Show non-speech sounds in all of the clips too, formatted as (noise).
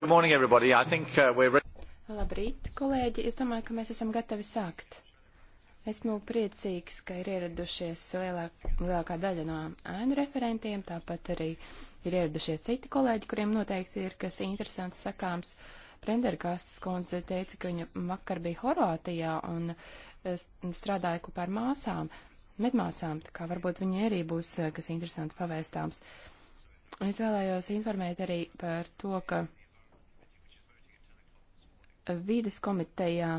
Good morning, everybody. I think uh, we're... Labrīt, kolēģi. Es domāju, ka mēs esam gatavi sākt. Esmu priecīgs, ka ir ieradušies lielāk, lielākā daļa no ēnu referentiem, tāpat arī ir ieradušies citi kolēģi, kuriem noteikti ir kas interesants sakāms. Prendergastas kundze teica, ka viņa vakar bija Horvātijā un eh, strādāja kopā ar māsām, medmāsām, tā kā varbūt viņai arī būs eh, kas interesants pavēstāms. Es vēlējos informēt arī par to, ka vīdes komitejā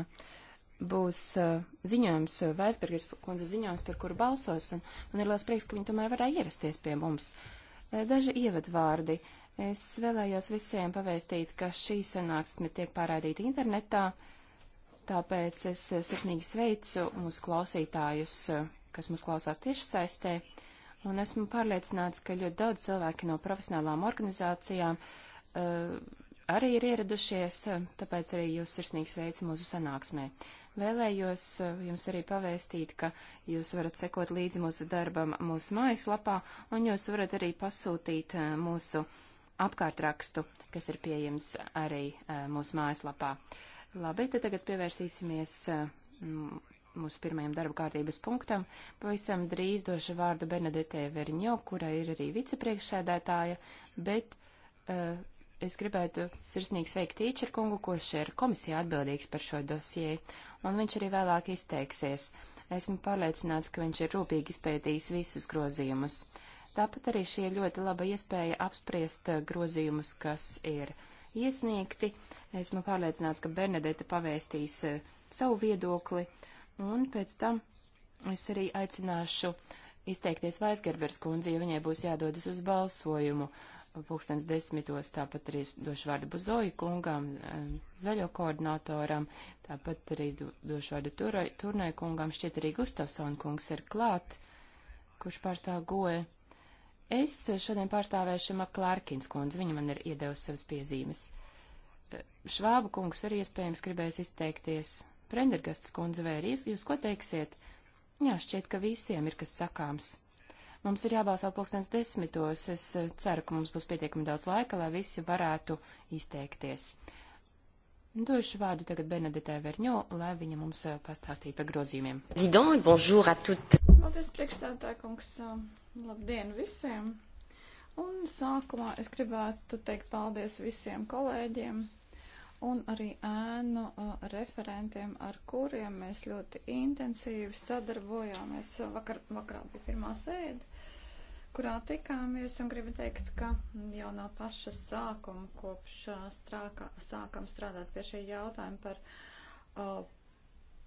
būs uh, ziņojums, uh, Vēsbergis kundze ziņojums, par kuru balsos, un man ir liels prieks, ka viņi tomēr varēja ierasties pie mums. Uh, daži ievadvārdi. Es vēlējos visiem pavēstīt, ka šī sanāksme tiek pārādīta internetā, tāpēc es uh, sirsnīgi sveicu mūsu klausītājus, kas mūs klausās tieši saistē, un esmu pārliecināts, ka ļoti daudz cilvēki no profesionālām organizācijām uh, arī ir ieradušies, tāpēc arī jūs sirsnīgs veids mūsu sanāksmē. Vēlējos eh, jums arī pavēstīt, ka jūs varat sekot līdzi mūsu darbam mūsu mājaslapā, un jūs varat arī pasūtīt eh, mūsu apkārtrakstu, kas ir pieejams arī eh, mūsu mājaslapā. Labi, tad tagad pievērsīsimies mūsu pirmajam darba kārtības punktam. Pavisam drīz došu vārdu Bernadetē Verņo, kura ir arī vicepriekšsēdētāja, bet uh, es gribētu sirsnīgi sveikt Tīčer kungu, kurš ir komisijā atbildīgs par šo dosiju, un viņš arī vēlāk izteiksies. Esmu pārliecināts, ka viņš ir rūpīgi izpētījis visus grozījumus. Tāpat arī šī ir ļoti laba iespēja apspriest eh, grozījumus, kas ir iesniegti. Esmu pārliecināts, ka Bernadete pavēstīs eh, savu viedokli, un pēc tam es arī aicināšu izteikties Vaisgerbers kundzi, jo viņai būs jādodas uz balsojumu. Uh, pulkstens desmitos, tāpat arī došu vārdu Buzoju kungam, eh, zaļo koordinatoram, tāpat arī do, došu vārdu Turai, Turnai kungam, šķiet arī Gustavson kungs ir klāt, kurš pārstāv goe. Es šodien pārstāvēšu Maklārkins kundzi, viņa man ir iedevusi savas piezīmes. Eh, Švāba kungs arī iespējams gribēs izteikties. Prendergastas kundze, vai arī jūs ko teiksiet? Jā, šķiet, ka visiem ir kas sakāms. Mums ir jābalso pulkstens desmitos. Es eh, ceru, ka mums būs pietiekami daudz laika, lai visi varētu izteikties. Došu vārdu tagad Benedetē Verņo, lai viņa mums eh, pastāstītu par grozījumiem. Zidon, bonjour à tout! Paldies, priekšstādātāj, kungs! Eh, labdien visiem! Un sākumā es gribētu teikt paldies visiem kolēģiem, un arī ēnu referentiem, ar kuriem mēs ļoti intensīvi sadarbojāmies. Vakar, vakarā bija pirmā sēde kurā tikāmies un gribu teikt, ka jau no paša sākuma, kopš strākā, sākam strādāt pie šī jautājuma par o,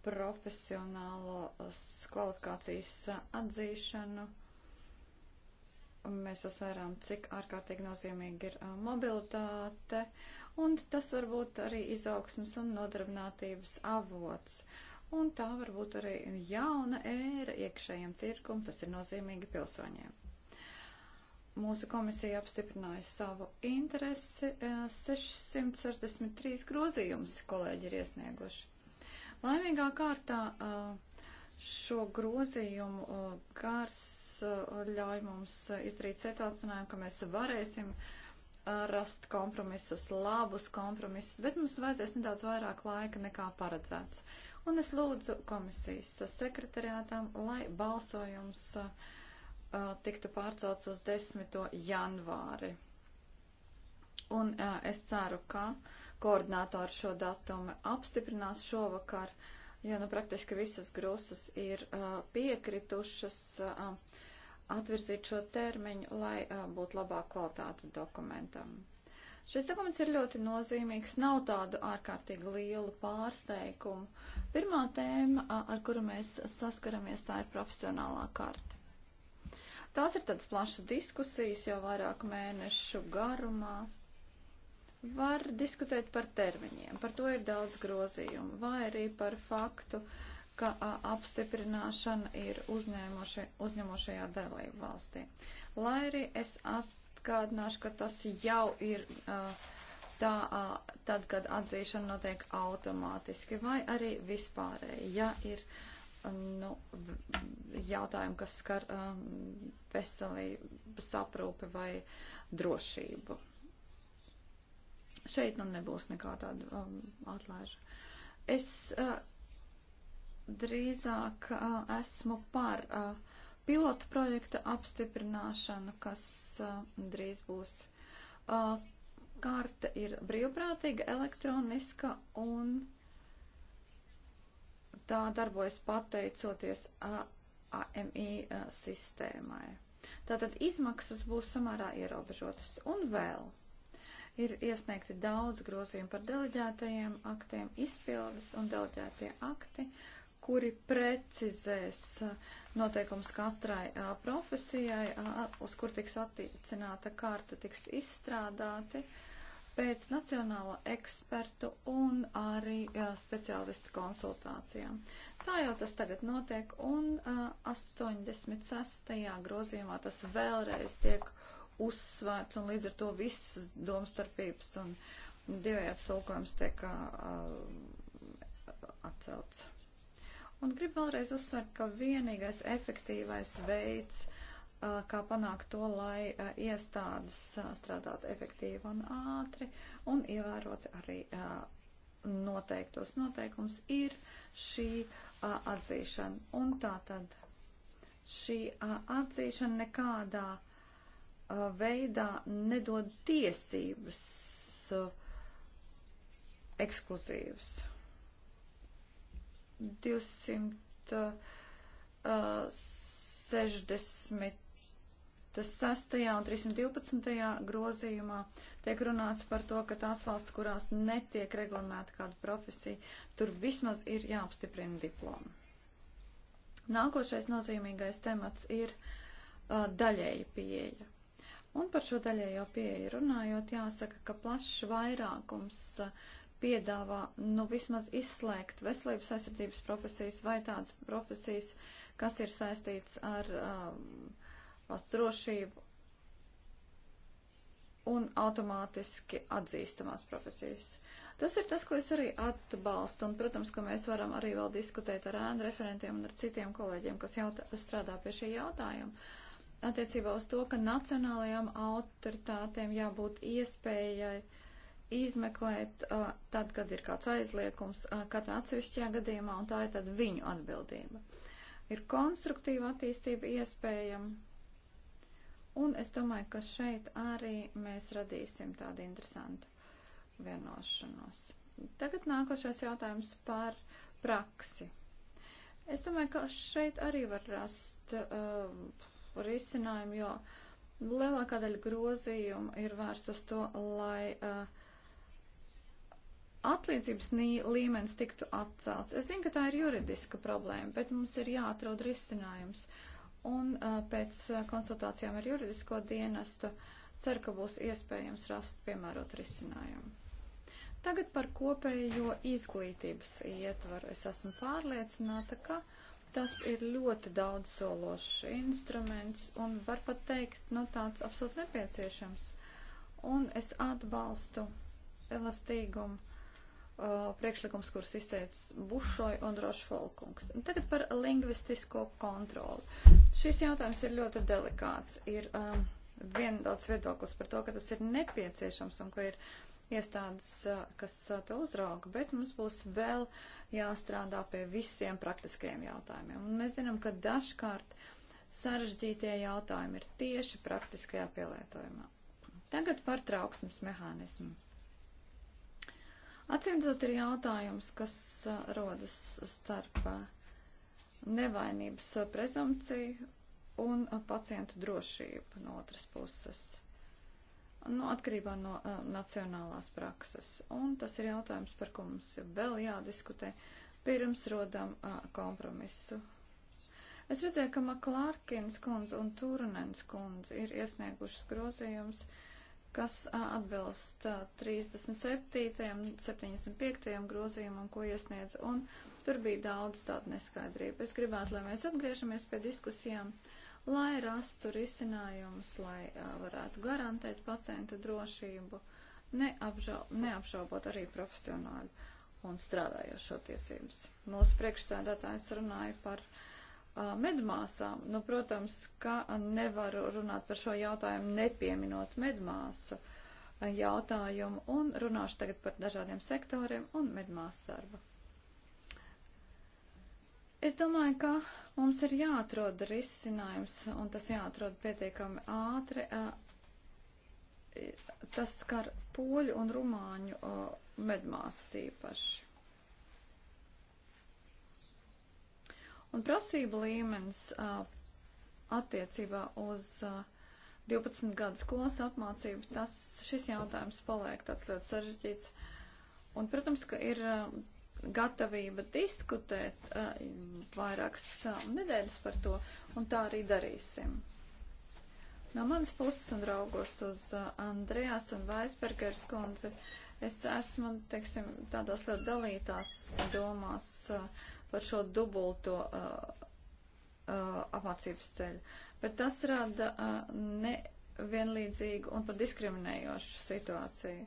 profesionālo kvalifikācijas atzīšanu, mēs uzsvērām, cik ārkārtīgi nozīmīgi ir mobilitāte, un tas varbūt arī izaugsmas un nodarbinātības avots. Un tā varbūt arī jauna ēra iekšējiem tirkum, tas ir nozīmīgi pilsoņiem mūsu komisija apstiprināja savu interesi. 663 eh, grozījumus kolēģi ir iesnieguši. Laimīgā kārtā eh, šo grozījumu eh, gars ļauj mums izdarīt secinājumu, ka mēs varēsim rast kompromisus, labus kompromisus, bet mums vajadzēs nedaudz vairāk laika nekā paredzēts. Un es lūdzu komisijas sekretariātām, lai balsojums uh, uh, tiktu pārcelts uz 10. janvāri. Un uh, es ceru, ka koordinātori šo datumu apstiprinās šovakar, jo nu praktiski visas grūsas ir uh, piekritušas uh, atvirzīt šo termiņu, lai uh, būtu labāka kvalitāte dokumentam. Šis dokuments ir ļoti nozīmīgs, nav tādu ārkārtīgi lielu pārsteigumu. Pirmā tēma, uh, ar kuru mēs saskaramies, tā ir profesionālā karta. Tās ir tādas plašas diskusijas jau vairāku mēnešu garumā. Var diskutēt par termiņiem, par to ir daudz grozījumu, vai arī par faktu, ka a, apstiprināšana ir uzņemošajā dalību valstī. Lai arī es atgādināšu, ka tas jau ir. Uh, tā, tad, kad atzīšana notiek automātiski vai arī vispārēji, ja ir nu, jautājumu, kas skar um, veselības aprūpe vai drošību. Šeit nu nebūs nekā tāda um, atlaiža. Es uh, drīzāk uh, esmu par uh, pilotu projekta apstiprināšanu, kas uh, drīz būs. Uh, Karta ir brīvprātīga, elektroniska un tā darbojas pateicoties AMI sistēmai. Tātad izmaksas būs samērā ierobežotas. Un vēl ir iesniegti daudz grozījumu par deleģētajiem aktiem, izpildes un deleģētie akti, kuri precizēs noteikums katrai a, profesijai, a, uz kur tiks attiecināta kārta, tiks izstrādāti. Uh, pēc nacionālo ekspertu un arī uh, speciālistu konsultācijām. Tā jau tas tagad notiek, un uh, 86. grozījumā tas vēlreiz tiek uzsvērts, un līdz ar to visas domstarpības un divējāds tulkojums tiek uh, atcelts. Un gribu vēlreiz uzsvērt, ka vienīgais efektīvais veids, Uh, kā panākt to, lai uh, iestādes uh, strādātu efektīvi un ātri un ievērot arī noteiktos noteikums ir šī atzīšana. Un tā tad šī atzīšana nekādā veidā nedod tiesības ekskluzīvas. 200 60 Tas 6. un 312. grozījumā tiek runāts par to, ka tās valsts, kurās netiek reglamentēta kāda profesija, tur vismaz ir jāapstiprina diploma. Nākošais nozīmīgais temats ir uh, daļēja pieeja. Un par šo daļējo pieeju runājot, jāsaka, ka plašs vairākums piedāvā nu vismaz izslēgt veselības aizsardzības profesijas vai tādas profesijas, kas ir saistīts ar. Uh, um, valsts drošību un automātiski atzīstamās profesijas. Tas ir tas, ko es arī atbalstu, un, protams, ka mēs varam arī vēl diskutēt ar ēnu referentiem un ar citiem kolēģiem, kas jautā, strādā pie šī jautājuma. Attiecībā uz to, ka nacionālajām autoritātēm jābūt iespējai izmeklēt, uh, tad, kad ir kāds aizliekums uh, katrā atsevišķajā gadījumā, un tā ir tad viņu atbildība. Ir konstruktīva attīstība iespējama Un es domāju, ka šeit arī mēs radīsim tādu interesantu vienošanos. Tagad nākošais jautājums par praksi. Es domāju, ka šeit arī var rast uh, risinājumu, jo lielākā daļa grozījumu ir vērst uz to, lai uh, atlīdzības līmenis tiktu atcelts. Es zinu, ka tā ir juridiska problēma, bet mums ir jāatrod risinājums. Uh, Un uh, pēc uh, konsultācijām ar juridisko dienestu ceru, ka būs iespējams rast piemērot risinājumu. Tagad par kopējo izglītības ietvaru. Es esmu pārliecināta, ka tas ir ļoti daudz sološs instruments un var pat teikt, nu tāds absolūti nepieciešams. Un es atbalstu elastīgumu Uh, priekšlikums, kurus izteica Bušoja un Rošfolkungs. Tagad par lingvistisko kontroli. Šis jautājums ir ļoti delikāts. Ir um, vienāds viedoklis par to, ka tas ir nepieciešams un ka ir iestādes, uh, kas uh, to uzrauga, bet mums būs vēl jāstrādā pie visiem praktiskajiem jautājumiem. Un mēs zinām, ka dažkārt sarežģītie jautājumi ir tieši praktiskajā pielietojumā. Tagad par trauksmes mehānismu. Atcīmdzot ir jautājums, kas rodas starp nevainības prezumciju un pacientu drošību no otras puses. Nu, atkarībā no uh, nacionālās prakses. Un tas ir jautājums, par ko mums vēl jādiskutē, pirms rodam uh, kompromisu. Es redzēju, ka Maklārkins kundze un Tūrunens kundze ir iesniegušas grozījums uh, kas atbilst 37. un 75. grozījumam, ko iesniedz, un tur bija daudz tādu neskaidrību. Es gribētu, lai mēs atgriežamies pie diskusijām, lai rastu risinājumus, lai varētu garantēt pacienta drošību, neapšaubot neapžau, arī profesionāļu un strādājošo tiesības. Mūsu priekšsēdētājs runāja par uh, medmāsām. Nu, protams, ka nevaru runāt par šo jautājumu nepieminot medmāsu jautājumu un runāšu tagad par dažādiem sektoriem un medmāsu darbu. Es domāju, ka mums ir jāatrod risinājums, un tas jāatrod pietiekami ātri. Tas skar poļu un rumāņu medmāsas īpaši. Un prasība līmenis attiecībā uz 12 gadu skolas apmācību, tas šis jautājums paliek tāds ļoti sarežģīts. Un, protams, ka ir gatavība diskutēt vairākas nedēļas par to, un tā arī darīsim. No manas puses un raugos uz Andrejās un Vaisbergers kundzi, es esmu, teiksim, tādās ļoti dalītās domās. Uh, par šo dubulto uh, uh, apmācības ceļu. Bet tas rada uh, nevienlīdzīgu un pat diskriminējošu situāciju.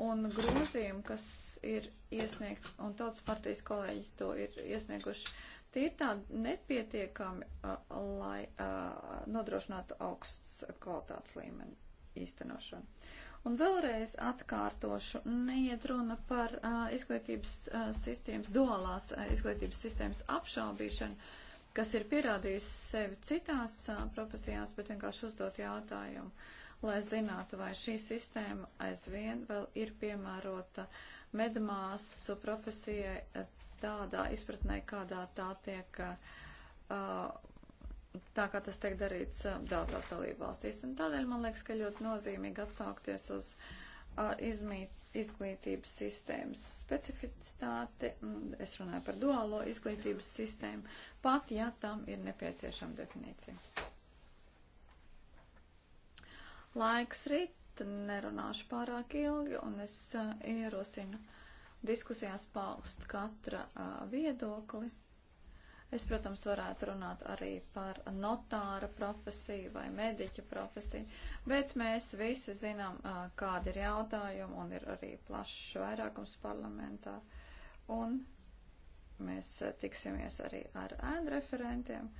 Un grūzījumu, kas ir iesniegt, un tautas partijas kolēģi to ir iesnieguši, tie ir tādi nepietiekami, uh, lai uh, nodrošinātu augsts kvalitātes līmeni īstenošanu. Un vēlreiz atkārtošu, neiet runa par uh, izglītības uh, sistēmas, duālās uh, izglītības sistēmas apšaubīšanu, kas ir pierādījis sevi citās uh, profesijās, bet vienkārši uzdot jautājumu, lai zinātu, vai šī sistēma aizvien vēl ir piemērota medmāsu profesijai tādā izpratnē, kādā tā tiek. Uh, tā kā tas tiek darīts daudzās dalībvalstīs. Un tādēļ man liekas, ka ļoti nozīmīgi atsaukties uz uh, izmīt, izglītības sistēmas specificitāti. Es runāju par duālo izglītības sistēmu, pat ja tam ir nepieciešama definīcija. Laiks rīt, nerunāšu pārāk ilgi, un es uh, ierosinu diskusijās paust katra uh, viedokli Es, protams, varētu runāt arī par notāra profesiju vai mediķa profesiju, bet mēs visi zinām, kādi ir jautājumi, un ir arī plašs vairākums parlamentā. Un mēs tiksimies arī ar ēnu referentiem,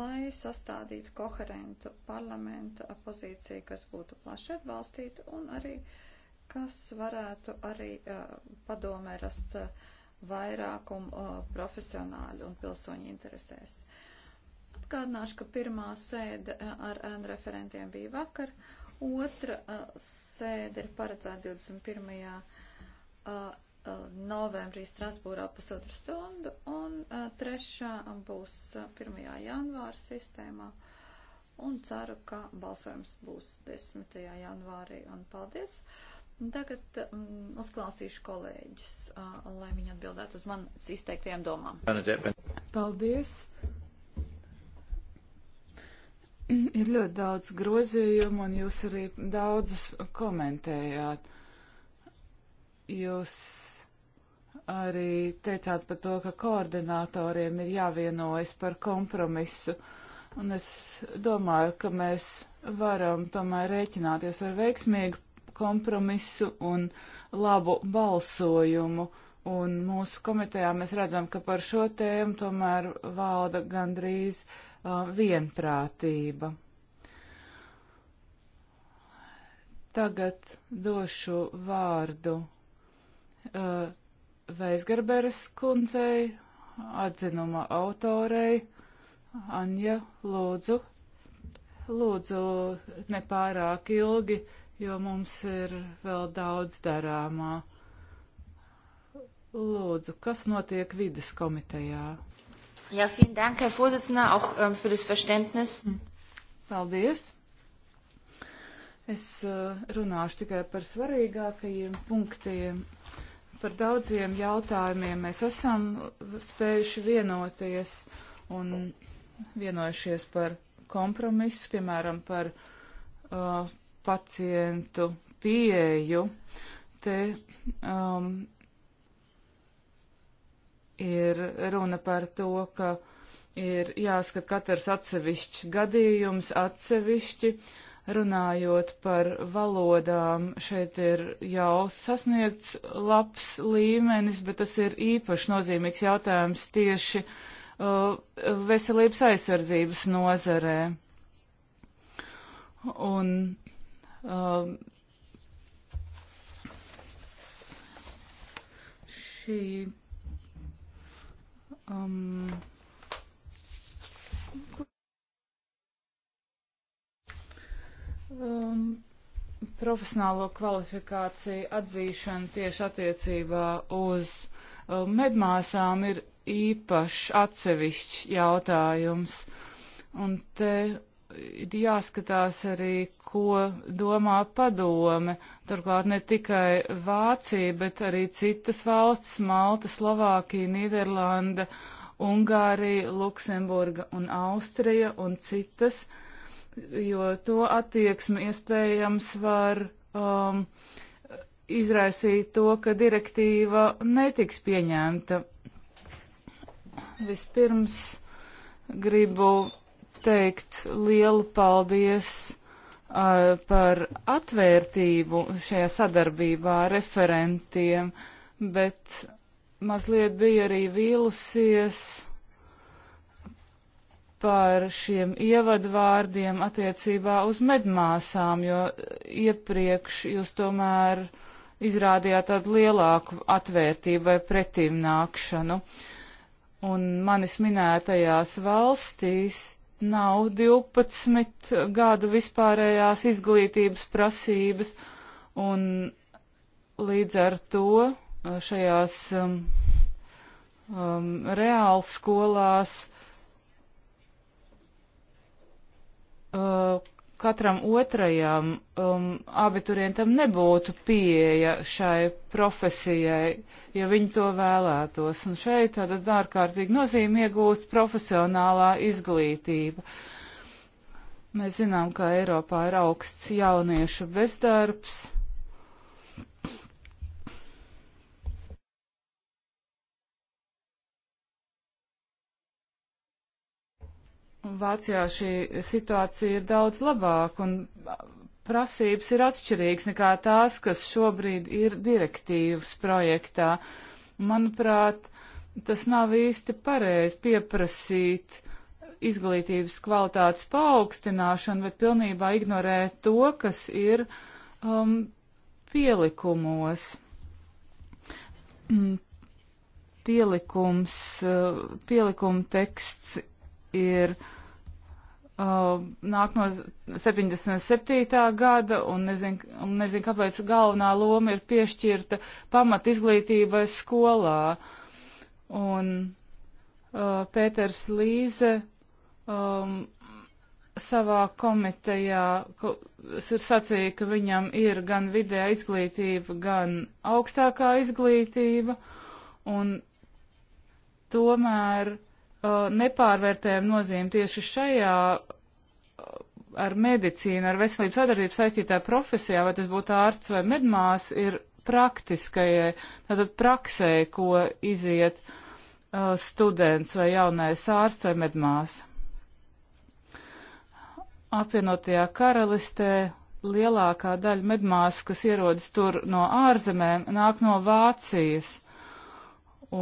lai sastādītu koherentu parlamenta pozīciju, kas būtu plaši atbalstīta un arī kas varētu arī uh, padomē rast. Uh, vairākumu uh, profesionāļu un pilsoņu interesēs. Atgādināšu, ka pirmā sēde uh, ar N referentiem bija vakar, otra uh, sēde ir paredzēta 21. Uh, uh, novembrī Strasbūrā pusotru stundu, un uh, trešā būs 1. janvāra sistēmā un ceru, ka balsojums būs 10. janvārī. Un paldies! Tagad mm, uzklausīšu kolēģus, uh, lai viņi atbildētu uz manas izteiktajām domām. Paldies! Ir ļoti daudz grozījumu, un jūs arī daudzus komentējāt. Jūs arī teicāt par to, ka koordinatoriem ir jāvienojas par kompromisu, un es domāju, ka mēs varam tomēr rēķināties ar veiksmīgu kompromisu un labu balsojumu. Un mūsu komitejā mēs redzam, ka par šo tēmu tomēr valda gandrīz uh, vienprātība. Tagad došu vārdu uh, Veisgarberes kundzei, atzinuma autorei. Anja, lūdzu, lūdzu nepārāk ilgi jo mums ir vēl daudz darāmā. Lūdzu, kas notiek vidas komitejā? Jā, ja, vielen dank, Herr Vorsitzender, auch um, für das Verständnis. Hm. Paldies. Es uh, runāšu tikai par svarīgākajiem punktiem. Par daudziem jautājumiem mēs esam spējuši vienoties un vienojušies par kompromisu, piemēram, par uh, pacientu pieeju, te um, ir runa par to, ka ir jāskat katrs atsevišķs gadījums atsevišķi. Runājot par valodām, šeit ir jau sasniegts labs līmenis, bet tas ir īpaši nozīmīgs jautājums tieši uh, veselības aizsardzības nozarē. Un um, šī um, um, profesionālo kvalifikāciju atzīšana tieši attiecībā uz um, medmāsām ir īpašs atsevišķs jautājums. Un te ir jāskatās arī, ko domā padome. Turklāt ne tikai Vācija, bet arī citas valsts - Malta, Slovākija, Nīderlanda, Ungārija, Luksemburga un Austrija un citas, jo to attieksmi iespējams var um, izraisīt to, ka direktīva netiks pieņemta. Vispirms gribu teikt lielu paldies uh, par atvērtību šajā sadarbībā ar referentiem, bet mazliet bija arī vīlusies par šiem ievadvārdiem attiecībā uz medmāsām, jo iepriekš jūs tomēr izrādījāt tādu lielāku atvērtību vai pretimnākšanu. Un manis minētajās valstīs nav 12 gadu vispārējās izglītības prasības, un līdz ar to uh, šajās um, um, reāls skolās uh, katram otrajam um, abiturientam nebūtu pieeja šai profesijai, ja viņi to vēlētos. Un šeit tāda ārkārtīgi nozīme iegūst profesionālā izglītība. Mēs zinām, ka Eiropā ir augsts jauniešu bezdarbs Vācijā šī situācija ir daudz labāka un prasības ir atšķirīgas nekā tās, kas šobrīd ir direktīvas projektā. Manuprāt, tas nav īsti pareizi pieprasīt izglītības kvalitātes paaugstināšanu, bet pilnībā ignorēt to, kas ir um, pielikumos. Mm, pielikums, uh, pielikuma teksts ir uh, nāk no 77. gada, un nezinu, un nezinu, kāpēc galvenā loma ir piešķirta pamat izglītībai skolā. Un uh, Pēters Līze um, savā komitejā ko, ir sacīja, ka viņam ir gan vidējā izglītība, gan augstākā izglītība, un tomēr Uh, nepārvērtējam nozīmi tieši šajā uh, ar medicīnu, ar veselības sadarbību saistītā profesijā, vai tas būtu ārsts vai medmās, ir praktiskajai, tātad praksē, ko iziet uh, students vai jaunais ārsts vai medmās. Apvienotajā karalistē lielākā daļa medmāsu, kas ierodas tur no ārzemēm, nāk no Vācijas.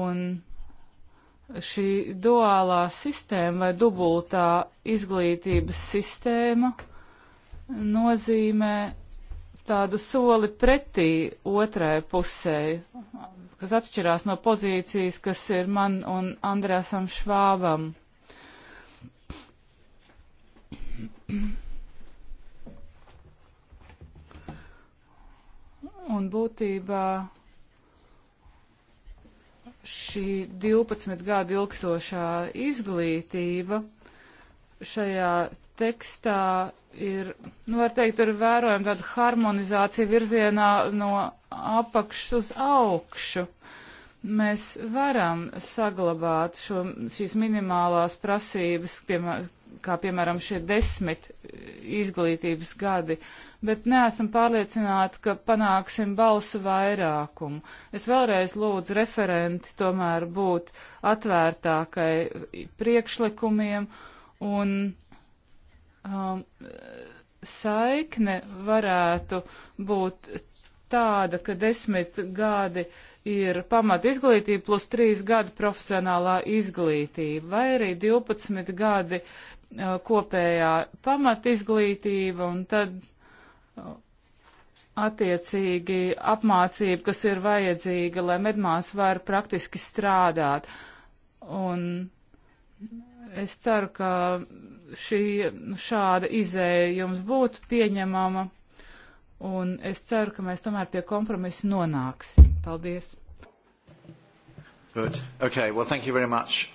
Un šī duālā sistēma vai dubultā izglītības sistēma nozīmē tādu soli pretī otrai pusē, kas atšķirās no pozīcijas, kas ir man un Andrēsam Švāvam. Un būtībā šī 12 gadu ilgstošā izglītība šajā tekstā ir, nu, var teikt, tur vērojam tādu harmonizāciju virzienā no apakšas uz augšu. Mēs varam saglabāt šo, šīs minimālās prasības, piemēram, kā piemēram šie desmit eh, izglītības gadi, bet neesam pārliecināti, ka panāksim balsu vairākumu. Es vēlreiz lūdzu referenti tomēr būt atvērtākai priekšlikumiem un um, saikne varētu būt tāda, ka desmit gadi ir pamat izglītība plus trīs gadi profesionālā izglītība, vai arī 12 gadi Uh, kopējā pamatizglītība un tad uh, attiecīgi apmācība, kas ir vajadzīga, lai medmās var praktiski strādāt. Un es ceru, ka šī šāda izēja jums būtu pieņemama, un es ceru, ka mēs tomēr pie kompromisa nonāksim. Paldies! Good. Okay, well, thank you very much.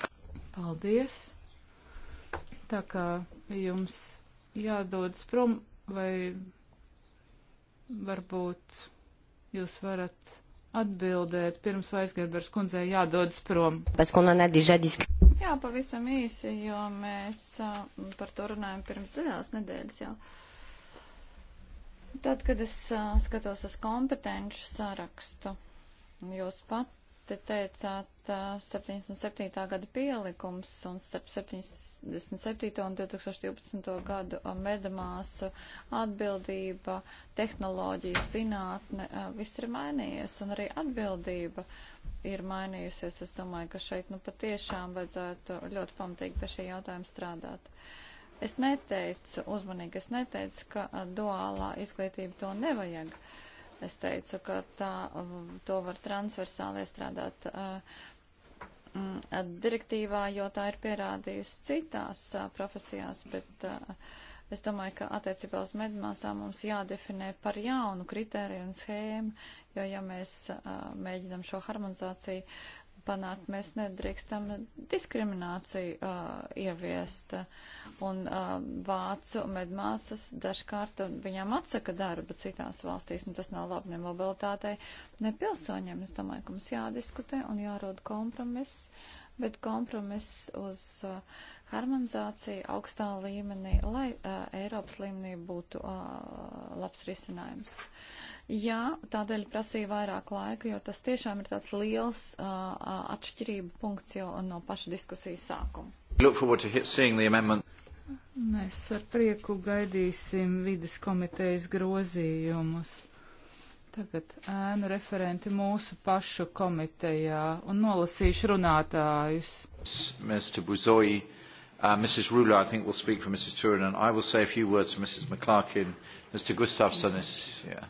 Paldies! Tā kā jums jādodas prom, vai varbūt jūs varat atbildēt pirms Vaisgerbers kundzei jādodas prom. Jā, pavisam īsi, jo mēs par to runājam pirms zaļās nedēļas jau. Tad, kad es skatos uz kompetenci sārakstu, jūs pat pareizi teicāt, 77. gada pielikums un starp 77. un 2012. gadu medamāsu atbildība, tehnoloģija, zinātne, viss ir mainījies un arī atbildība ir mainījusies. Es domāju, ka šeit nu patiešām vajadzētu ļoti pamatīgi pie šī jautājuma strādāt. Es neteicu, uzmanīgi, es neteicu, ka duālā izglītība to nevajag Es teicu, ka tā, to var transversāli iestrādāt direktīvā, jo tā ir pierādījusi citās profesijās, bet es domāju, ka attiecībā uz medmāsām mums jādefinē par jaunu kritēriju un schēmu, jo ja mēs mēģinam šo harmonizāciju panākt, mēs nedrīkstam diskrimināciju uh, ieviest. Un uh, vācu medmāsas dažkārt viņām atsaka darba citās valstīs, un tas nav labi ne mobilitātei, ne pilsoņiem. Es domāju, ka mums jādiskutē un jārod kompromiss, bet kompromiss uz uh, harmonizāciju augstā līmenī, lai uh, Eiropas līmenī būtu uh, labs risinājums. Uh, Jā, tādēļ prasīja vairāk laika, jo tas tiešām ir tāds liels uh, atšķirība punkts jau no paša diskusijas sākuma. Mēs ar prieku gaidīsim vidas komitejas grozījumus. Tagad ēnu referenti mūsu pašu komitejā un nolasīšu runātājus. Mr. Buzoji, uh, Mrs. Ruler, I think will speak for Mrs. Turin, and I will say a few words for Mrs. McClarkin, Mr. Gustafsson is, yeah.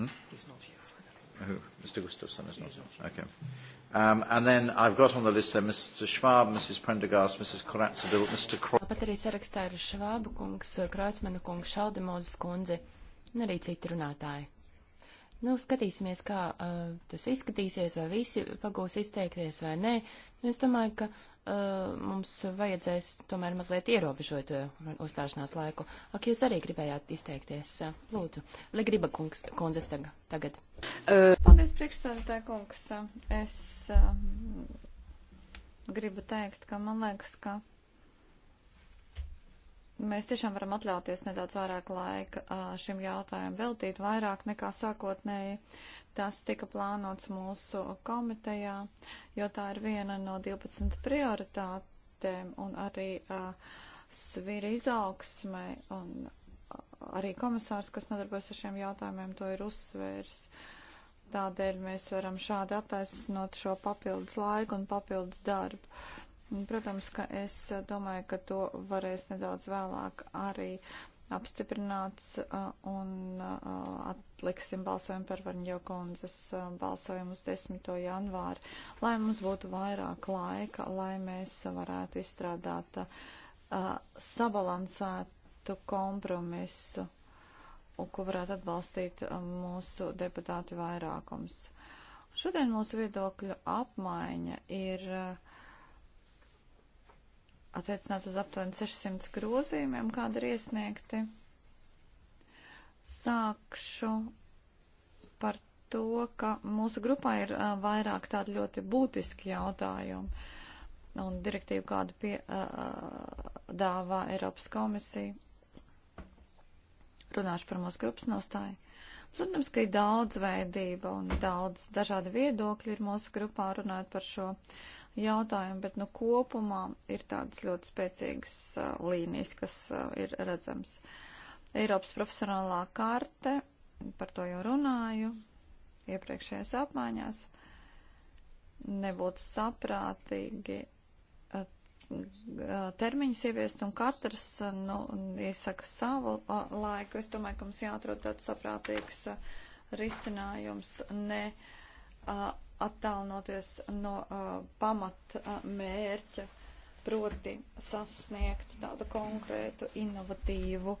Hmm? He's not here. Who? Mr. Gustafsson is not. not okay. Um, and then I've got on the list there Mr. Schwab, Mrs. Prendergast, Mrs. Koratsabil, Mr. Kro... Tāpat arī sarakstā ir Švāba kungs, Kreutzmana kungs, Šaldemozes kundze un arī citi runātāji. Nu, skatīsimies, kā uh, tas izskatīsies, vai visi pagūs izteikties vai nē. Nu, es domāju, ka Eh, mums vajadzēs tomēr mazliet ierobežot eh, uzstāšanās laiku. Ak, jūs arī gribējāt izteikties, eh, lūdzu. Legriba kungs, kundzes tagad. Paldies, priekšstādātāja kungs. Es gribu teikt, ka man liekas, ka mēs tiešām varam atļauties nedaudz vairāk laika šim jautājumam veltīt, vairāk nekā sākotnēji Tas tika plānots mūsu komitejā, jo tā ir viena no 12 prioritātēm un arī uh, svira izaugsmē un arī komisārs, kas nodarbojas ar šiem jautājumiem, to ir uzsvērs. Tādēļ mēs varam šādi attaisnot šo papildus laiku un papildus darbu. Protams, ka es domāju, ka to varēs nedaudz vēlāk arī apstiprināts uh, un uh, atliksim balsojumu par Varņģo kundzes uh, balsojumu uz 10. janvāru, lai mums būtu vairāk laika, lai mēs varētu izstrādāt sabalansētu kompromisu, ko varētu atbalstīt mūsu deputāti vairākums. Šodien mūsu viedokļu apmaiņa ir uh, attiecināt uz aptuveni 600 grozījumiem, kāda ir iesniegti. Sākšu par to, ka mūsu grupā ir uh, vairāk tādi ļoti būtiski jautājumi un direktīvu kādu piedāvā uh, Eiropas komisija. Runāšu par mūsu grupas nostāju. Protams, ka ir daudzveidība un daudz dažādi viedokļi ir mūsu grupā runājot par šo uh, jautājumu, bet nu kopumā ir tādas ļoti spēcīgas uh, līnijas, kas uh, ir redzams. Eiropas profesionālā karte, par to jau runāju iepriekšējās apmaiņās, nebūtu saprātīgi uh, uh termiņus ieviest, un katrs uh, nu, iesaka savu uh, laiku. Es domāju, ka mums jāatrod tāds saprātīgs risinājums, ne attālinoties no uh, pamat uh, mērķa, proti sasniegt tādu konkrētu, inovatīvu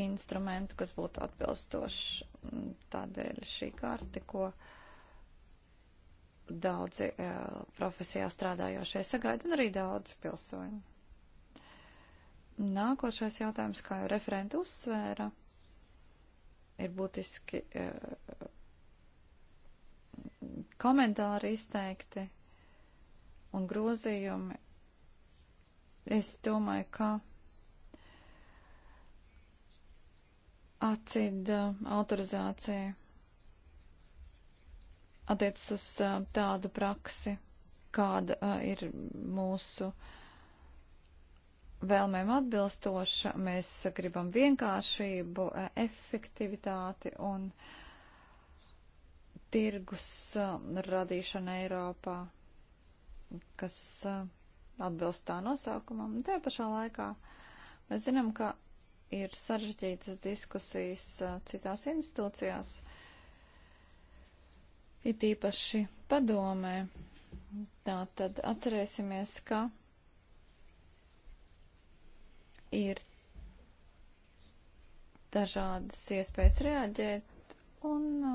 instrumentu, kas būtu atbilstošs. Mm, tādēļ šī karti, ko daudzi uh, profesijā strādājošie sagaida, un arī daudzi pilsoņi. Nākošais jautājums, kā jau referenta uzsvēra, ir būtiski. Uh, komentāri izteikti un grozījumi. Es domāju, ka acida uh, autorizācija attiecas uz uh, tādu praksi, kāda uh, ir mūsu vēlmēm atbilstoša. Mēs gribam vienkāršību, efektivitāti un uh, tirgus um, radīšana Eiropā, kas um, atbilst tā nosaukumam. Tajā pašā laikā mēs zinām, ka ir sarežģītas diskusijas uh, citās institūcijās, it īpaši padomē. Tā tad atcerēsimies, ka ir dažādas iespējas reaģēt un uh,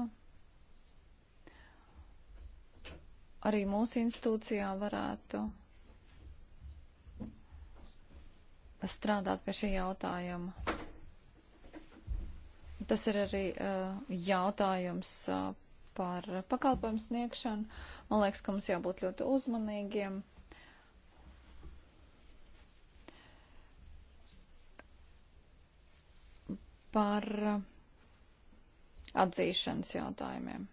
arī mūsu institūcijā varētu strādāt pie šī jautājuma. Tas ir arī uh, jautājums uh, par pakalpojumu sniegšanu. Man liekas, ka mums jābūt ļoti uzmanīgiem. par uh, atzīšanas jautājumiem.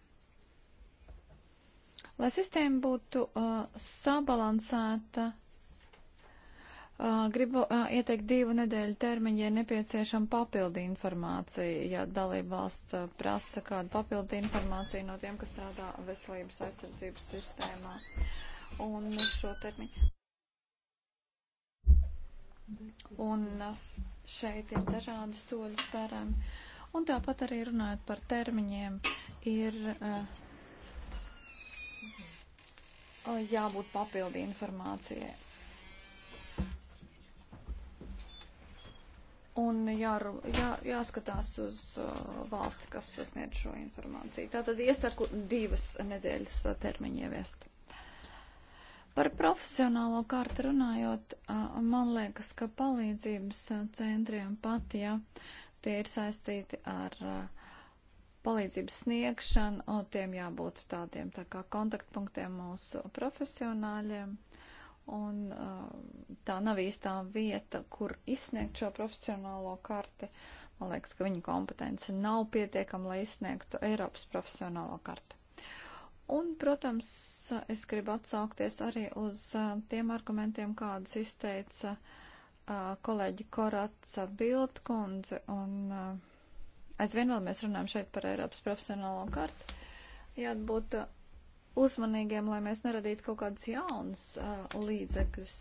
Lai sistēma būtu uh, sabalansēta, uh, gribu uh, ieteikt divu nedēļu termiņu, ja nepieciešama papildi informācija, ja dalība valsts uh, prasa kādu papildi informāciju no tiem, kas strādā veselības aizsardzības sistēmā. Un šo termiņu. Un uh, šeit ir dažādi soļi spērami. Un tāpat arī runājot par termiņiem, ir uh, jābūt papildi informācijai. Un jā, jā, jāskatās uz uh, valsti, kas sasniedz šo informāciju. Tātad iesaku divas nedēļas uh, termiņu ieviest. Par profesionālo kārtu runājot, uh, man liekas, ka palīdzības centriem pat, ja tie ir saistīti ar uh, palīdzības sniegšanu, tiem jābūt tādiem tā kā kontaktpunktiem mūsu profesionāļiem. Un um, tā nav īstā vieta, kur izsniegt šo profesionālo karti. Man liekas, ka viņa kompetence nav pietiekama, lai izsniegtu Eiropas profesionālo karti. Un, protams, es gribu atsaukties arī uz um, tiem argumentiem, kādas izteica uh, kolēģi Koratsa Bildkundze un uh, aizvien vēl mēs runājam šeit par Eiropas profesionālo kartu, jābūt uh, uzmanīgiem, lai mēs neradītu kaut kādas jaunas uh, līdzekļus,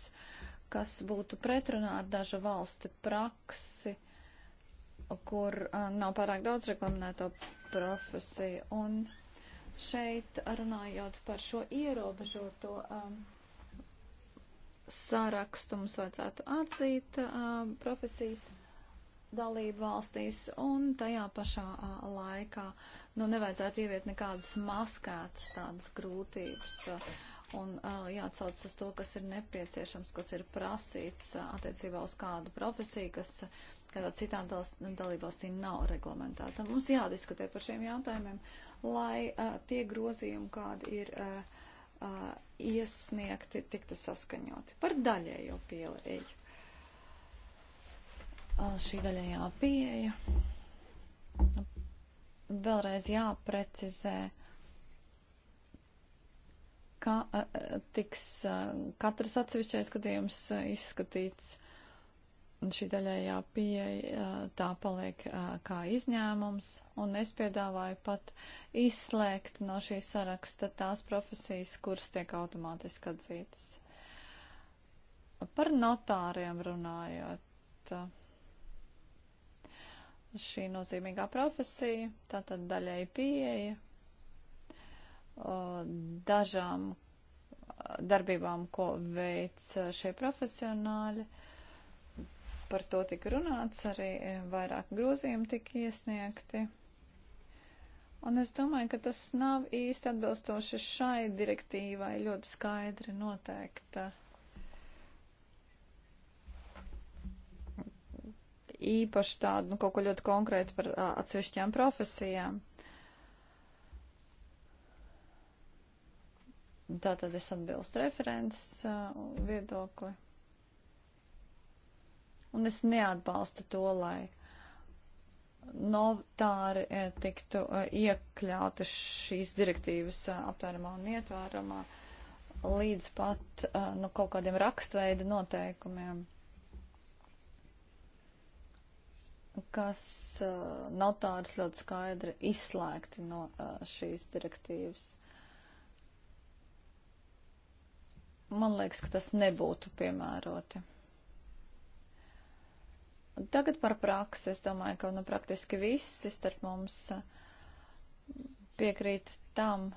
kas būtu pretrunā ar dažu valstu praksi, kur uh, nav pārāk daudz reklamēto profesiju. Un šeit runājot par šo ierobežoto um, sarakstu, mums vajadzētu atzīt uh, profesijas dalību valstīs un tajā pašā a, laikā nu, nevajadzētu ieviet nekādas maskētas tādas grūtības. A, un uh, jāatsauc uz to, kas ir nepieciešams, kas ir prasīts uh, attiecībā uz kādu profesiju, kas kādā citā dalībvalstī nav reglamentēta. Mums jādiskutē par šiem jautājumiem, lai uh, tie grozījumi, kādi ir uh, uh, iesniegti, tiktu saskaņoti par daļējo pielēju šī daļējā pieeja. Vēlreiz jāprecizē, ka tiks katrs atsevišķais skatījums izskatīts. Un šī daļējā pieeja tā paliek kā izņēmums, un es piedāvāju pat izslēgt no šī saraksta tās profesijas, kuras tiek automātiski atzītas. Par notāriem runājot, šī nozīmīgā profesija, tātad daļai pieeja dažām darbībām, ko veic šie profesionāļi. Par to tika runāts, arī vairāk grozījumi tika iesniegti. Un es domāju, ka tas nav īsti atbilstoši šai direktīvai ļoti skaidri noteikta īpaši tādu, nu, kaut ko ļoti konkrētu par uh, atsevišķām profesijām. Tātad es atbilstu referents uh, viedokli. Un es neatbalstu to, lai notāri uh, tiktu uh, iekļauti šīs direktīvas uh, aptvērumā un ietvēramā līdz pat uh, nu, kaut kādiem rakstveida noteikumiem. kas eh, nav tādas ļoti skaidri izslēgti no eh, šīs direktīvas. Man liekas, ka tas nebūtu piemēroti. Tagad par praksi. Es domāju, ka nu, praktiski visi starp mums eh, piekrīt tam,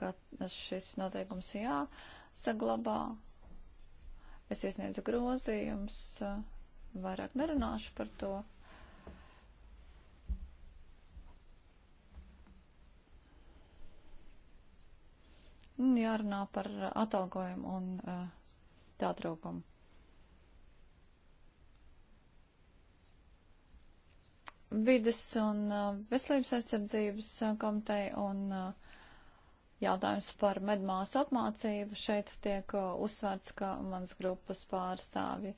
ka šis noteikums jāsaglabā. Es iesniedzu grozījums, vairāk nerunāšu par to. jārunā par uh, atalgojumu un tā uh, trūkumu. Vides un uh, veselības aizsardzības komiteja un jautājums par medmāsu apmācību šeit tiek uzsvērts, ka mans grupas pārstāvji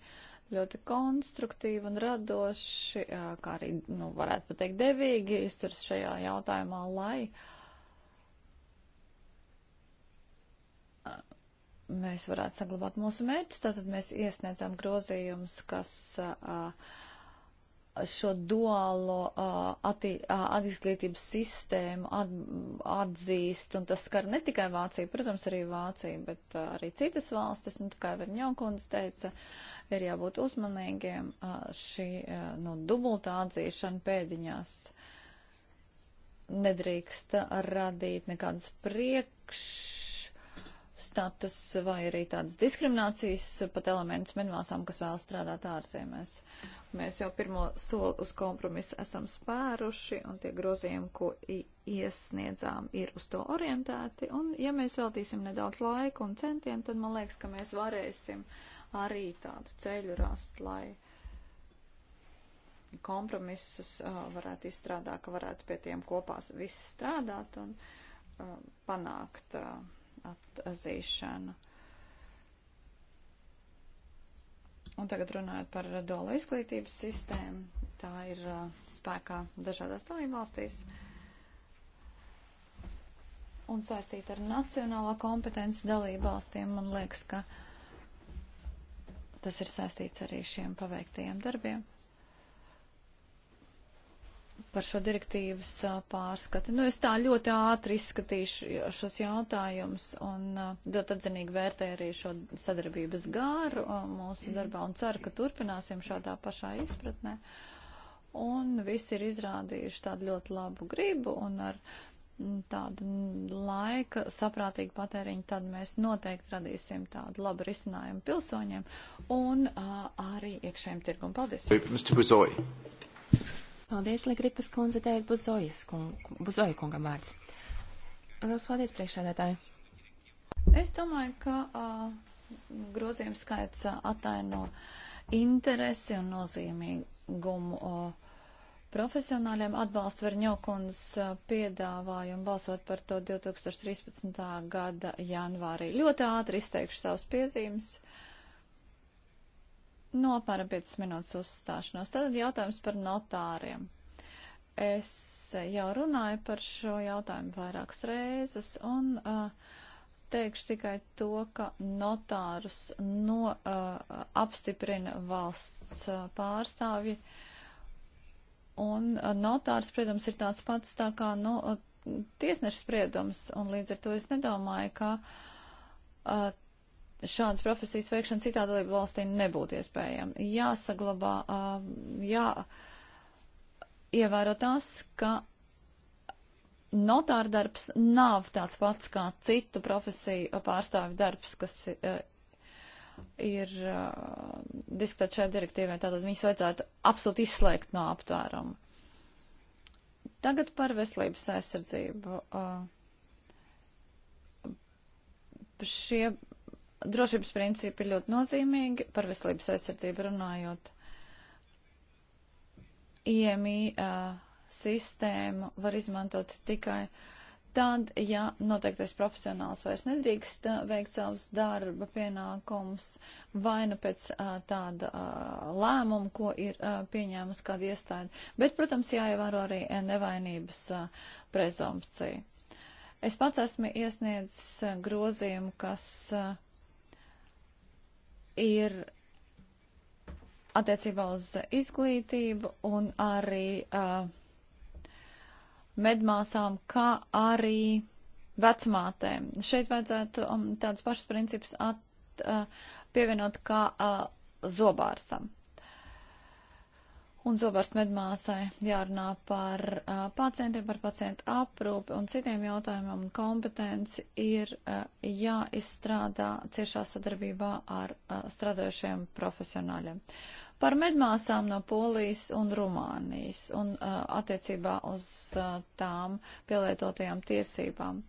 ļoti konstruktīvi un radoši, kā arī, nu, varētu pateikt, devīgi izturs šajā jautājumā, lai uh, mēs varētu saglabāt mūsu mērķus, tātad mēs iesniedzām grozījumus, kas šo duālo attīstības sistēmu at, atzīst, un tas skar ne tikai Vāciju, protams, arī Vāciju, bet arī citas valstis, un kā Verņonkundze teica, ir jābūt uzmanīgiem šī nu, dubultā atzīšana pēdiņās nedrīkst radīt nekādas priekš status vai arī tādas diskriminācijas pat elementus minvāsām, kas vēl strādāt ārzemēs. Mēs jau pirmo soli uz kompromisu esam spēruši, un tie grozījumi, ko iesniedzām, ir uz to orientēti. Un, ja mēs veltīsim nedaudz laika un centienu, tad man liekas, ka mēs varēsim arī tādu ceļu rast, lai kompromisus uh, varētu izstrādāt, ka varētu pie tiem kopās viss strādāt un uh, panākt. Uh, atzīšanu. Un tagad runājot par dola izglītības sistēmu, tā ir uh, spēkā dažādās dalībvalstīs un saistīta ar nacionālā kompetenci dalībvalstiem. Man liekas, ka tas ir saistīts arī šiem paveiktajiem darbiem par šo direktīvas pārskatu. Nu, es tā ļoti ātri izskatīšu šos jautājumus un ļoti atzinīgi vērtēju arī šo sadarbības gāru mūsu darbā un ceru, ka turpināsim šādā pašā izpratnē. Un visi ir izrādījuši tādu ļoti labu gribu un ar tādu laika saprātīgu patēriņu, tad mēs noteikti radīsim tādu labu risinājumu pilsoņiem un uh, arī iekšējiem tirgum. Paldies! Mr. Buzoy. Paldies, Ligripas kundze, teikt Buzojas kung, Buzoja kungam vārds. Lielas paldies, priekšādētāji. Es domāju, ka uh, grozījums skaits uh, ataino interesi un nozīmīgumu. Uh, profesionāļiem atbalstu Verņokunas piedāvājumu balsot par to 2013. gada janvārī. Ļoti ātri izteikšu savus piezīmes no apmēram 5 minūtes uzstāšanos. Tad jautājums par notāriem. Es jau runāju par šo jautājumu vairākas reizes un uh, teikšu tikai to, ka notārus no, uh, apstiprina valsts uh, pārstāvji. Un uh, notārs, protams, ir tāds pats tā kā nu, uh, tiesneša spriedums, un līdz ar to es nedomāju, ka uh, šādas profesijas veikšana citā dalību valstī nebūtu iespējama. Jāsaglabā, jā, ievēro tas, ka notāra darbs nav tāds pats kā citu profesiju pārstāvju darbs, kas ir diskutēt šajā direktīvē, tātad viņus vajadzētu absolūti izslēgt no aptvērumu. Tagad par veselības aizsardzību. Šie drošības principi ir ļoti nozīmīgi, par veselības aizsardzību runājot. IMI uh, sistēmu var izmantot tikai tad, ja noteiktais profesionāls vairs nedrīkst uh, veikt savus darba pienākumus, vai nu pēc uh, tāda uh, lēmuma, ko ir uh, pieņēmusi kāda iestāde. Bet, protams, jāievēro arī nevainības uh, prezumpcija. Es pats esmu iesniedzis grozījumu, kas uh, ir attiecībā uz izglītību un arī uh, medmāsām, kā arī vecmātēm. Šeit vajadzētu um, tāds pašs princips at, uh, pievienot kā uh, zobārstam. Un zobārst medmāsai jārunā par uh, pacientiem, par pacientu aprūpi un citiem jautājumiem un kompetenci ir uh, jāizstrādā ciešā sadarbībā ar uh, strādājušiem profesionāļiem. Par medmāsām no Polijas un Rumānijas un uh, attiecībā uz uh, tām pielietotajām tiesībām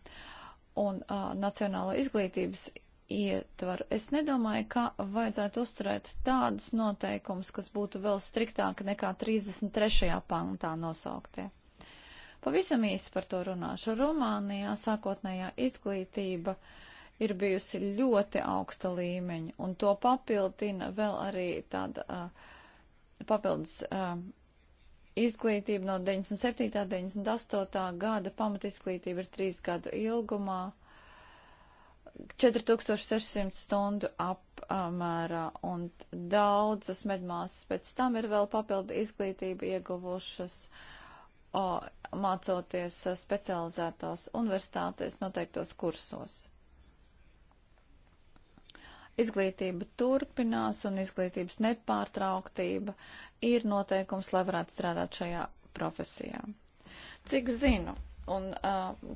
un uh, Nacionāla izglītības ietvaru. Es nedomāju, ka vajadzētu uzturēt tādus noteikumus, kas būtu vēl striktāki nekā 33. pantā nosauktie. Pavisam īsi par to runāšu. Rumānijā sākotnējā izglītība ir bijusi ļoti augsta līmeņa, un to papildina vēl arī tāda uh, papildus uh, izglītība no 97. 98. gada pamatizglītība ir trīs gadu ilgumā 4600 stundu apmērā, un daudzas medmāsas pēc tam ir vēl papildu izglītību ieguvušas, o, mācoties specializētās universitātēs noteiktos kursos. Izglītība turpinās un izglītības nepārtrauktība ir noteikums, lai varētu strādāt šajā profesijā. Cik zinu, Un,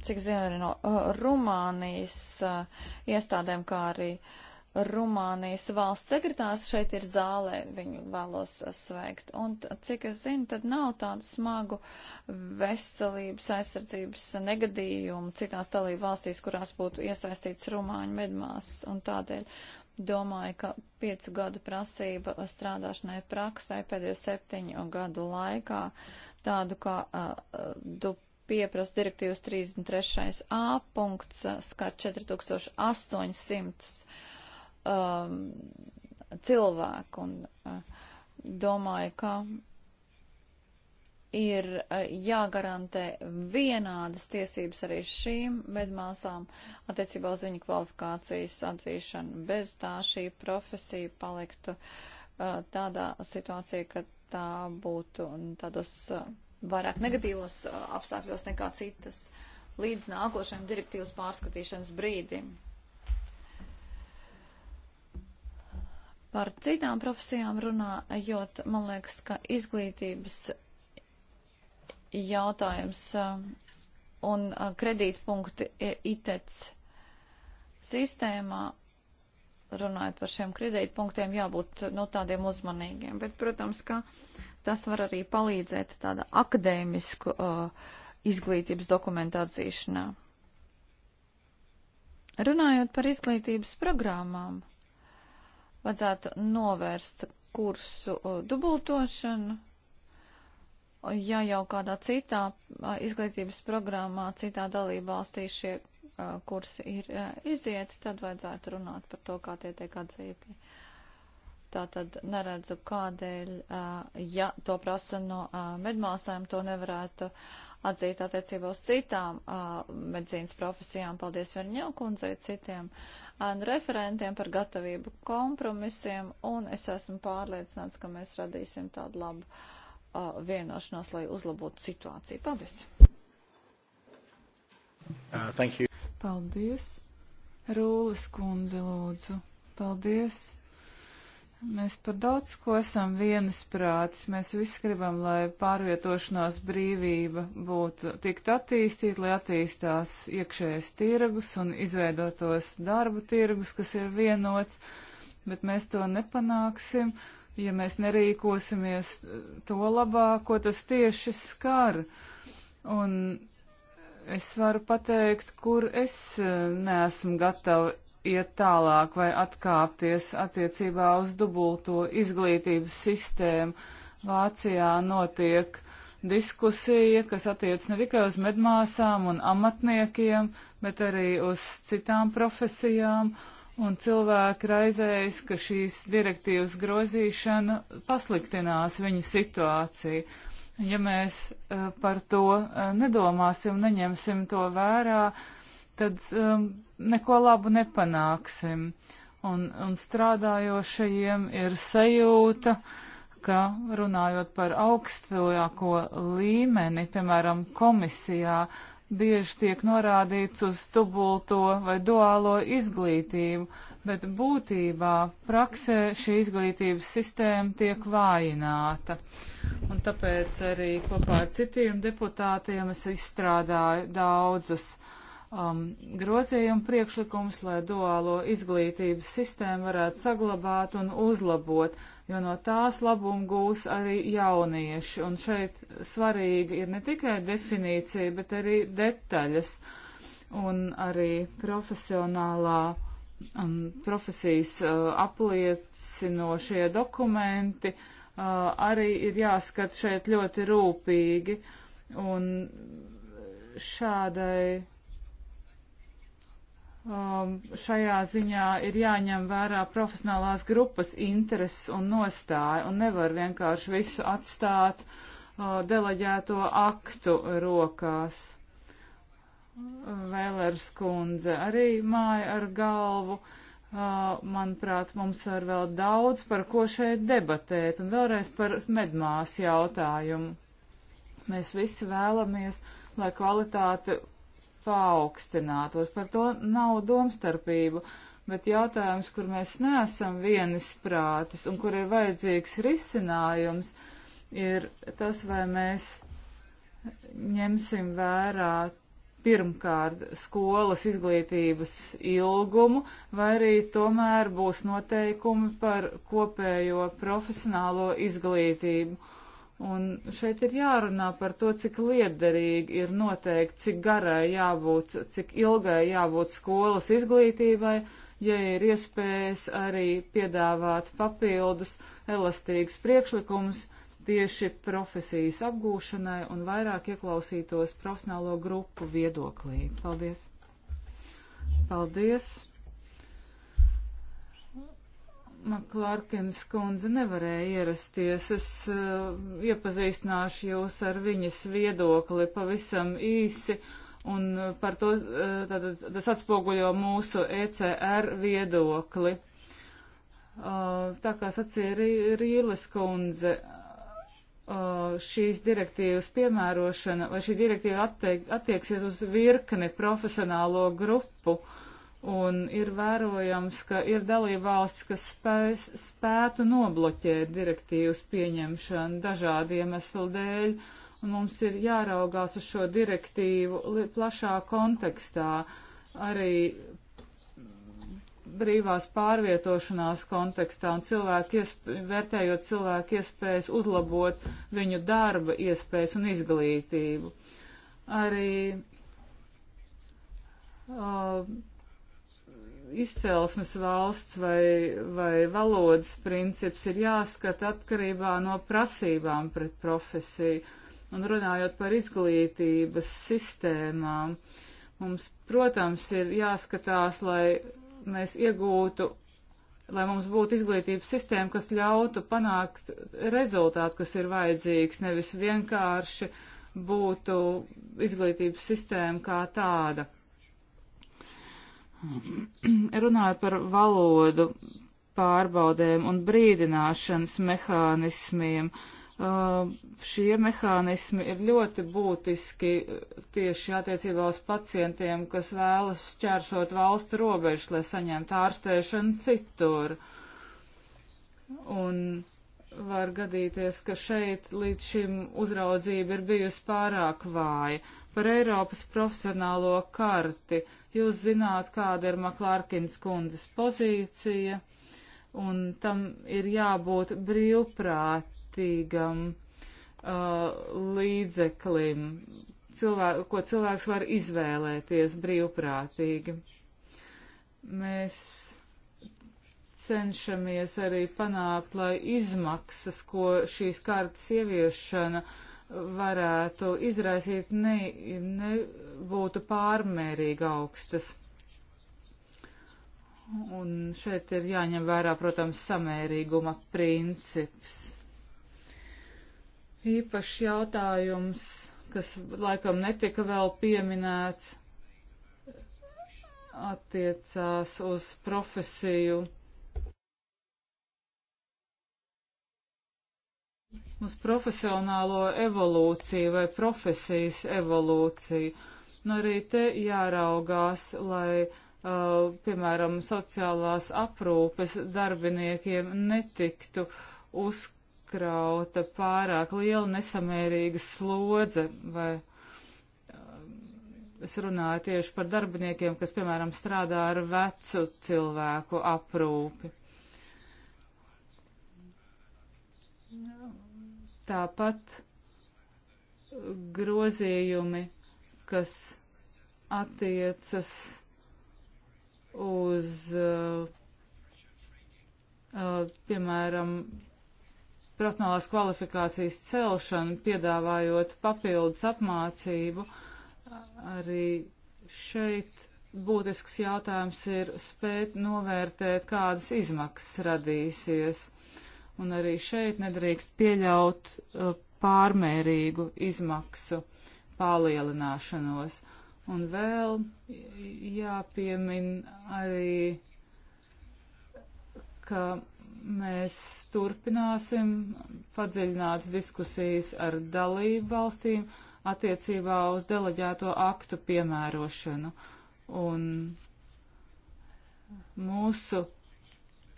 cik zinu, arī no Rumānijas iestādēm, kā arī Rumānijas valsts sekretārs šeit ir zālē, viņu vēlos sveikt. Un, cik es zinu, tad nav tādu smagu veselības aizsardzības negadījumu citās dalību valstīs, kurās būtu iesaistīts rumāņu medmāsas. Un tādēļ domāju, ka piecu gadu prasība strādāšanai praksē pēdējo septiņu gadu laikā tādu kā uh, dup pieprasa direktīvas 33. A punkts skar 4800 um, cilvēku un uh, domāju, ka ir uh, jāgarantē vienādas tiesības arī šīm medmāsām attiecībā uz viņu kvalifikācijas atzīšanu. Bez tā šī profesija paliktu uh, tādā situācijā, ka tā būtu tādos. Uh, vairāk negatīvos uh, apstākļos nekā citas līdz nākošajam direktīvas pārskatīšanas brīdim. Par citām profesijām runājot, man liekas, ka izglītības jautājums uh, un uh, kredītpunkti e, ITEC sistēmā, runājot par šiem kredītpunktiem, jābūt no tādiem uzmanīgiem. Bet, protams, ka uh, Tas var arī palīdzēt tāda akadēmisku uh, izglītības dokumentu atzīšanā. Runājot par izglītības programmām, vajadzētu novērst kursu uh, dubultošanu, ja jau kādā citā uh, izglītības programmā, citā dalībvalstī šie uh, kursi ir uh, izieti, tad vajadzētu runāt par to, kā tie tiek atzīti. Tātad neredzu, kādēļ, ja to prasa no medmāsām, to nevarētu atzīt attiecībā uz citām medicīnas profesijām. Paldies Verņau kundzei, citiem referentiem par gatavību kompromisiem, un es esmu pārliecināts, ka mēs radīsim tādu labu vienošanos, lai uzlabotu situāciju. Paldies! Uh, Paldies! Rūlis kundze, lūdzu. Paldies! Mēs par daudz ko esam viensprātis. Mēs visi gribam, lai pārvietošanās brīvība būtu tikt attīstīta, lai attīstās iekšējais tirgus un izveidotos darbu tirgus, kas ir vienots, bet mēs to nepanāksim, ja mēs nerīkosimies to labā, ko tas tieši skar. Un es varu pateikt, kur es eh, neesmu gatava iet tālāk vai atkāpties attiecībā uz dubulto izglītības sistēmu. Vācijā notiek diskusija, kas attiec ne tikai uz medmāsām un amatniekiem, bet arī uz citām profesijām, un cilvēki raizējas, ka šīs direktīvas grozīšana pasliktinās viņu situāciju. Ja mēs eh, par to eh, nedomāsim, neņemsim to vērā, uh, tad um, neko labu nepanāksim. Un, un strādājošajiem ir sajūta, ka runājot par augstāko līmeni, piemēram, komisijā, bieži tiek norādīts uz dubulto vai duālo izglītību, bet būtībā praksē šī izglītības sistēma tiek vājināta. Un tāpēc arī kopā ar citiem deputātiem es izstrādāju daudzus um, grozījumu priekšlikumus, lai duālo izglītības sistēmu varētu saglabāt un uzlabot, jo no tās labumu gūs arī jaunieši. Un šeit svarīgi ir ne tikai definīcija, bet arī detaļas un arī profesionālā um, profesijas uh, apliecinošie dokumenti uh, arī ir jāskat šeit ļoti rūpīgi. Un šādai um, šajā ziņā ir jāņem vērā profesionālās grupas intereses un nostāja, un nevar vienkārši visu atstāt uh, deleģēto aktu rokās. Vēlers kundze arī māja ar galvu. Uh, manuprāt, mums ir vēl daudz par ko šeit debatēt, un vēlreiz par medmās jautājumu. Mēs visi vēlamies, lai kvalitāte paaugstinātos. Par to nav domstarpību, bet jautājums, kur mēs neesam vienisprātis un kur ir vajadzīgs risinājums, ir tas, vai mēs ņemsim vērā pirmkārt skolas izglītības ilgumu, vai arī tomēr būs noteikumi par kopējo profesionālo izglītību. Un šeit ir jārunā par to, cik liederīgi ir noteikti, cik garai jābūt, cik ilgai jābūt skolas izglītībai, ja ir iespējas arī piedāvāt papildus elastīgus priekšlikumus tieši profesijas apgūšanai un vairāk ieklausītos profesionālo grupu viedoklī. Paldies! Paldies! Maklārkins kundze nevarēja ierasties. Es uh, iepazīstināšu jūs ar viņas viedokli pavisam īsi, un eh, par to uh, tātad, tas atspoguļo mūsu ECR viedokli. Uh, tā kā sacīja Rīles kundze, šīs direktīvas piemērošana vai šī direktīva attiek, attieksies uz virkni profesionālo grupu. Uh, un ir vērojams, ka ir dalībvalstis, kas spēs, spētu nobloķēt direktīvas pieņemšanu dažādu iemeslu dēļ, un mums ir jāraugās uz šo direktīvu plašā kontekstā, arī brīvās pārvietošanās kontekstā un cilvēku vērtējot cilvēku iespējas uzlabot viņu darba iespējas un izglītību. Arī uh, izcelsmes valsts vai, vai valodas princips ir jāskata atkarībā no prasībām pret profesiju. Un runājot par izglītības sistēmām, mums, protams, ir jāskatās, lai mēs iegūtu, lai mums būtu izglītības sistēma, kas ļautu panākt rezultātu, kas ir vajadzīgs, nevis vienkārši būtu izglītības sistēma kā tāda. Runājot par valodu pārbaudēm un brīdināšanas mehānismiem, uh, šie mehānismi ir ļoti būtiski uh, tieši attiecībā uz pacientiem, kas vēlas šķērsot valstu robežas, lai saņemtu ārstēšanu citur. Un var gadīties, ka šeit līdz šim uzraudzība ir bijusi pārāk vāja par Eiropas profesionālo karti. Jūs zināt, kāda ir Maklārkins kundzes pozīcija, un tam ir jābūt brīvprātīgam uh, līdzeklim, cilvēku, ko cilvēks var izvēlēties brīvprātīgi. Mēs cenšamies arī panākt, lai izmaksas, ko šīs kartas ieviešana uh, varētu izraisīt ne, nebūtu pārmērīgi augstas. Un šeit ir jāņem vērā, protams, samērīguma princips. Īpašs jautājums, kas laikam netika vēl pieminēts, attiecās uz profesiju uz profesionālo evolūciju vai profesijas evolūciju. Nu, arī te jāraugās, lai, uh, piemēram, sociālās aprūpes darbiniekiem netiktu uzkrauta pārāk liela nesamērīga slodze vai. Uh, es runāju tieši par darbiniekiem, kas, piemēram, strādā ar vecu cilvēku aprūpi. Jā. Tāpat grozījumi, kas attiecas uz, uh, uh, piemēram, profesionālās kvalifikācijas celšanu, piedāvājot papildus apmācību, arī šeit būtisks jautājums ir spēt novērtēt, kādas izmaksas radīsies un arī šeit nedrīkst pieļaut uh, pārmērīgu izmaksu palielināšanos. Un vēl jāpiemin arī, ka mēs turpināsim padziļināts diskusijas ar dalību valstīm attiecībā uz deleģēto aktu piemērošanu. Un mūsu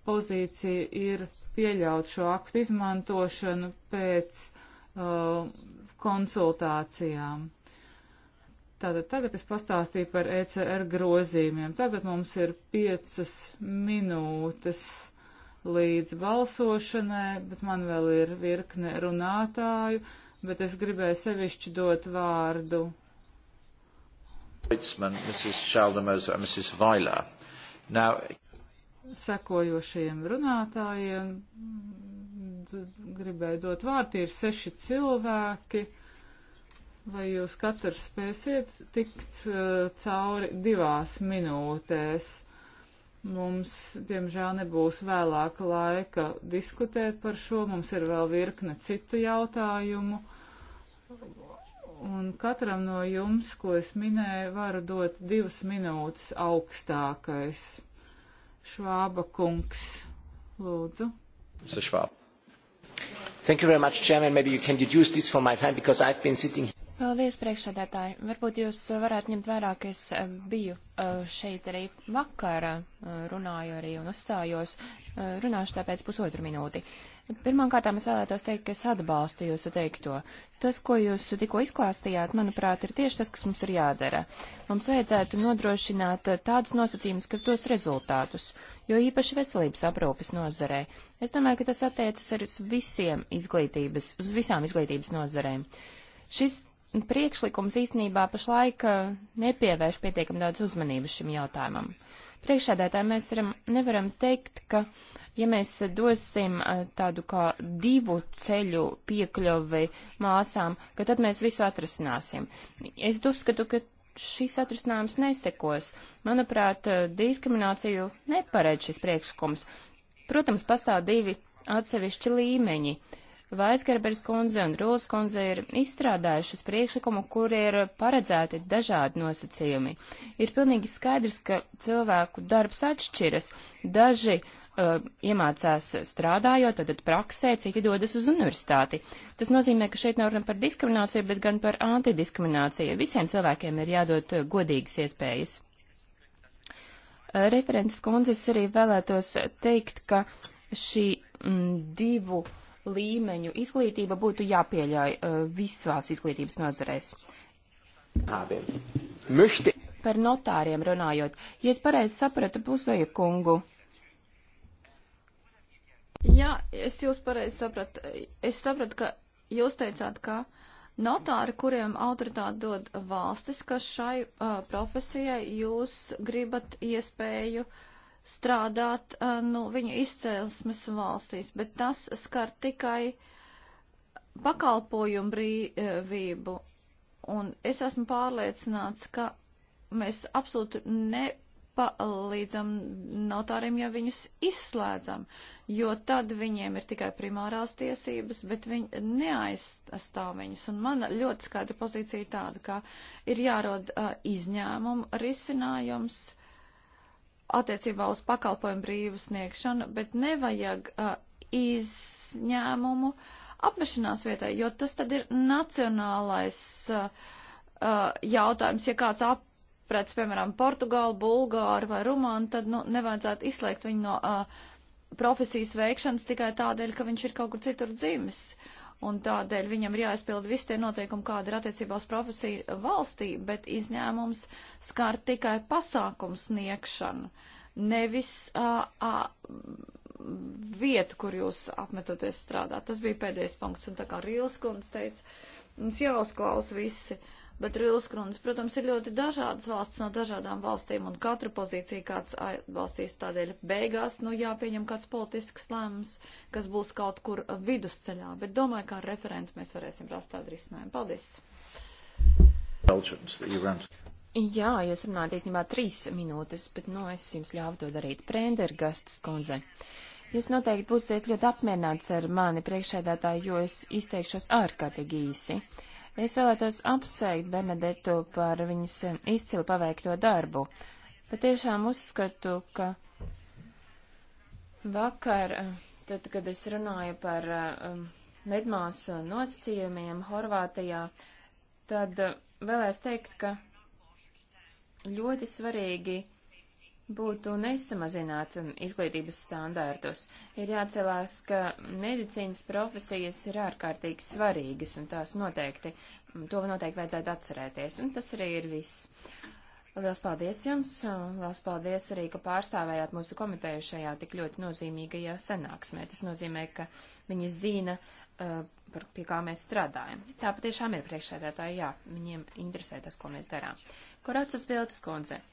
pozīcija ir pieļaut šo aktu izmantošanu pēc uh, konsultācijām. Tātad tagad es pastāstīju par ECR grozījumiem. Tagad mums ir piecas minūtes līdz balsošanai, bet man vēl ir virkne runātāju, bet es gribēju sevišķi dot vārdu. Mrs. Chaldemus and Mrs. Vailer. Now, sekojošajiem runātājiem. Gribēju dot vārdu, ir seši cilvēki, lai jūs katrs spēsiet tikt uh, cauri divās minūtēs. Mums, diemžēl, nebūs vēlāk laika diskutēt par šo. Mums ir vēl virkne citu jautājumu. Un katram no jums, ko es minēju, varu dot divas minūtes augstākais. Švāba kungs, lūdzu. Švāba. Thank you very much, Chairman. Maybe you can deduce this from my time because I've been sitting here. Paldies, priekšsēdētāji. Varbūt jūs varētu ņemt vērā, ka es eh, biju eh, šeit arī vakarā, eh, runāju arī un uzstājos. Runāšu tāpēc pusotru minūti. Uh, Pirmkārt, es vēlētos teikt, ka es atbalstu jūsu teikto. Tas, ko jūs tikko izklāstījāt, manuprāt, ir tieši tas, kas mums ir jādara. Mums vajadzētu nodrošināt tādus nosacījumus, kas dos rezultātus, jo īpaši veselības aprūpes nozarē. Es domāju, ka tas attiecas arī uz visiem izglītības, uz visām izglītības nozarēm. Šis priekšlikums īstenībā pašlaik uh, nepievērš pietiekam daudz uzmanības šim jautājumam. Priekšādētāji mēs varam, nevaram teikt, ka uh, Ja mēs dosim eh, tādu kā divu ceļu piekļuvi māsām, ka tad mēs visu atrasināsim. Es uzskatu, ka šis atrasinājums nesekos. Manuprāt, eh, diskrimināciju neparedz šis priekšlikums. Protams, pastāv divi atsevišķi līmeņi. Vaisgerberis kundze un Rūlas kundze ir izstrādājušas priekšlikumu, kur ir paredzēti dažādi nosacījumi. Ir pilnīgi skaidrs, ka cilvēku darbs atšķiras. Daži uh, uh, iemācās strādājot, tad praksē, citi dodas uz universitāti. Tas nozīmē, ka šeit nav runa par diskrimināciju, bet gan par antidiskrimināciju. Visiem cilvēkiem ir jādod godīgas iespējas. Uh, referents kundzes arī vēlētos teikt, ka šī m, mm, divu līmeņu izglītība būtu jāpieļauj uh, visās izglītības nozarēs. Par notāriem runājot, ja es pareizi sapratu pusoja kungu, Jā, es jūs pareizi sapratu. Es sapratu, ka jūs teicāt, ka notāri, kuriem autoritāti dod valstis, ka šai uh, profesijai jūs gribat iespēju strādāt uh, nu, viņu izcēlesmes valstīs, bet tas skar tikai pakalpojumu brīvību. Un es esmu pārliecināts, ka mēs absolūti ne palīdzam notāriem, ja viņus izslēdzam, jo tad viņiem ir tikai primārās tiesības, bet viņi neaizstāv viņus. Un mana ļoti skaidra pozīcija ir tāda, ka ir jārod uh, izņēmumu risinājums attiecībā uz pakalpojumu brīvu sniegšanu, bet nevajag uh, izņēmumu apmešanās vietai, jo tas tad ir nacionālais uh, uh, jautājums, ja kāds ap pret, piemēram, Portugāli, Bulgāri vai Rumāni, tad nu, nevajadzētu izslēgt viņu no uh, profesijas veikšanas tikai tādēļ, ka viņš ir kaut kur citur dzimis. Un tādēļ viņam ir jāizpild visi tie noteikumi, kāda ir attiecībā uz profesiju valstī, bet izņēmums skar tikai pasākumu sniegšanu, nevis uh, uh, vietu, kur jūs apmetoties strādāt. Tas bija pēdējais punkts, un tā kā Rīles kundze teica, mums jāuzklaus visi. Uh, Bet Rīlskrunas, protams, ir ļoti dažādas valsts no dažādām valstīm, un katra pozīcija kāds atbalstīs tādēļ beigās, nu, jāpieņem kāds politisks lēmums, kas būs kaut kur vidusceļā. Bet domāju, kā referenti mēs varēsim rast tādu risinājumu. Paldies! Jā, jūs runājat īstenībā trīs minūtes, bet, nu, es jums ļāvu to darīt. Prendergasts, kundze. Jūs noteikti būsiet ļoti apmierināts ar mani priekšēdātāju, jo es izteikšos ārkārtīgi īsi. Uh, Es vēlētos apsveikt Bernadetu par viņas eh, izcilu paveikto darbu. Patiešām uzskatu, ka vakar, eh, tad, kad es runāju par eh, um, medmāsu nosacījumiem Horvātijā, tad vēlēs teikt, ka ļoti svarīgi būtu nesamazināt izglītības standārtus. Ir jāatcelās, ka medicīnas profesijas ir ārkārtīgi svarīgas, un tās noteikti, to noteikti vajadzētu atcerēties, un tas arī ir viss. Lielas paldies jums, lielas paldies arī, ka pārstāvējāt mūsu komiteju šajā tik ļoti nozīmīgajā sanāksmē. Tas nozīmē, ka viņi zina, uh, par, pie kā mēs strādājam. Tā patiešām ir priekšsēdētāji, jā, viņiem interesē tas, ko mēs darām. Kurācas Bildes kundze.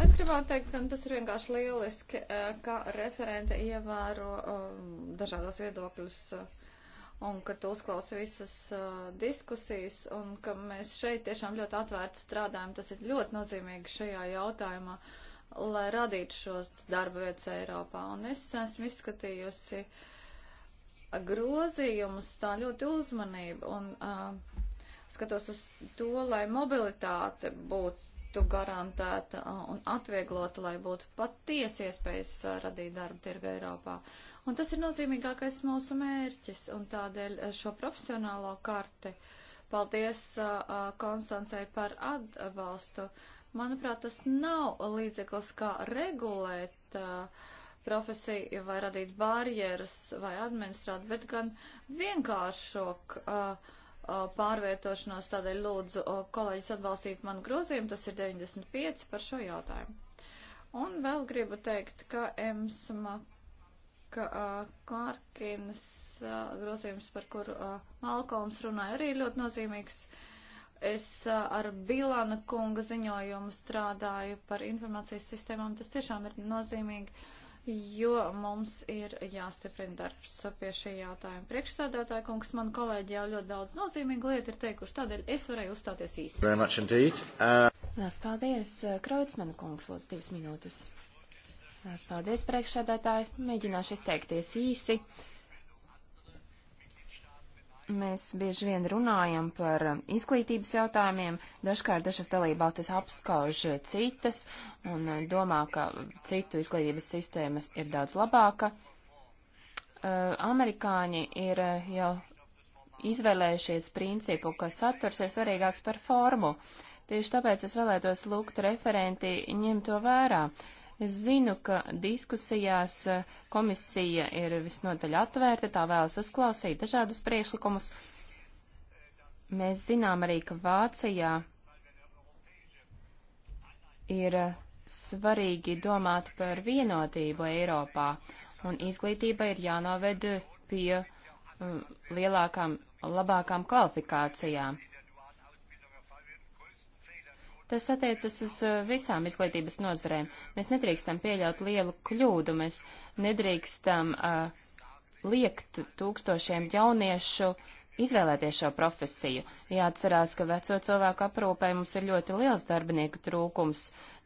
Es gribētu teikt, ka tas ir vienkārši lieliski, eh, ka referente ievēro um, dažādos viedokļus eh, un ka tu uzklausi visas uh, diskusijas un ka mēs šeit tiešām ļoti atvērti strādājam. Tas ir ļoti nozīmīgi šajā jautājumā, lai radītu šos darba vietas Eiropā. Un es esmu izskatījusi grozījumus tā ļoti uzmanību un uh, skatos uz to, lai mobilitāte būtu tiktu garantēta un atvieglota, lai būtu patiesi iespējas radīt darbu tirgu Eiropā. Un tas ir nozīmīgākais mūsu mērķis, un tādēļ šo profesionālo karti paldies Konstancei par atbalstu. Manuprāt, tas nav līdzeklis, kā regulēt uh, profesiju vai radīt barjeras vai administrāt, bet gan vienkāršok. Uh, pārvietošanos, tādēļ lūdzu kolēģis atbalstīt manu grozījumu, tas ir 95 par šo jautājumu. Un vēl gribu teikt, ka Ems Klārkins grozījums, par kuru Malkolms runāja, arī ļoti nozīmīgs. Es ar Bilana kunga ziņojumu strādāju par informācijas sistēmām, tas tiešām ir nozīmīgi jo mums ir jāstiprina darbs pie šī jautājuma. Priekšsēdētāja kungs, man kolēģi jau ļoti daudz nozīmīgu lietu ir teikuši, tādēļ es varēju uzstāties īsi. Lās uh... paldies, uh, Kraucmanu kungs, lūdzu divas minūtes. Lās paldies, priekšsēdētāji, mēģināšu izteikties īsi. Uh, Mēs bieži vien runājam par izglītības jautājumiem, dažkārt dažas dalībvalstis apskauž citas un domā, ka citu izglītības sistēmas ir daudz labāka. Amerikāņi ir jau izvēlējušies principu, ka saturs ir svarīgāks par formu. Tieši tāpēc es vēlētos lūgt referenti ņemt to vērā. Uh, Es zinu, ka diskusijās eh, komisija ir visnotaļ atvērta, tā vēlas uzklausīt dažādus priekšlikumus. Mēs zinām arī, ka Vācijā ir eh, svarīgi domāt par vienotību Eiropā, un izglītība ir jānoved pie eh, lielākām, labākām kvalifikācijām. Tas attiecas uz uh, visām izglītības nozarēm. Mēs nedrīkstam pieļaut lielu kļūdu, mēs nedrīkstam uh, liekt tūkstošiem jauniešu izvēlēties šo profesiju. Jāatcerās, ka veco cilvēku aprūpē mums ir ļoti liels darbinieku trūkums,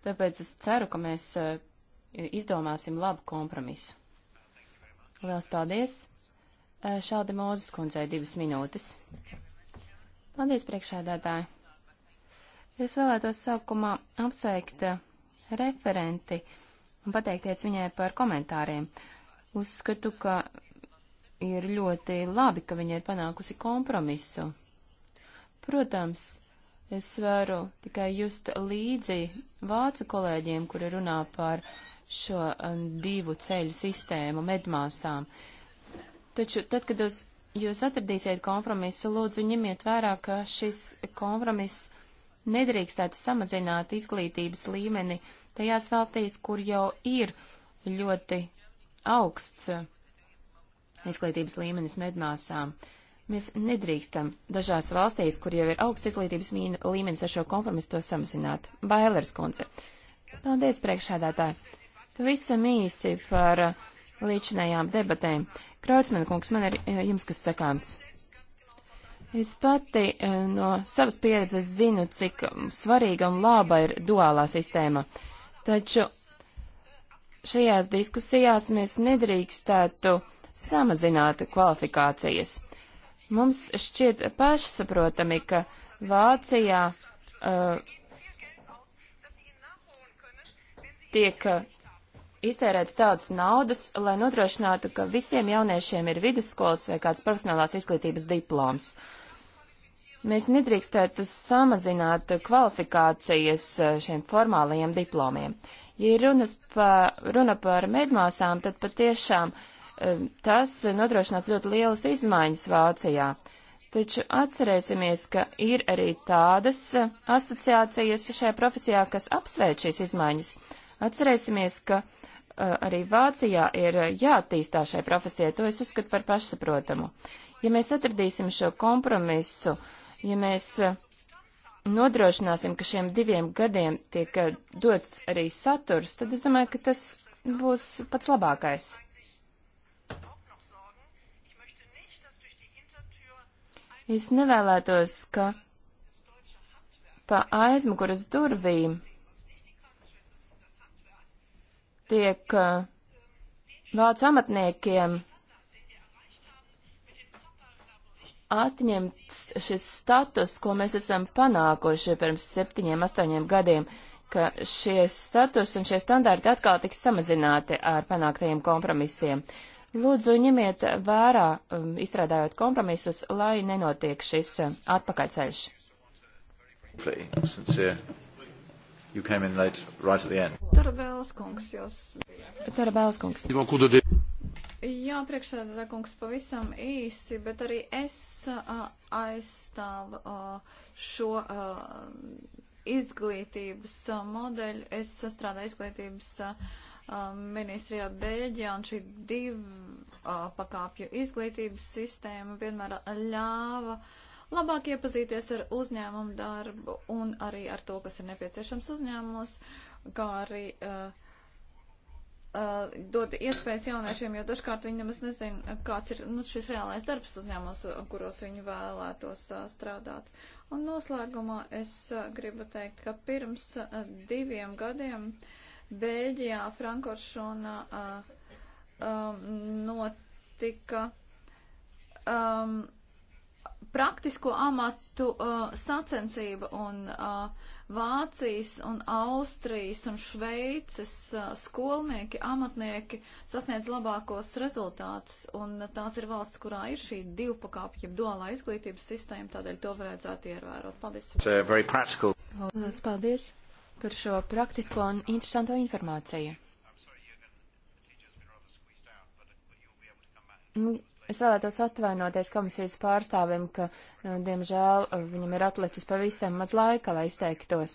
tāpēc es ceru, ka mēs uh, izdomāsim labu kompromisu. Liels paldies! Uh, Šādi Mūzes kundzei divas minūtes. Paldies, priekšēdētāji! Es vēlētos sākumā apsveikt referenti un pateikties viņai par komentāriem. Uzskatu, ka ir ļoti labi, ka viņa ir panākusi kompromisu. Protams, es varu tikai just līdzi vācu kolēģiem, kuri runā par šo um, divu ceļu sistēmu medmāsām. Taču tad, kad uz, jūs atradīsiet kompromisu, lūdzu ņemiet vērā, ka šis kompromiss nedrīkstētu samazināt izglītības līmeni tajās valstīs, kur jau ir ļoti augsts uh, izglītības līmenis medmāsām. Mēs nedrīkstam dažās valstīs, kur jau ir augsts izglītības līmenis ar šo kompromisu, to samazināt. Bailers kundze. Paldies, priekšādātāji. Pavisam īsi par uh, līdzinējām debatēm. Kraucman kungs, man ir uh, jums kas sakāms. Es pati e, no savas pieredzes zinu, cik svarīga un laba ir duālā sistēma. Taču šajās diskusijās mēs nedrīkstētu samazināt kvalifikācijas. Mums šķiet pašsaprotami, ka Vācijā uh, tiek iztērēts daudz naudas, lai nodrošinātu, ka visiem jauniešiem ir vidusskolas vai kāds profesionālās izglītības diploms. Uh, Mēs nedrīkstētu samazināt kvalifikācijas eh, šiem formālajiem diplomiem. Ja runas pa, runa par medmāsām, tad patiešām eh, tas nodrošinās ļoti lielas izmaiņas Vācijā. Taču atcerēsimies, ka ir arī tādas eh, asociācijas šajā profesijā, kas apsvērt šīs izmaiņas. Atcerēsimies, ka uh, arī Vācijā ir jāattīstā šai profesijai, to es uzskatu par pašsaprotamu. Ja mēs atradīsim šo kompromisu Ja mēs eh, nodrošināsim, ka šiem diviem gadiem tiek eh, dots arī saturs, tad es domāju, ka tas būs pats labākais. Es nevēlētos, ka pa aizmuguras durvīm tiek eh, vācu amatniekiem atņemts šis status, ko mēs esam panākuši pirms septiņiem, astoņiem gadiem, ka šie status un šie standarti atkal tiks samazināti ar panāktajiem kompromisiem. Lūdzu, ņemiet vērā, um, izstrādājot kompromisus, lai nenotiek šis um, atpakaļceļš. Uh, Tarabēlas kungs, jūs. Tarabēlas kungs. Jā, priekšsēdētāj kungs, pavisam īsi, bet arī es a, aizstāvu a, šo a, izglītības a, modeļu. Es strādāju izglītības a, ministrijā Beļģijā, un šī divu pakāpju izglītības sistēma vienmēr ļāva labāk iepazīties ar uzņēmumu darbu un arī ar to, kas ir nepieciešams uzņēmumos, kā arī. A, uh, dod iespējas jauniešiem, jo dažkārt viņi nemaz nezina, uh, kāds ir nu, šis reālais darbs uzņēmums, uh, kuros viņi vēlētos uh, strādāt. Un noslēgumā es uh, gribu teikt, ka pirms uh, diviem gadiem Bēļģijā, Frankoršona uh, um, notika um, praktisko amatu uh, sacensība un uh, Vācijas un Austrijas un Šveices skolnieki, amatnieki sasniedz labākos rezultātus, un tās ir valsts, kurā ir šī divpakāpja duālā izglītības sistēma, tādēļ to vajadzētu ievērot. Paldies! Paldies, paldies par šo praktisko un interesanto informāciju. Es vēlētos atvainoties komisijas pārstāvim, ka, nu, diemžēl, uh, viņam ir atlicis pavisam maz laika, lai izteiktos.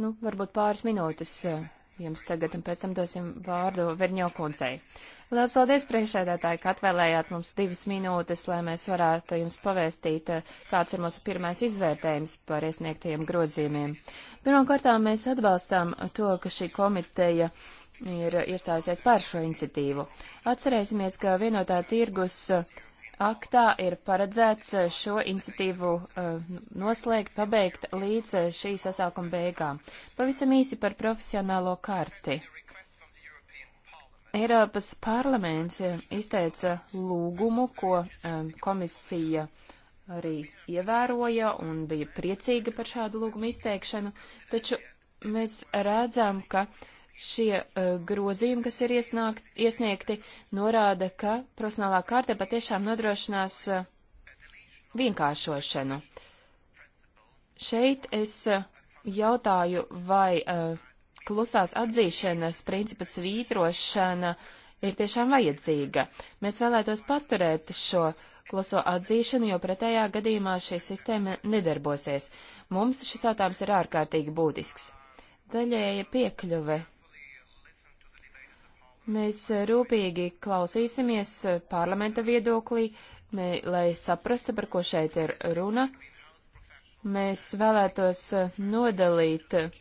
Nu, varbūt pāris minūtes uh, jums tagad, un pēc tam dosim vārdu Verņo kundzei. Lielas paldies priekšēdētāji, ka atvēlējāt mums divas minūtes, lai mēs varētu jums pavēstīt, uh, kāds ir mūsu pirmais izvērtējums par iesniegtajiem grozījumiem. Pirmkārtām mēs atbalstām to, ka šī komiteja uh, ir iestājusies pār šo iniciatīvu. Atcerēsimies, ka vienotā tirgus aktā ir paredzēts šo iniciatīvu uh, noslēgt, pabeigt līdz šī sasaukuma beigām. Pavisam īsi par profesionālo karti. Eiropas parlaments eh, izteica lūgumu, ko um, komisija arī ievēroja un bija priecīga par šādu lūgumu izteikšanu, taču mēs redzam, ka uh, Šie uh, grozījumi, kas ir iesnākt, iesniegti, norāda, ka profesionālā kārta patiešām nodrošinās uh, vienkāršošanu. Šeit es uh, jautāju, vai uh, klusās atzīšanas principa svītrošana ir tiešām vajadzīga. Mēs vēlētos paturēt šo kluso atzīšanu, jo pretējā gadījumā šī sistēma nedarbosies. Mums šis jautājums ir ārkārtīgi būtisks. Daļēja piekļuve Mēs eh, rūpīgi klausīsimies eh, parlamenta viedoklī, mē, lai saprastu, par ko šeit ir runa. Mēs vēlētos eh, nodalīt uh,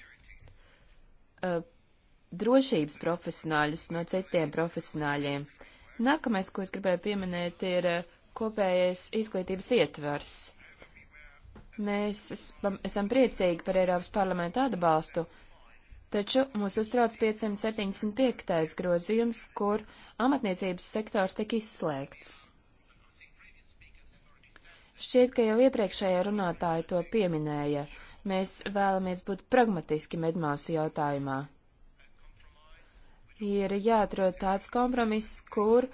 drošības profesionāļus no citiem profesionāļiem. Nākamais, ko es gribēju pieminēt, ir kopējais izglītības ietvars. Mēs esam priecīgi par Eiropas parlamentu atbalstu, Taču mūs uztrauc 575. grozījums, kur amatniecības sektors tiek izslēgts. Šķiet, ka jau iepriekšējā runātāja to pieminēja. Mēs vēlamies būt pragmatiski medmāsu jautājumā. Ir jāatrod tāds kompromiss, kur uh,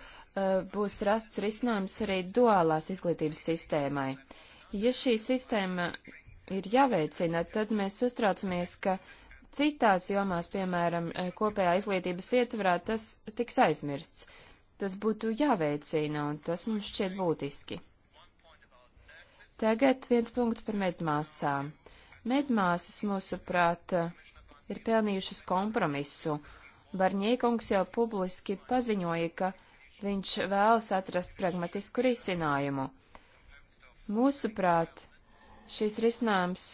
būs rasts risinājums arī duālās izglītības sistēmai. Ja šī sistēma ir jāveicina, tad mēs uztraucamies, ka uh, Citās jomās, piemēram, eh, kopējā izglītības ietvarā, tas tiks aizmirsts. Tas būtu jāveicina, un tas mums šķiet būtiski. Tagad viens punkts par medmāsām. Medmāsas, mūsuprāt, eh, ir pelnījušas kompromisu. Barņiekungs jau publiski paziņoja, ka viņš vēlas atrast pragmatisku risinājumu. Mūsuprāt, šīs risinājums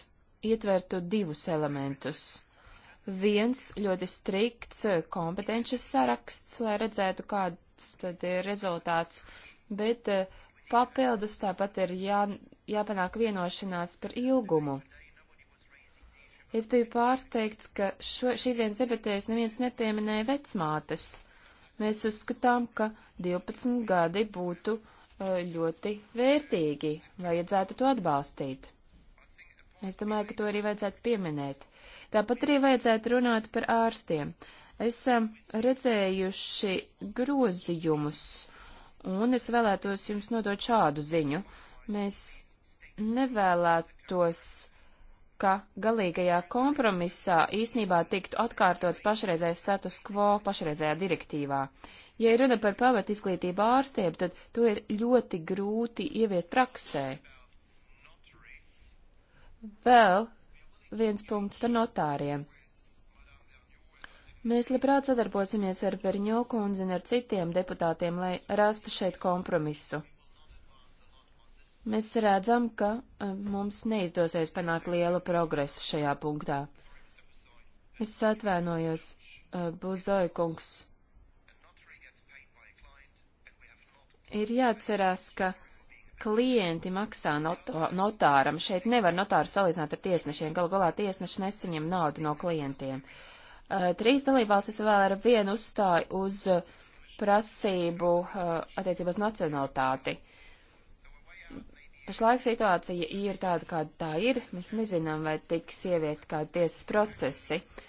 ietvertu divus elementus viens ļoti strikts eh, kompetences saraksts, lai redzētu, kāds tad ir rezultāts, bet eh, papildus tāpat ir jā, jāpanāk vienošanās par ilgumu. Es biju pārsteigts, ka šo, šīs dienas debatēs neviens nepieminēja vecmātes. Mēs uzskatām, ka 12 gadi būtu eh, ļoti vērtīgi, vajadzētu to atbalstīt. Es domāju, ka to arī vajadzētu pieminēt. Tāpat arī vajadzētu runāt par ārstiem. Esam um, redzējuši grozījumus, un es vēlētos jums nodot šādu ziņu. Mēs nevēlētos, ka galīgajā kompromisā īsnībā tiktu atkārtots pašreizējais status quo pašreizējā direktīvā. Ja runa par pavat izglītību ārstiem, tad to ir ļoti grūti ieviest praksē. Vēl viens punkts par notāriem. Mēs labprāt sadarbosimies ar Perņo kundzi un ar citiem deputātiem, lai rastu šeit kompromisu. Mēs redzam, ka eh, mums neizdosies panākt lielu progresu šajā punktā. Es atvainojos, eh, Buzoja kungs. Ir jāatcerās, ka klienti maksā noto, notāram. Šeit nevar notāru salīdzināt ar tiesnešiem. Galu galā tiesneši nesaņem naudu no klientiem. Uh, trīs dalībvalstis vēl ar vienu uzstāju uz uh, prasību uh, attiecībā uz nacionalitāti. Pašlaik situācija ir tāda, kāda tā ir. Mēs nezinām, vai tiks ieviest kādi tiesas procesi. Uh,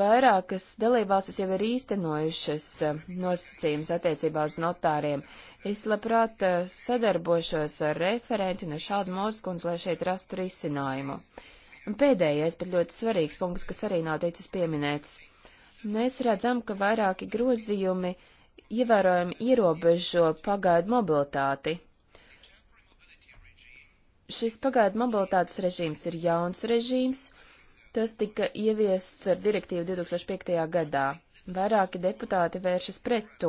Vairākas dalībvalstis jau ir īstenojušas eh, nosacījumus attiecībā uz notāriem. Es labprāt eh, sadarbošos ar referenti no šādu mūskundzi, lai šeit rastu risinājumu. Un pēdējais, bet ļoti svarīgs punkts, kas arī nav teicis pieminēts. Mēs redzam, ka vairāki grozījumi ievērojami ierobežo pagaidu mobilitāti. Šis pagaidu mobilitātes režīms ir jauns režīms Tas tika ieviests ar direktīvu 2005. gadā. Vairāki deputāti vēršas pret to.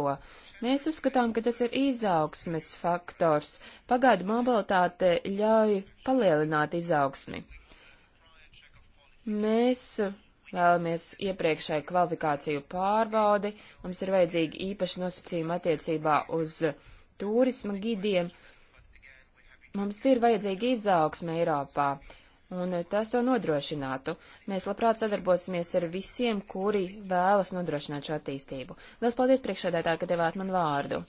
Mēs uzskatām, ka tas ir izaugsmes faktors. Pagaidu mobilitāte ļauj palielināt izaugsmi. Mēs vēlamies iepriekšēju kvalifikāciju pārbaudi, mums ir vajadzīgi īpaši nosacījumi attiecībā uz turisma gidiem. Mums ir vajadzīga izaugsme Eiropā, un eh, tas to nodrošinātu. Mēs labprāt sadarbosimies ar visiem, kuri vēlas nodrošināt šo attīstību. Lielas paldies priekšādētā, ka devāt man vārdu.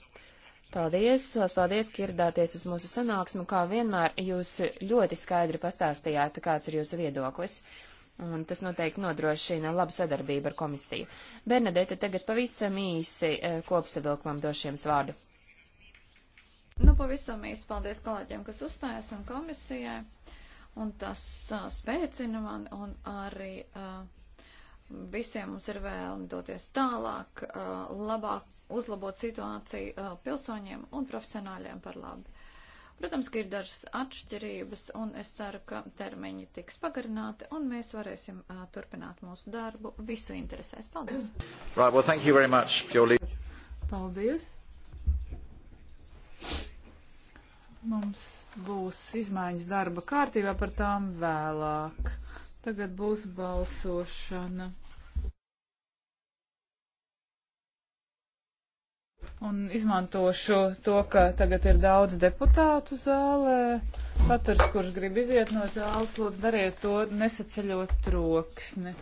Paldies, liels paldies, ka ieradāties uz mūsu sanāksmu. Kā vienmēr, jūs ļoti skaidri pastāstījāt, kāds ir jūsu viedoklis. Un tas noteikti nodrošina labu sadarbību ar komisiju. Bernadete, tagad pavisam īsi eh, kopsavilkumam došiem vārdu. Nu, pavisam īsi paldies kolēģiem, kas uzstājas un komisijai un tas uh, spēcina mani un arī uh, visiem mums ir vēlme doties tālāk, uh, labāk uzlabot situāciju uh, pilsoņiem un profesionāļiem par labi. Protams, ka ir dažas atšķirības, un es ceru, ka termiņi tiks pagarināti, un mēs varēsim uh, turpināt mūsu darbu visu interesēs. Paldies! Right, well, thank you very much, Paldies! Mums būs izmaiņas darba kārtībā par tām vēlāk. Tagad būs balsošana. Un izmantošu to, ka tagad ir daudz deputātu zālē. Katrs, kurš grib iziet no zāles, lūdzu dariet to nesaceļot troksni.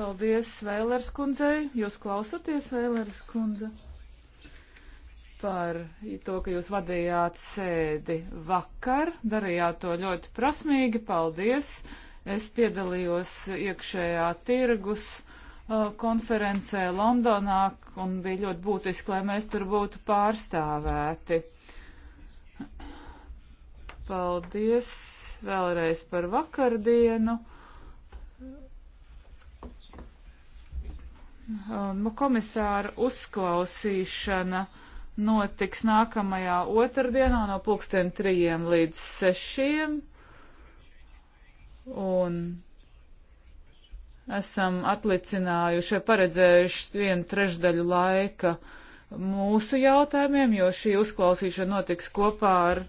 Paldies Vēlers kundzei. Jūs klausaties, Vēlers kundze? par to, ka jūs vadījāt sēdi vakar, darījāt to ļoti prasmīgi, paldies. Es piedalījos iekšējā tirgus uh, konferencē Londonā un bija ļoti būtiski, lai mēs tur būtu pārstāvēti. Paldies vēlreiz par vakardienu. Nu, komisāra uzklausīšana notiks nākamajā otrdienā no pulksten trījiem līdz sešiem. Un esam atlicinājuši, paredzējuši vienu trešdaļu laika mūsu jautājumiem, jo šī uzklausīšana notiks kopā ar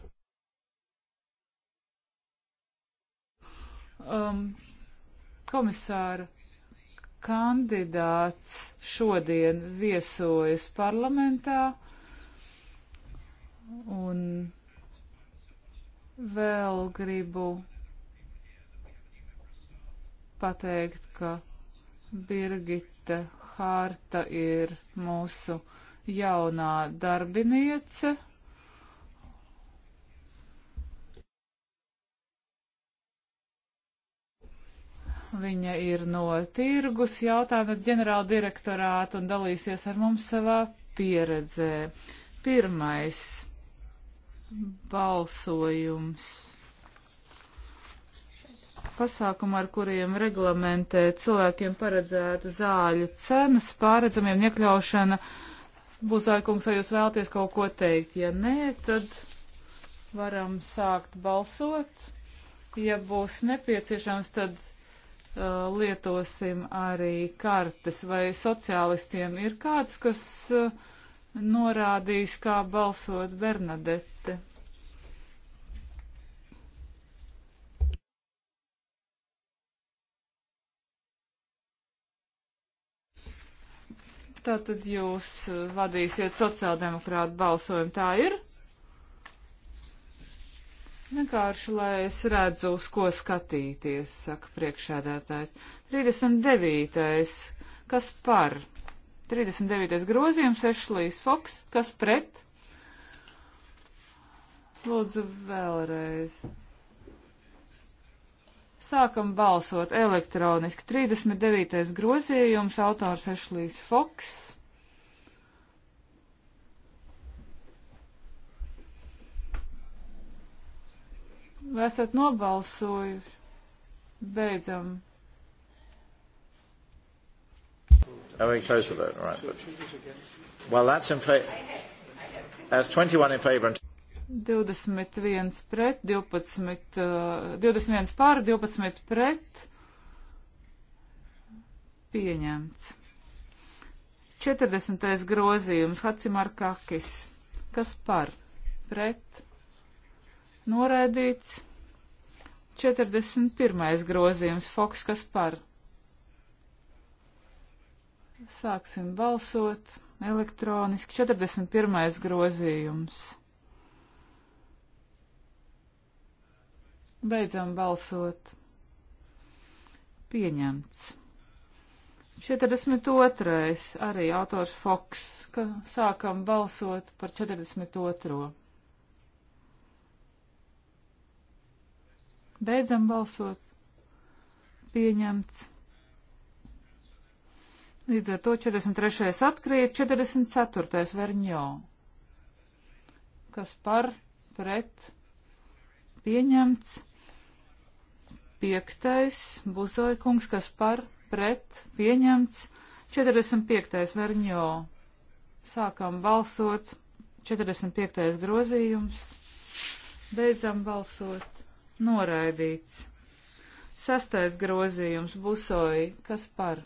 um, komisāra kandidāts šodien viesojas parlamentā. Un vēl gribu pateikt, ka Birgita Hārta ir mūsu jaunā darbiniece. Viņa ir no tirgus jautājuma ģenerāla direktorāta un dalīsies ar mums savā pieredzē. Pirmais balsojums. Pasākumi, ar kuriem reglamentē cilvēkiem paredzētu zāļu cenas, pāredzamiem iekļaušana. Buzākungs, vai jūs vēlties kaut ko teikt? Ja nē, tad varam sākt balsot. Ja būs nepieciešams, tad uh, lietosim arī kartes. Vai sociālistiem ir kāds, kas. Uh, norādījis, kā balsot Bernadette. Tātad jūs vadīsiet sociāldemokrātu balsojumu, tā ir? Vienkārši, lai es redzu, uz ko skatīties, saka priekšēdētājs. 39. Kas par? 39. grozījums, Ešlijs Foks, kas pret? Lūdzu vēlreiz. Sākam balsot elektroniski. 39. grozījums, autors Ešlijs Foks. Vai esat nobalsojuši? Beidzam Oh, we closed the vote, all right. But, well, that's in favor. That's 21 in favor and 21 pret, 12, uh, 21 pār, 12 pret. Pieņemts. 40. grozījums Hacimarkakis. Kas par? Pret. Noraidīts. 41. grozījums Foks. Kas par? Sāksim balsot elektroniski. 41. grozījums. Beidzam balsot. Pieņemts. 42. arī autors Foks, ka sākam balsot par 42. Beidzam balsot. Pieņemts. Līdz ar to 43. atkrīt, 44. verņo. Kas par, pret, pieņemts. 5. buzoikungs, kas par, pret, pieņemts. 45. verņo. Sākam balsot. 45. grozījums. Beidzam balsot. Noraidīts. Sastais grozījums busoji, kas par?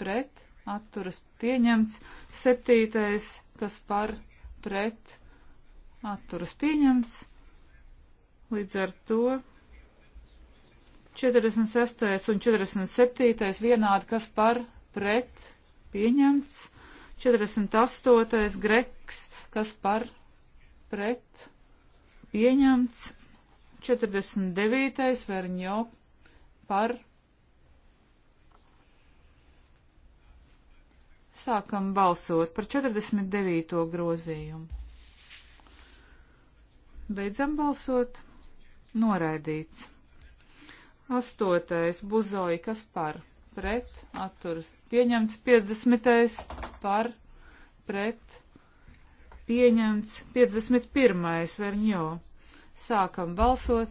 pret, atturas pieņemts, septītais, kas par, pret, atturas pieņemts, līdz ar to 46. un 47. vienādi, kas par, pret, pieņemts, 48. greks, kas par, pret, pieņemts, 49. verņo par, pret, Sākam balsot par 49. grozījumu. Beidzam balsot. Noraidīts. Astotais buzoji, kas par pret atturas. Pieņemts 50. par pret. Pieņemts 51. verņo. Sākam balsot.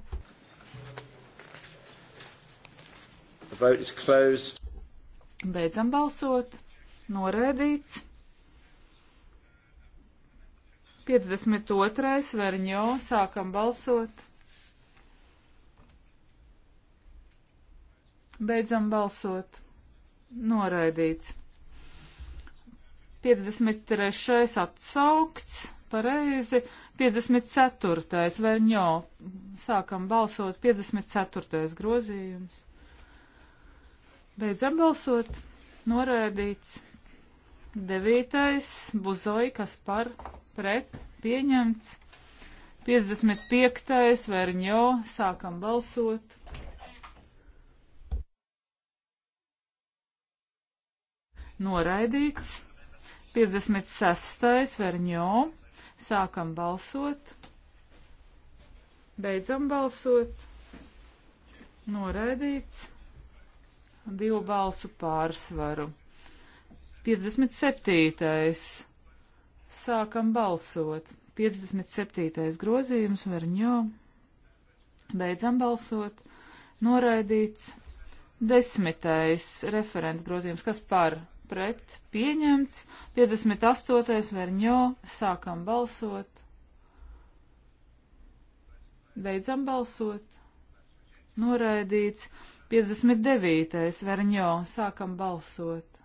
Beidzam balsot noraidīts. 52. verņo, sākam balsot. Beidzam balsot. Noraidīts. 53. atsaukts, pareizi. 54. verņo, sākam balsot. 54. grozījums. Beidzam balsot. Noraidīts. Devītais buzoja, kas par pret pieņemts. 55. vērņo, sākam balsot. Noraidīts. 56. vērņo, sākam balsot. Beidzam balsot. Noraidīts. Divu balsu pārsvaru. 57. Sākam balsot. 57. grozījums Verņo. Beidzam balsot. Noraidīts. Desmitais referenta grozījums, kas par pret pieņemts. 58. Verņo. Sākam balsot. Beidzam balsot. Noraidīts. 59. Verņo. Sākam balsot.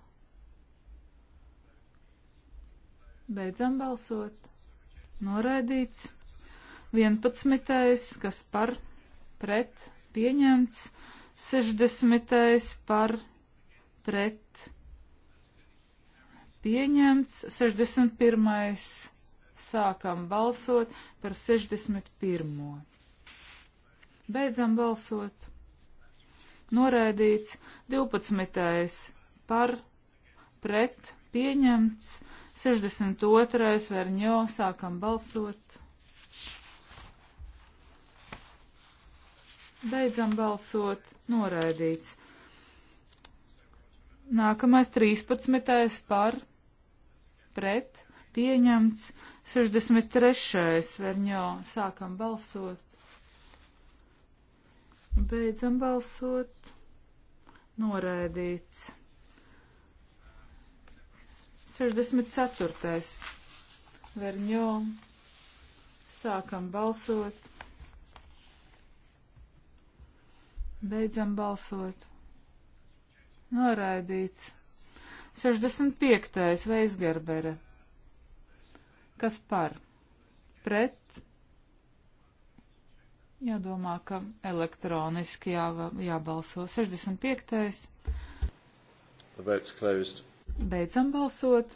Beidzam balsot. Noraidīts. 11. kas par pret pieņemts. 60. par pret pieņemts. 61. sākam balsot par 61. Beidzam balsot. Noraidīts. 12. par pret pieņemts. 62. Verņo, sākam balsot. Beidzam balsot, noraidīts. Nākamais 13. par, pret, pieņemts. 63. Verņo, sākam balsot. Beidzam balsot, noraidīts. 64. Verņo. Sākam balsot. Beidzam balsot. Noraidīts. 65. Veisgerbere. Kas par? Pret? Jādomā, ka elektroniski jā, jābalso. 65. The vote's closed. Beidzam balsot.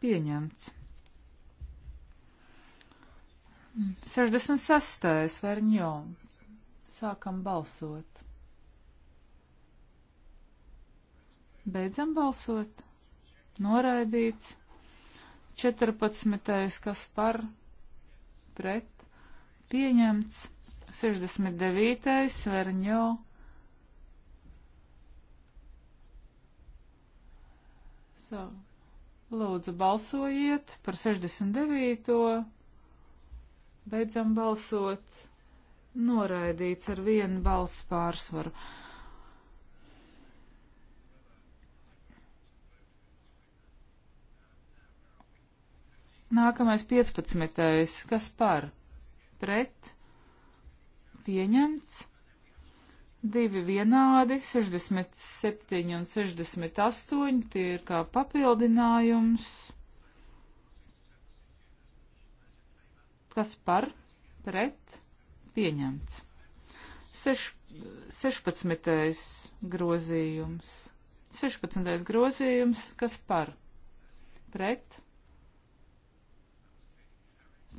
Pieņemts. 66. Verņo. Sākam balsot. Beidzam balsot. Noraidīts. 14. kas par pret. Pieņemts. 69. Verņo. So, lūdzu, balsojiet par 69. Beidzam balsot. Noraidīts ar vienu balsu pārsvaru. Nākamais 15. Kas par? Pret? Pieņemts divi vienādi, 67 un 68, tie ir kā papildinājums. Kas par, pret, pieņemts. Seš, 16. grozījums. 16. grozījums, kas par, pret,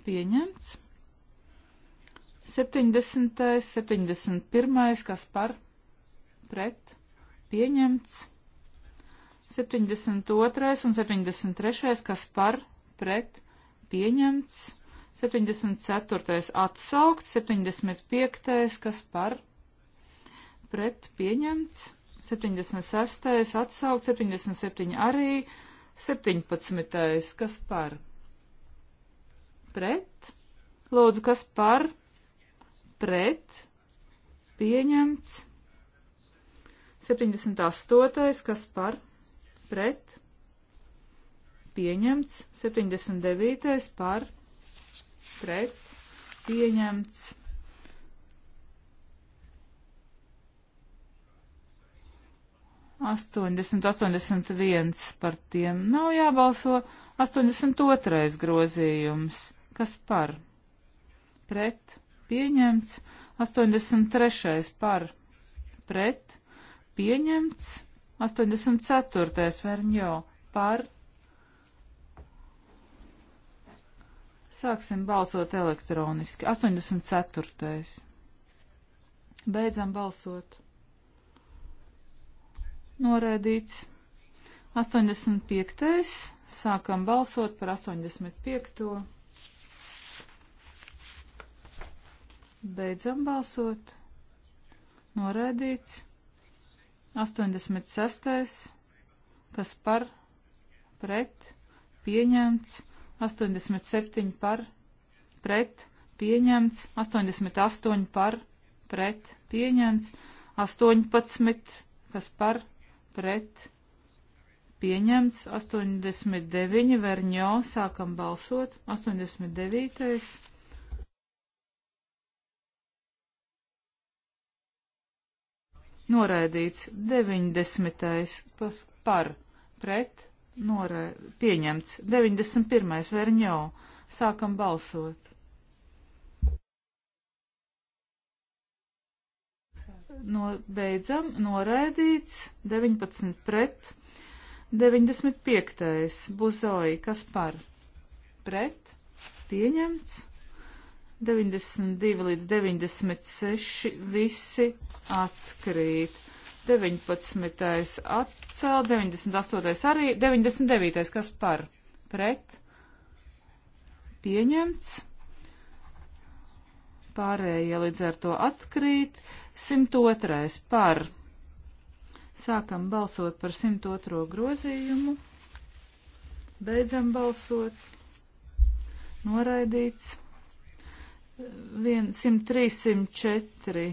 pieņemts. 70. 71. kas par pret pieņemts. 72. un 73. kas par pret pieņemts. 74. atsaukt. 75. kas par pret pieņemts. 76. atsaukt. 77. arī. 17. kas par pret. Lūdzu, kas par pret pret pieņemts. 78. kas par pret pieņemts. 79. par pret pieņemts. Astoņdesmit, astoņdesmit viens par tiem nav jābalso. Astoņdesmit otrais grozījums. Kas par? Pret pieņemts. 83. par pret pieņemts. 84. verņo par. Sāksim balsot elektroniski. 84. Beidzam balsot. Noraidīts. 85. Sākam balsot par 85. Beidzam balsot. Noraidīts. 86. Kas par? Pret. Pieņemts. 87 par. Pret. Pieņemts. 88 par. Pret. Pieņemts. 18. Kas par? Pret. Pieņemts 89, Verņo, sākam balsot, 89. noraidīts 90. Pas, par pret norē, pieņemts 91. verņo. Sākam balsot. No, beidzam, noraidīts 19 pret 95. buzoji, kas par pret pieņemts 92 līdz 96 visi atkrīt. 19. atcēl, 98. arī, 99. kas par pret pieņemts. Pārējie līdz ar to atkrīt. 102. par. Sākam balsot par 102. grozījumu. Beidzam balsot. Noraidīts. 1304.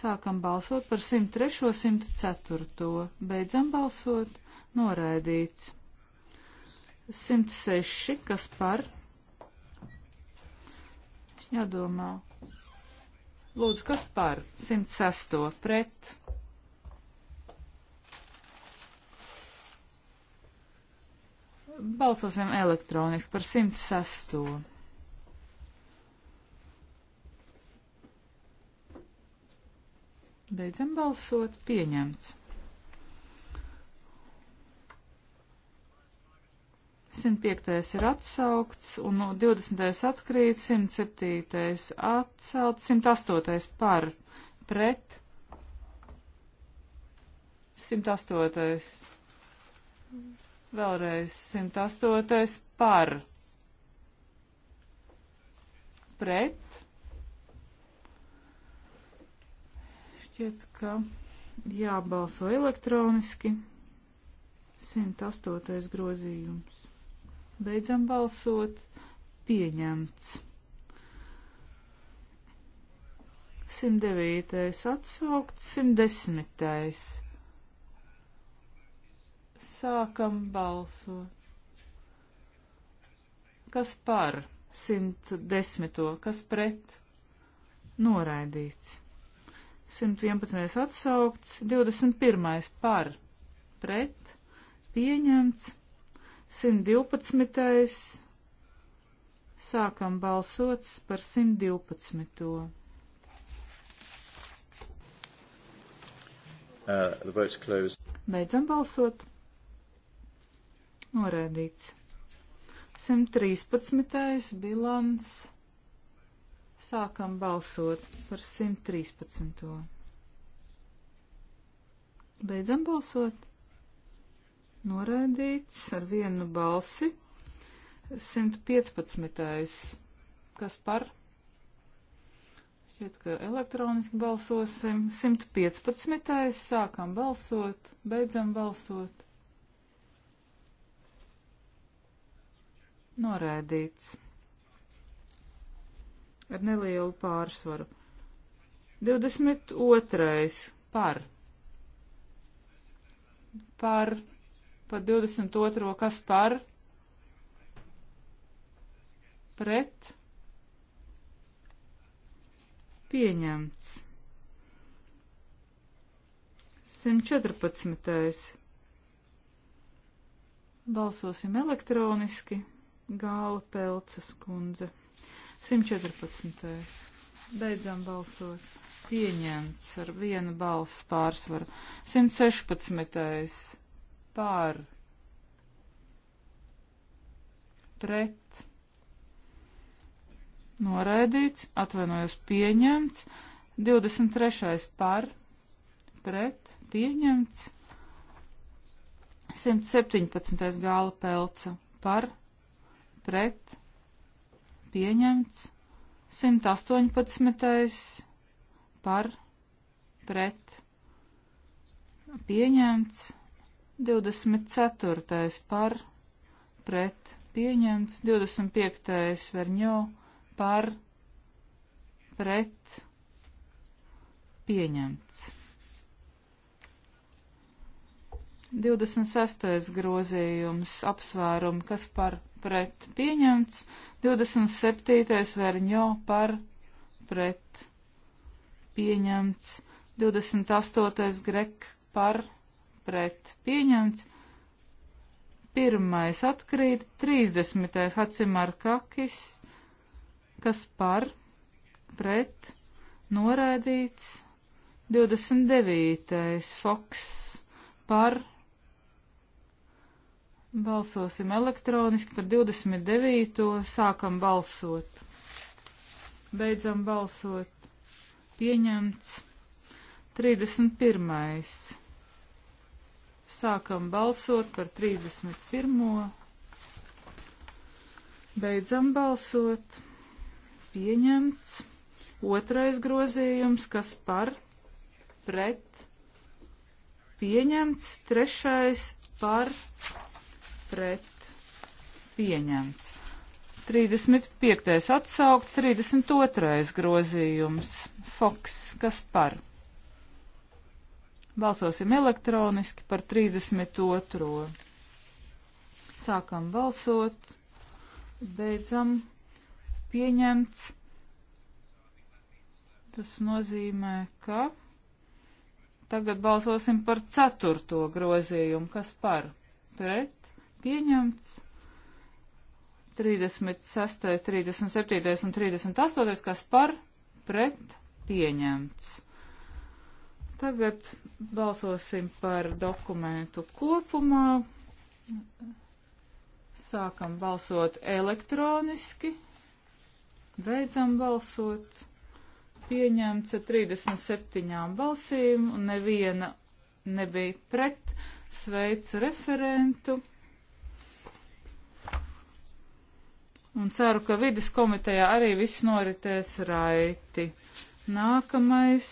Sākam balsot par 103. 104. Beidzam balsot. Noraidīts. 106. Kas par? Jādomā. Lūdzu, kas par? 106. Pret. Balsosim elektroniski par 106. Beidzam balsot. Pieņemts. 105. ir atsaukts, un 20. atkrīt, 107. atcelt, 108. par pret. 108. Vēlreiz 108. par pret. Šķiet, ka jābalso elektroniski. 108. grozījums. Beidzam balsot. Pieņemts. 109. atsaukts, 110. Sākam balsot. Kas par 110. Kas pret? Noraidīts. 111. atsaukts. 21. par pret. Pieņemts. 112. Sākam balsot par 112. Uh, Beidzam balsot. Norēdīts. 113. bilans. Sākam balsot par 113. Beidzam balsot. Norēdīts ar vienu balsi. 115. Kas par? Šķiet, ka elektroniski balsosim. 115. Sākam balsot, beidzam balsot. Noraidīts. Ar nelielu pārsvaru. 22. par. Par. Par 22. kas par? Pret. Pieņemts. 114. Balsosim elektroniski. Gāla Pelces kundze. 114. Beidzam balsot. Pieņemts ar vienu balsu pārsvaru. 116. Pār. Pret. Noraidīts. Atvainojos. Pieņemts. 23. Par. Pret. Pieņemts. 117. Gāla Pelca. Par pret pieņemts 118. par pret pieņemts 24. par pret pieņemts 25. verņo par pret pieņemts. 26. grozījums apsvērumi, kas par pret pret pieņemts, 27. verņo par pret pieņemts, 28. grek par pret pieņemts, 1. atkrīt, 30. hacimarkakis, kas par pret noraidīts, 29. foks par pret Balsosim elektroniski par 29. Sākam balsot. Beidzam balsot. Pieņemts. 31. Sākam balsot par 31. Beidzam balsot. Pieņemts. Otrais grozījums, kas par, pret, pieņemts. Trešais par, pret pret pieņemts. 35. atsaukt, 32. grozījums. Foks, kas par? Balsosim elektroniski par 32. Sākam balsot, beidzam, pieņemts. Tas nozīmē, ka tagad balsosim par 4. grozījumu, kas par? Pret? pieņemts. 36, 37 un 38, kas par pret pieņemts. Tagad balsosim par dokumentu kopumā. Sākam balsot elektroniski. Beidzam balsot. Pieņemts ar 37 balsīm un neviena nebija pret. Sveicu referentu. un ceru, ka vidas komitejā arī viss noritēs raiti. Nākamais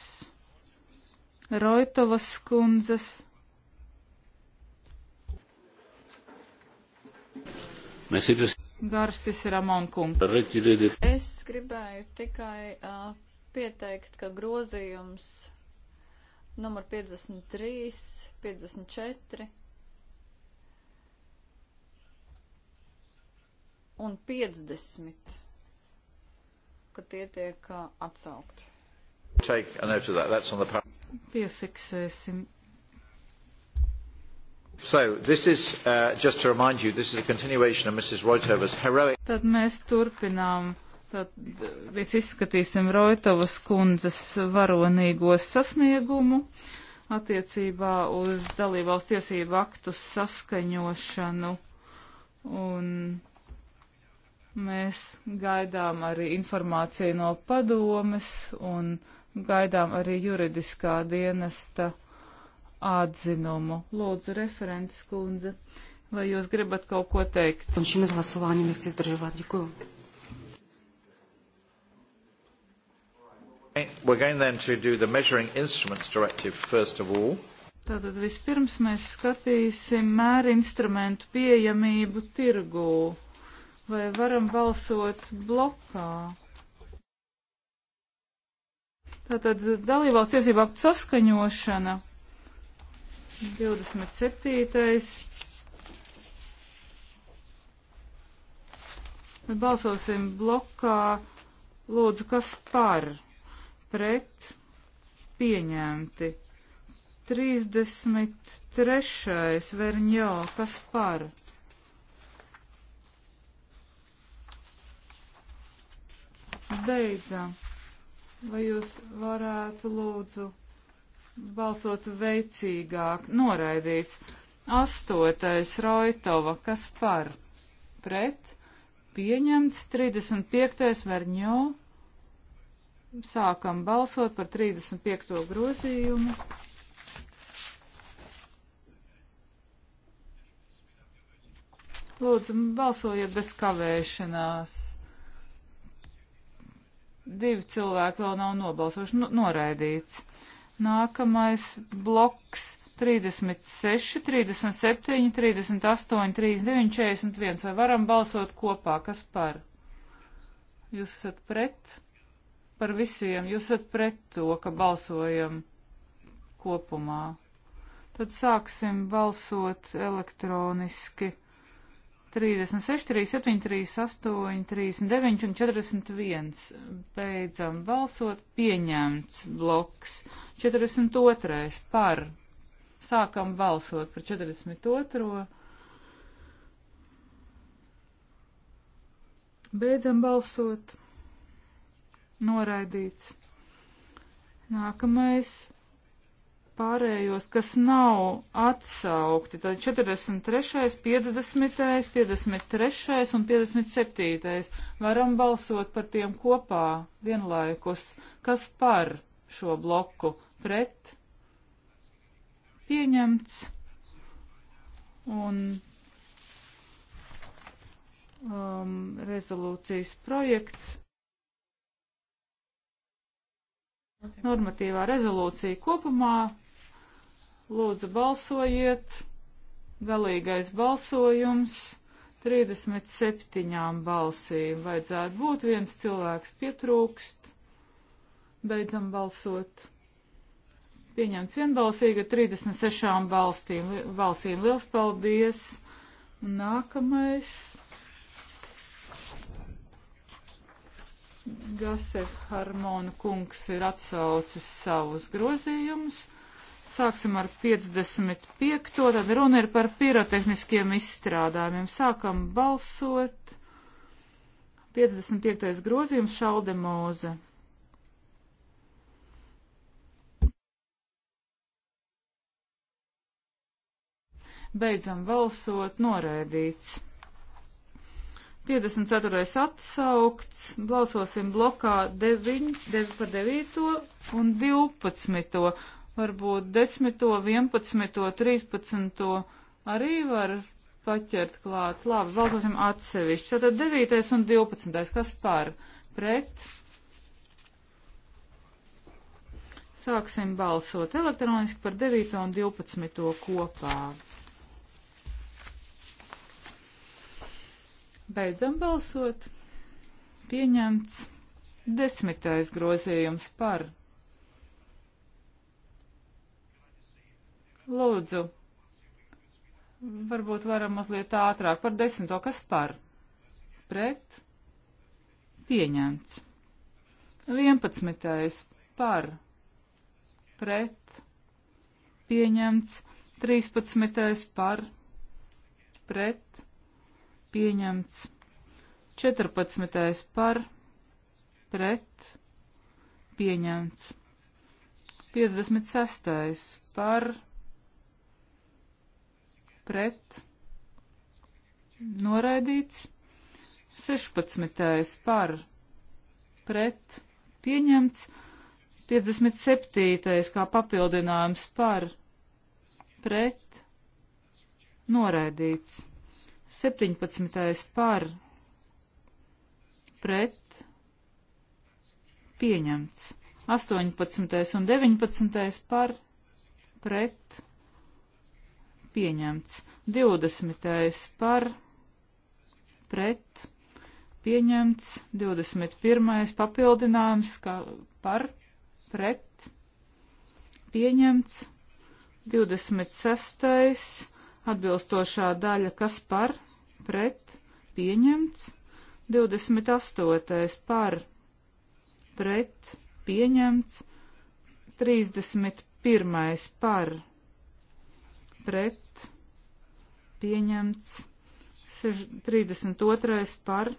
Roitovas kundzes. Mēs ir Garsis Ramonkungs. Es gribēju tikai uh, pieteikt, ka grozījums numur 53, 54 un 50, ka tie tiek atsaukti. That. Piefiksēsim. So, this is, uh, just to remind you, this is a continuation of Mrs. Reutova's heroic... Tad mēs turpinām, tad mēs izskatīsim Reutovas kundzes varonīgo sasniegumu attiecībā uz dalībvalsts tiesību aktu saskaņošanu un Mēs gaidām arī informāciju no padomes un gaidām arī juridiskā dienesta atzinumu. Lūdzu, referents kundze, vai jūs gribat kaut ko teikt? Un šim izlasovāņam ir izdarījāt, ģiku. We're going then to do the Measuring Instruments Directive first of all. Tātad vispirms mēs skatīsim mēri instrumentu pieejamību tirgū. Vai varam balsot blokā? Tātad dalībvalsts tiesību aktu saskaņošana 27. Balsosim blokā. Lūdzu, kas par? Pret? Pieņemti. 33. Verņo, kas par? beidzam. Vai jūs varētu lūdzu balsot veicīgāk? Noraidīts. Astotais Roitova, kas par? Pret? Pieņemts. 35. Verņo. Sākam balsot par 35. grozījumu. Lūdzu, balsojiet bez kavēšanās. Divi cilvēki vēl nav nobalsojuši, nu, noraidīts. Nākamais bloks 36, 37, 38, 39, 41. Vai varam balsot kopā? Kas par? Jūs esat pret? Par visiem. Jūs esat pret to, ka balsojam kopumā. Tad sāksim balsot elektroniski. 36, 37, 38, 39 un 41. Beidzam balsot. Pieņemts bloks. 42. par. Sākam balsot par 42. Beidzam balsot. Noraidīts. Nākamais pārējos, kas nav atsaukti. Tad 43., 50., 53. un 57. varam balsot par tiem kopā vienlaikus. Kas par šo bloku pret? Pieņemts. Un um, rezolūcijas projekts. normatīvā rezolūcija kopumā Lūdzu, balsojiet. Galīgais balsojums. 37 balsīm vajadzētu būt, viens cilvēks pietrūkst. Beidzam balsot. Pieņemts vienbalsīgi ar 36 balstīm, balsīm. Liels paldies! Un nākamais. Gasef Harmona kungs ir atsaucis savus grozījumus. Sāksim ar 55. Tad runa ir par pirotehniskiem izstrādājumiem. Sākam balsot. 55. grozījums Šaldemoze. Beidzam balsot, noraidīts. 54. atsaukts, balsosim blokā 9, 9 par 9 un 12 varbūt 10, 11, 13 arī var paķert klāt. Labi, balsosim atsevišķi. Tātad 9 un 12. Kas par? Pret? Sāksim balsot elektroniski par 9 un 12 kopā. Beidzam balsot. Pieņemts desmitais grozījums par Lūdzu, varbūt varam mazliet ātrāk par desmito, kas par? Pret? Pieņemts. Vienpadsmitais par? Pret? Pieņemts. Trīspadsmitais par? Pret? Pieņemts. 14. par, pret, pieņemts. 56. par, pret noraidīts, 16. par pret pieņemts, 57. kā papildinājums par pret noraidīts, 17. par pret pieņemts. 18. un 19. par pret pieņemts. 20. par pret pieņemts. 21. papildinājums kā par pret pieņemts. 26. atbilstošā daļa kas par pret pieņemts. 28. par pret pieņemts. 31. par pret pret pieņemts. 32. par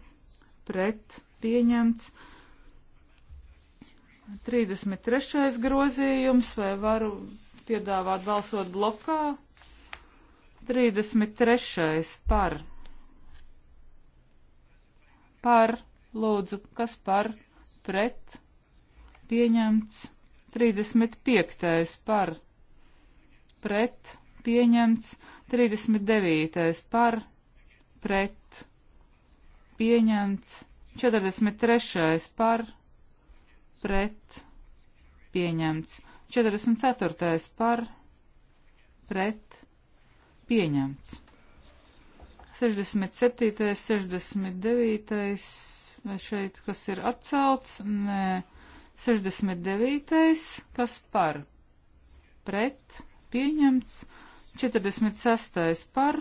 pret pieņemts. 33. grozījums, vai varu piedāvāt balsot blokā? 33. par. Par, lūdzu, kas par, pret, pieņemts. 35. par, pret, pieņemts 39. par pret pieņemts 43. par pret pieņemts 44. par pret pieņemts 67. 69. vai šeit kas ir atcelts? Nē. 69. kas par pret pieņemts 46. par,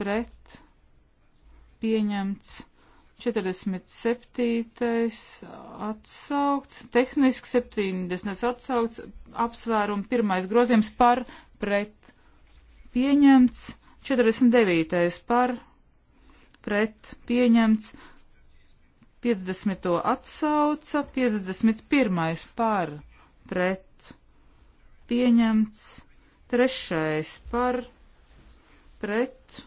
pret, pieņemts. 47. atsaukts, tehniski 70. atsaukts, apsvērumu pirmais grozījums par, pret, pieņemts. 49. par, pret, pieņemts. 50. atsauca, 51. par, pret, pieņemts. Trešais par pret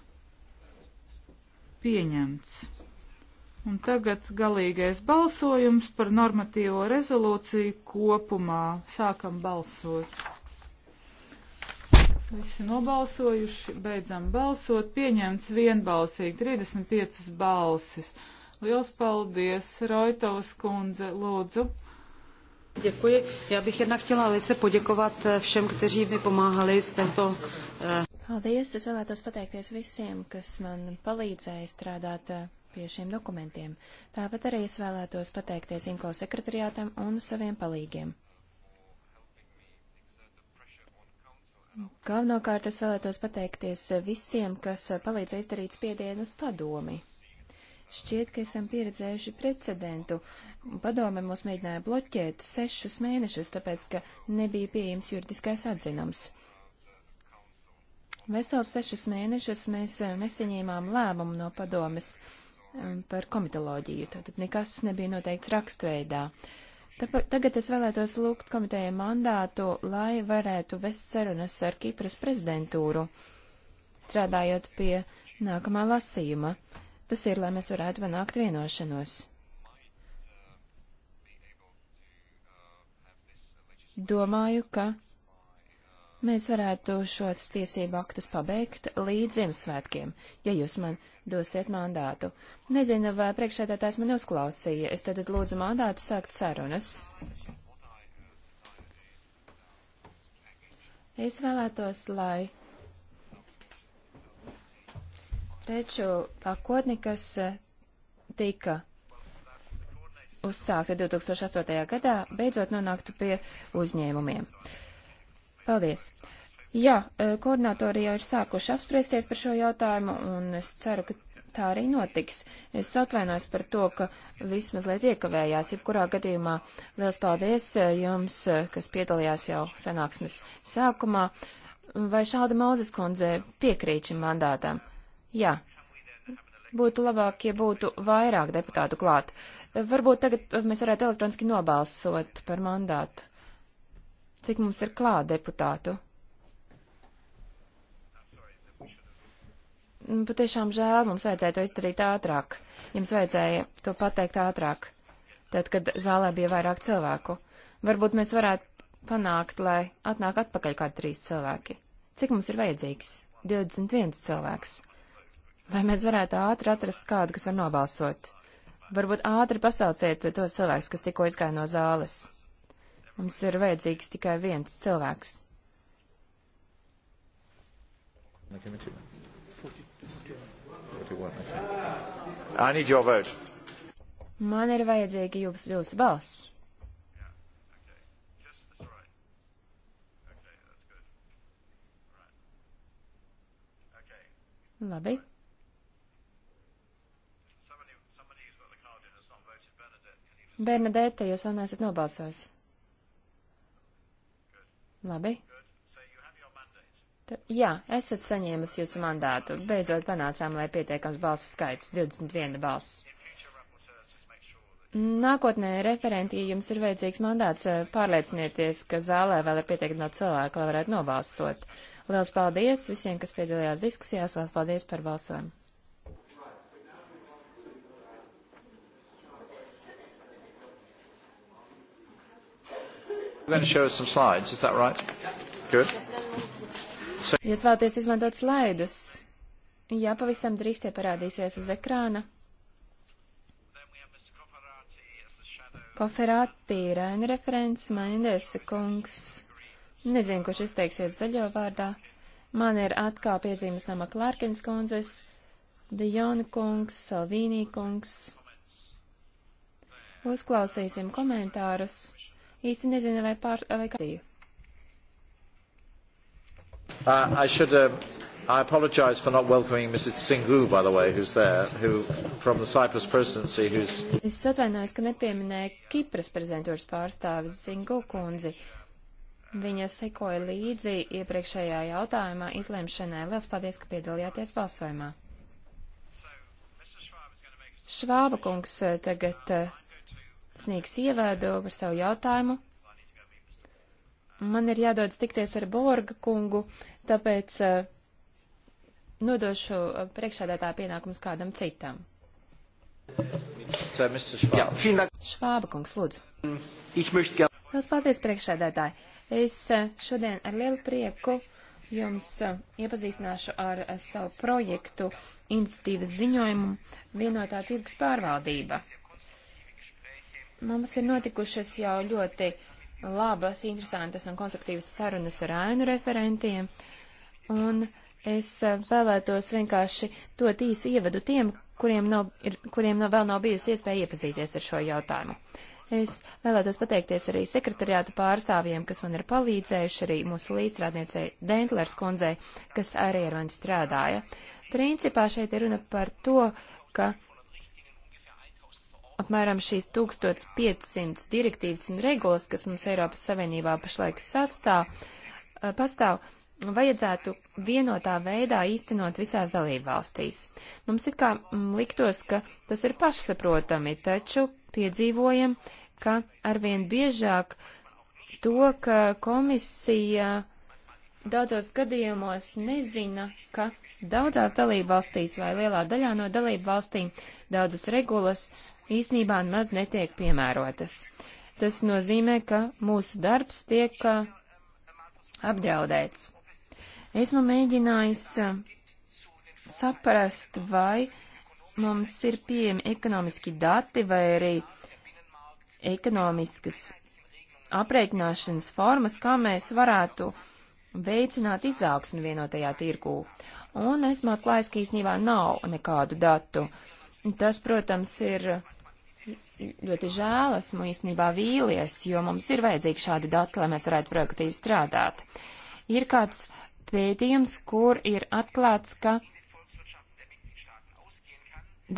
pieņemts. Un tagad galīgais balsojums par normatīvo rezolūciju kopumā. Sākam balsot. Visi nobalsojuši, beidzam balsot. Pieņemts vienbalsīgi 35 balsis. Liels paldies, Roitovas kundze, lūdzu. Děkuji. Jā bych jednak chtěla velice poděkovat eh, všem, kteří mi pomáhali s tento. Eh, Paldies! Es vēlētos pateikties visiem, kas man palīdzēja strādāt eh, pie šiem dokumentiem. Tāpat arī es vēlētos pateikties IMCO sekretariātam un saviem palīgiem. Galvenokārt es vēlētos pateikties visiem, kas palīdz izdarīt spiedienu uz padomi. Šķiet, ka esam pieredzējuši precedentu. Padome mūs mēģināja bloķēt sešus mēnešus, tāpēc, ka nebija pieejams juridiskais atzinums. Vesels sešus mēnešus mēs eh, nesaņēmām lēmumu no padomes eh, par komitoloģiju, tātad nekas nebija noteikts rakstveidā. Tāpēc, tagad es vēlētos lūgt komitējai mandātu, lai varētu vest sarunas ar Kipras prezidentūru, strādājot pie nākamā lasījuma. Tas ir, lai mēs varētu panākt vienošanos. Domāju, ka mēs varētu šos tiesību aktus pabeigt līdz Ziemassvētkiem, ja jūs man dosiet mandātu. Nezinu, vai priekšētātājs man uzklausīja. Es tad lūdzu mandātu sākt sarunas. Es vēlētos, lai preču pakotni, kas eh, tika uzsākta 2008. gadā, beidzot nonāktu pie uzņēmumiem. Paldies! Jā, eh, koordinatori jau ir sākuši apspriesties par šo jautājumu, un es ceru, ka tā arī notiks. Es atvainojos par to, ka viss mazliet iekavējās. Jebkurā gadījumā liels paldies eh, jums, kas piedalījās jau sanāksmes sākumā. Vai šāda Mauzes kundze piekrīt šim mandātam? Jā, būtu labāk, ja būtu vairāk deputātu klāt. Varbūt tagad mēs varētu elektroniski nobalsot par mandātu. Cik mums ir klāt deputātu? Nu, patiešām žēl, mums vajadzēja to izdarīt ātrāk. Jums vajadzēja to pateikt ātrāk, tad, kad zālē bija vairāk cilvēku. Varbūt mēs varētu panākt, lai atnāk atpakaļ kādi trīs cilvēki. Cik mums ir vajadzīgs? 21 cilvēks. Vai mēs varētu ātri atrast kādu, kas var nobalsot? Varbūt ātri pasauciet tos cilvēkus, kas tikko izgāja no zāles. Mums ir vajadzīgs tikai viens cilvēks. Man ir vajadzīga jūs, jūsu balss. Labi. Bernadēte, jūs vēl neesat nobalsojis. Labi. Tad, jā, esat saņēmusi jūsu mandātu. Beidzot panācām, lai pietiekams balsu skaits - 21 balss. Nākotnē referenti, ja jums ir vajadzīgs mandāts, eh, pārliecinieties, ka zālē vēl ir pietiekami no cilvēku, lai varētu nobalsot. Liels paldies visiem, kas piedalījās diskusijās, liels paldies par balsojumu! You're going to show us some slides, is that right? Good. So... Jūs vēlaties izmantot slaidus? Jā, pavisam drīz tie parādīsies uz ekrāna. Koferāti ir ēna referents, Maindēsa kungs. Nezinu, kurš izteiksies zaļo vārdā. Man ir atkal piezīmes nama Klārkins kundzes, Dijona kungs, Salvīnī kungs. Uzklausīsim komentārus īsti nezina, vai pār, vai kādīju. Uh, I should, uh, I apologize for not welcoming Mrs. Singu, by the way, who's there, who, from the Cyprus presidency, who's... Es atvainojos, ka nepieminēju Kipras prezidentūras pārstāvis Singu kundzi. Viņa sekoja līdzi iepriekšējā jautājumā izlemšanai. Liels paldies, ka piedalījāties balsojumā. Švāba kungs uh, tagad uh, sniegs ievēdu par savu jautājumu. Man ir jādodas tikties ar Borga kungu, tāpēc uh, nodošu eh, priekšādātā pienākums kādam citam. Švāba kungs, lūdzu. Lielas paldies, priekšādātāji. Es eh, šodien ar lielu prieku jums iepazīstināšu ar savu projektu iniciatīvas ziņojumu vienotā tirgus pārvaldība. Mums ir notikušas jau ļoti labas, interesantas un konstruktīvas sarunas ar ēnu referentiem, un es vēlētos vienkārši dot īsu ievadu tiem, kuriem, nav, ir, kuriem nav, vēl nav bijusi iespēja iepazīties ar šo jautājumu. Es vēlētos pateikties arī sekretariāta pārstāvjiem, kas man ir palīdzējuši, arī mūsu līdzstrādniecei Dentlers kundzei, kas arī ar mani strādāja. Principā šeit ir runa par to, ka apmēram šīs 1500 direktīvas un regulas, kas mums Eiropas Savienībā pašlaik sastāv, eh, pastāv, vajadzētu vienotā veidā īstenot visās dalībvalstīs. Mums it kā mm, liktos, ka tas ir pašsaprotami, taču piedzīvojam, ka arvien biežāk to, ka komisija daudzos gadījumos nezina, ka Daudzās dalībvalstīs vai lielā daļā no dalībvalstīm daudzas regulas īsnībā maz netiek piemērotas. Tas nozīmē, ka mūsu darbs tiek apdraudēts. Esmu mēģinājis saprast, vai mums ir pieejami ekonomiski dati vai arī ekonomiskas aprēķināšanas formas, kā mēs varētu uh, veicināt izaugsmi vienotajā tirgū. Un esmu atklājis, ka īsnībā nav nekādu datu. Tas, protams, ir ļoti žēl, esmu īsnībā vīlies, jo mums ir vajadzīgi šādi dati, lai mēs varētu projektīvi strādāt. Ir kāds pētījums, kur ir atklāts, ka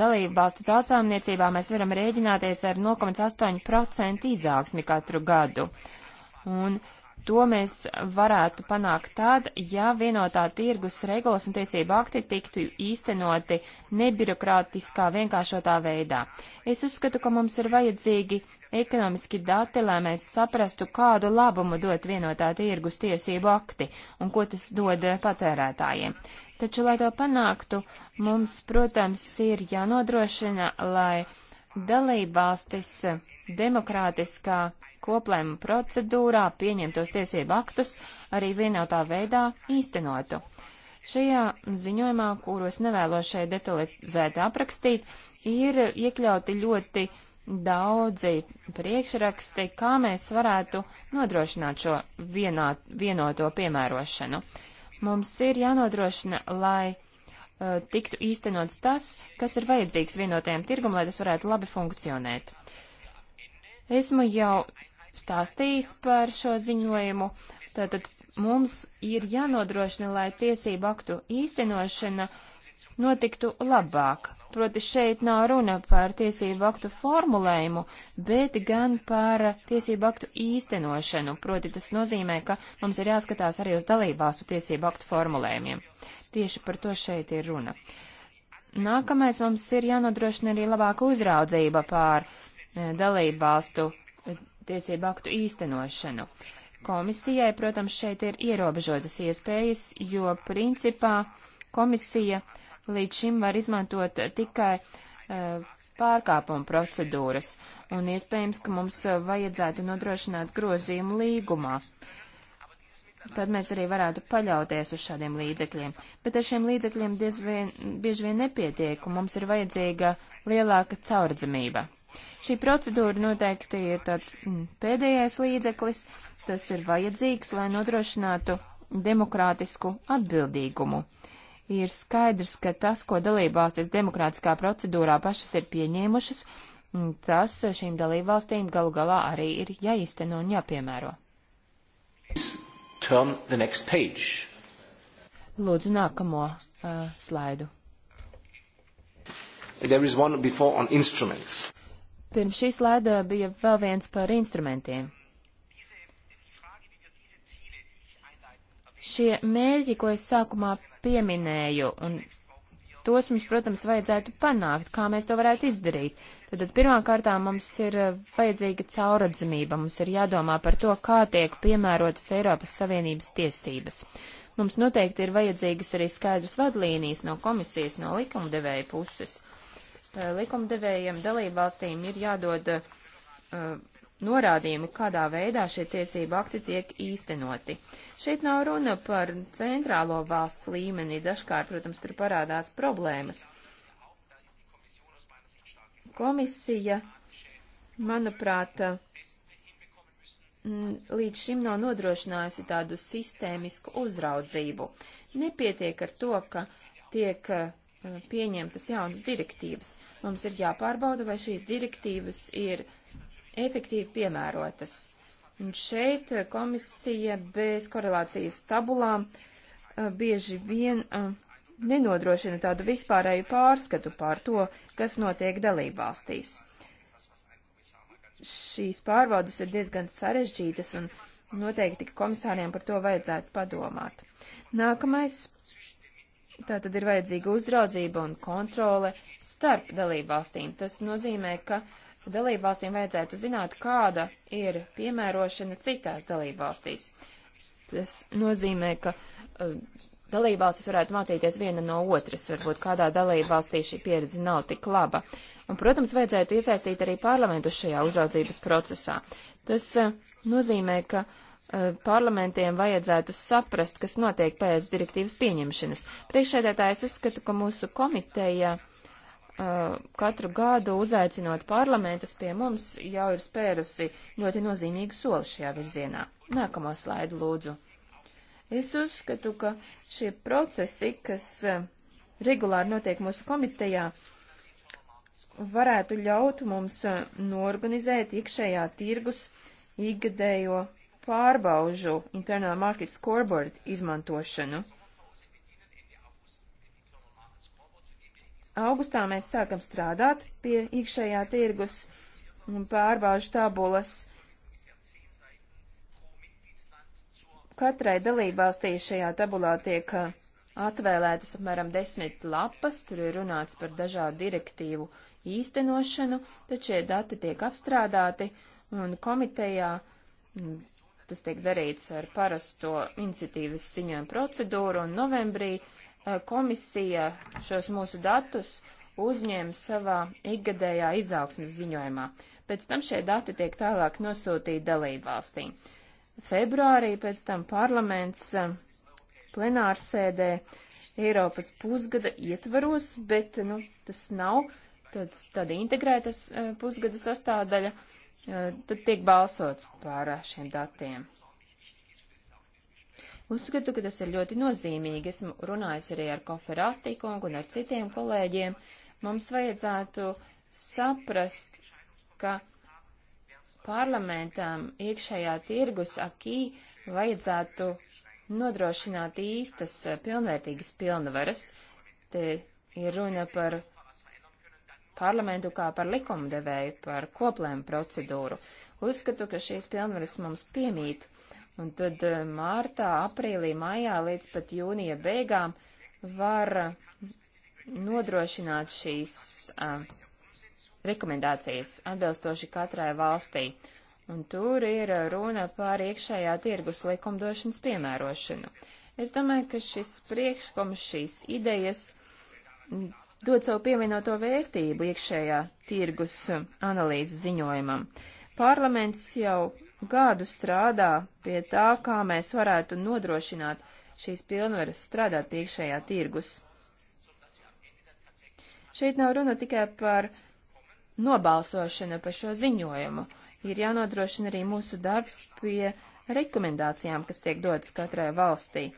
dalību valstu tautsāmniecībā mēs varam rēģināties ar 0,8% izaugsmi katru gadu. Un To mēs varētu panākt tad, ja vienotā tirgus regulas un tiesība akti tiktu īstenoti nebirokrātiskā vienkāršotā veidā. Es uzskatu, ka mums ir vajadzīgi ekonomiski dati, lai mēs saprastu, kādu labumu dot vienotā tirgus tiesību akti un ko tas dod patērētājiem. Taču, lai to panāktu, mums, protams, ir jānodrošina, lai dalībvalstis demokrātiskā koplēmu procedūrā pieņemtos tiesību aktus arī vienotā veidā īstenotu. Šajā ziņojumā, kuros nevēlos šeit detalizēti aprakstīt, ir iekļauti ļoti daudzi priekšraksti, kā mēs varētu nodrošināt šo vienā, vienoto piemērošanu. Mums ir jānodrošina, lai uh, tiktu īstenots tas, kas ir vajadzīgs vienotajam tirgum, lai tas varētu labi funkcionēt. Esmu jau stāstījis par šo ziņojumu. Tātad mums ir jānodrošina, lai tiesību aktu īstenošana notiktu labāk. Proti šeit nav runa par tiesību aktu formulējumu, bet gan par tiesību aktu īstenošanu. Proti tas nozīmē, ka mums ir jāskatās arī uz dalībvalstu tiesību aktu formulējumiem. Tieši par to šeit ir runa. Nākamais mums ir jānodrošina arī labāka uzraudzība pār e, dalībvalstu tiesību aktu īstenošanu. Komisijai, protams, šeit ir ierobežotas iespējas, jo principā komisija līdz šim var izmantot tikai uh, pārkāpuma procedūras, un iespējams, ka mums vajadzētu nodrošināt grozījumu līgumā. Tad mēs arī varētu paļauties uz šādiem līdzekļiem. Bet ar šiem līdzekļiem diezvien, bieži vien nepietiek, un mums ir vajadzīga lielāka caurdzamība. Šī procedūra noteikti ir tāds mm, pēdējais līdzeklis, tas ir vajadzīgs, lai nodrošinātu demokrātisku atbildīgumu. Ir skaidrs, ka tas, ko dalībvalstis demokrātiskā procedūrā pašas ir pieņēmušas, mm, tas šīm dalībvalstīm galu galā arī ir jāizteno un jāpiemēro. Lūdzu, nākamo uh, slaidu. There is one before on instruments. Pirms šī slaida bija vēl viens par instrumentiem. Šie mērķi, ko es sākumā pieminēju, un tos mums, protams, vajadzētu panākt, kā mēs to varētu izdarīt. Tad pirmā kārtā mums ir vajadzīga cauradzamība, mums ir jādomā par to, kā tiek piemērotas Eiropas Savienības tiesības. Mums noteikti ir vajadzīgas arī skaidras vadlīnijas no komisijas, no likumdevēja puses. Uh, Eh, likumdevējiem dalībvalstīm ir jādod uh, norādījumi, kādā veidā šie tiesību akti tiek īstenoti. Šeit nav runa par centrālo valsts līmeni, dažkārt, protams, tur parādās problēmas. Komisija, manuprāt, mm, līdz šim nav nodrošinājusi tādu sistēmisku uzraudzību. Nepietiek ar to, ka tiek uh, Eh, pieņemtas jaunas direktīvas. Mums ir jāpārbauda, vai šīs direktīvas ir efektīvi piemērotas. Un šeit eh, komisija bez korelācijas tabulām eh, bieži vien nenodrošina tādu vispārēju pārskatu pār to, kas notiek dalībvalstīs. Šīs pārbaudas ir diezgan sarežģītas un noteikti komisāriem par to vajadzētu padomāt. Nākamais Tā tad ir vajadzīga uzraudzība un kontrole starp dalībvalstīm. Tas nozīmē, ka dalībvalstīm vajadzētu zināt, kāda ir piemērošana citās dalībvalstīs. Tas nozīmē, ka uh, dalībvalstis varētu mācīties viena no otras, varbūt kādā dalībvalstī šī pieredze nav tik laba. Un, protams, vajadzētu iesaistīt arī parlamentu šajā uzraudzības procesā. Tas uh, nozīmē, ka uh, Eh, parlamentiem vajadzētu saprast, kas notiek pēc direktīvas pieņemšanas. Priekšsēdētājs uzskata, ka mūsu komiteja eh, katru gadu uzaicinot parlamentus pie mums jau ir spērusi ļoti nozīmīgu soli šajā virzienā. Nākamo slaidu lūdzu. Es uzskatu, ka šie procesi, kas eh, regulāri notiek mūsu komitejā, varētu ļaut mums norganizēt iekšējā tirgus ikgadējo pārbaužu Internal Market Scoreboard izmantošanu. Augustā mēs sākam strādāt pie iekšējā tirgus pārbaužu tabulas. Katrai dalībvalstī šajā tabulā tiek uh, atvēlētas apmēram desmit lapas, tur ir runāts par dažādu direktīvu īstenošanu, taču šie dati tiek apstrādāti un komitejā mm, Tas tiek darīts ar parasto iniciatīvas ziņojumu procedūru, un novembrī eh, komisija šos mūsu datus uzņēma savā ikgadējā izaugsmas ziņojumā. Pēc tam šie dati tiek tālāk nosūtīti dalībvalstīm. Februārī pēc tam parlaments eh, plenārsēdē Eiropas pusgada ietvaros, bet nu, tas nav tāds, tāda integrētas eh, pusgada sastāvdaļa. Uh, tad tiek balsots par šiem datiem. Uzskatu, ka tas ir ļoti nozīmīgi. Esmu runājis arī ar Koferati kungu un ar citiem kolēģiem. Mums vajadzētu saprast, ka parlamentam iekšējā tirgus akī vajadzētu nodrošināt īstas pilnvērtīgas pilnvaras. Te ir runa par parlamentu kā par likumdevēju, par koplēmu procedūru. Uzskatu, ka šīs pilnvaras mums piemīt, un tad eh, mārtā, aprīlī, maijā līdz pat jūnija beigām var nodrošināt šīs uh, rekomendācijas atbilstoši katrai valstī. Un tur ir runa par iekšējā tirgus likumdošanas piemērošanu. Es domāju, ka šis priekšlikums, šīs idejas dod savu pievienoto vērtību iekšējā tirgus analīzes ziņojumam. Parlaments jau gadu strādā pie tā, kā mēs varētu nodrošināt šīs pilnvaras strādāt pie iekšējā tirgus. Šeit nav runa tikai par nobalsošanu par šo ziņojumu. Ir jānodrošina arī mūsu darbs pie rekomendācijām, kas tiek dotas katrai valstī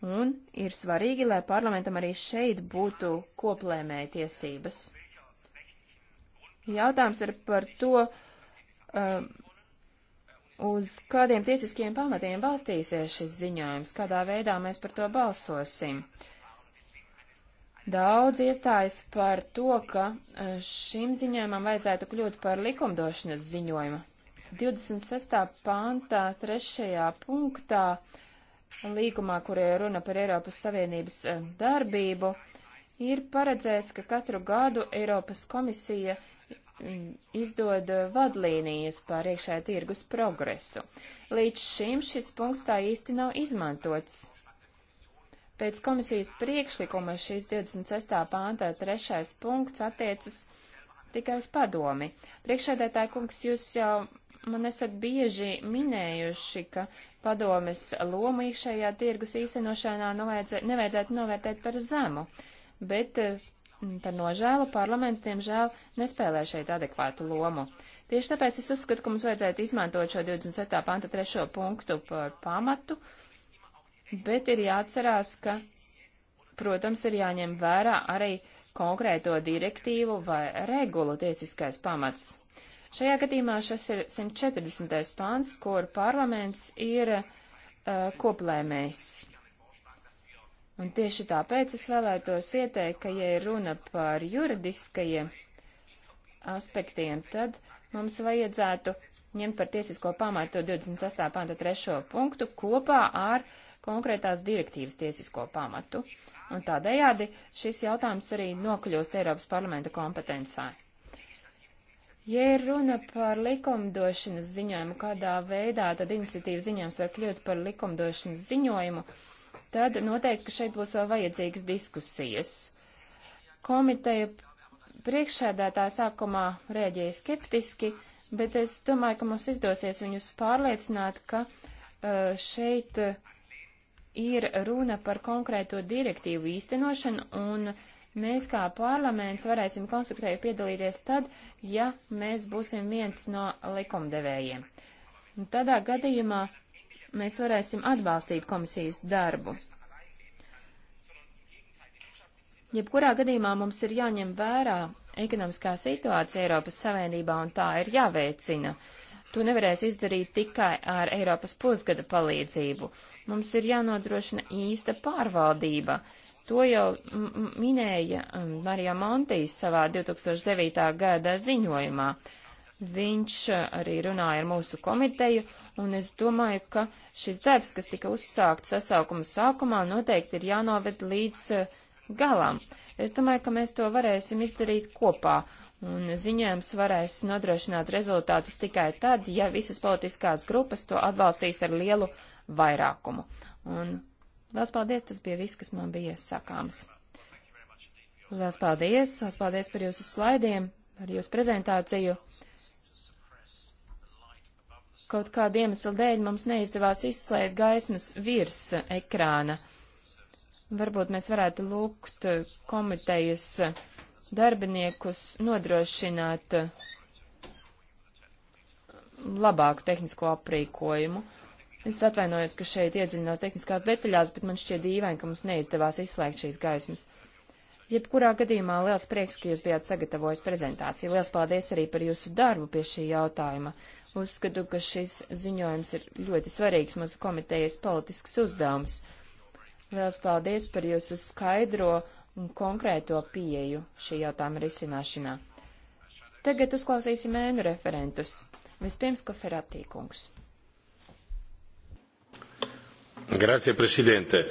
un ir svarīgi, lai parlamentam arī šeit būtu koplēmēja tiesības. Jautājums ir par to, um, uz kādiem tiesiskiem pamatiem balstīsies šis ziņojums, kādā veidā mēs par to balsosim. Daudz iestājas par to, ka uh, šim ziņojumam vajadzētu kļūt par likumdošanas ziņojumu. 26. pāntā, 3. punktā uh, līgumā, kur ir runa par Eiropas Savienības eh, darbību, ir paredzēts, ka katru gadu Eiropas komisija mm, izdod eh, vadlīnijas par iekšējā tirgus progresu. Līdz šim šis punkts tā īsti nav izmantots. Pēc komisijas priekšlikuma šīs 26. pāntā trešais punkts attiecas tikai uz padomi. Priekšēdētāja kungs, jūs jau man esat bieži minējuši, ka padomes lomu iekšējā tirgus īstenošanā nevajadzētu novērtēt par zemu, bet mm, par nožēlu parlaments, diemžēl, nespēlē šeit adekvātu lomu. Tieši tāpēc es uzskatu, ka mums vajadzētu izmantot šo 26. panta trešo punktu par pamatu, bet ir jāatcerās, ka, protams, ir jāņem vērā arī konkrēto direktīvu vai regulu tiesiskais pamats. Šajā gadījumā šis ir 140. pāns, kur parlaments ir uh, koplēmējs. Un tieši tāpēc es vēlētos ieteikt, ka, ja ir runa par juridiskajiem aspektiem, tad mums vajadzētu ņemt par tiesisko pamatu 28. panta 3. punktu kopā ar konkrētās direktīvas tiesisko pamatu. Un tādējādi šis jautājums arī nokļūst Eiropas parlamenta kompetencē. Ja ir runa par likumdošanas ziņojumu, kādā veidā tad iniciatīvas ziņojums var kļūt par likumdošanas ziņojumu, tad noteikti, ka šeit būs vēl vajadzīgas diskusijas. Komiteja priekšsēdētā sākumā rēģēja skeptiski, bet es domāju, ka mums izdosies viņus pārliecināt, ka šeit ir runa par konkrēto direktīvu īstenošanu un uh, Mēs kā parlaments varēsim konstruktīvi piedalīties tad, ja mēs būsim viens no likumdevējiem. Un tādā gadījumā mēs varēsim atbalstīt komisijas darbu. Jebkurā gadījumā mums ir jāņem vērā ekonomiskā situācija Eiropas Savienībā un tā ir jāveicina. Uh, To nevarēs izdarīt tikai ar Eiropas pusgada palīdzību. Mums ir jānodrošina īsta pārvaldība. To jau minēja um, Marija Montijas savā 2009. gada ziņojumā. Viņš uh, arī runāja ar mūsu komiteju, un es domāju, ka šis darbs, kas tika uzsākts sasaukuma sākumā, noteikti ir jānoved līdz uh, galam. Es domāju, ka mēs to varēsim izdarīt kopā, Un ziņojums varēs nodrošināt rezultātus tikai tad, ja visas politiskās grupas to atbalstīs ar lielu vairākumu. Un liels paldies, tas bija viss, kas man bija sakāms. Liels paldies, liels paldies par jūsu slaidiem, par jūsu prezentāciju. Kaut kāda iemesla dēļ mums neizdevās izslēgt gaismas virs ekrāna. Varbūt mēs varētu lūgt komitejas darbiniekus nodrošināt eh, labāku tehnisko aprīkojumu. Es atvainojos, ka šeit iedziļinās tehniskās detaļās, bet man šķiet dīvaini, ka mums neizdevās izslēgt šīs gaismas. Jebkurā gadījumā liels prieks, ka jūs bijāt sagatavojis prezentāciju. Liels paldies arī par jūsu darbu pie šī jautājuma. Uzskatu, ka šis ziņojums ir ļoti svarīgs mūsu komitejas politisks uzdevums. Liels paldies par jūsu skaidro uh, un konkrēto pieju šī jautājuma risināšanā. Tagad uzklausīsim ēnu referentus. Vispirms, ko Ferratī kungs. Grazie, prezidente.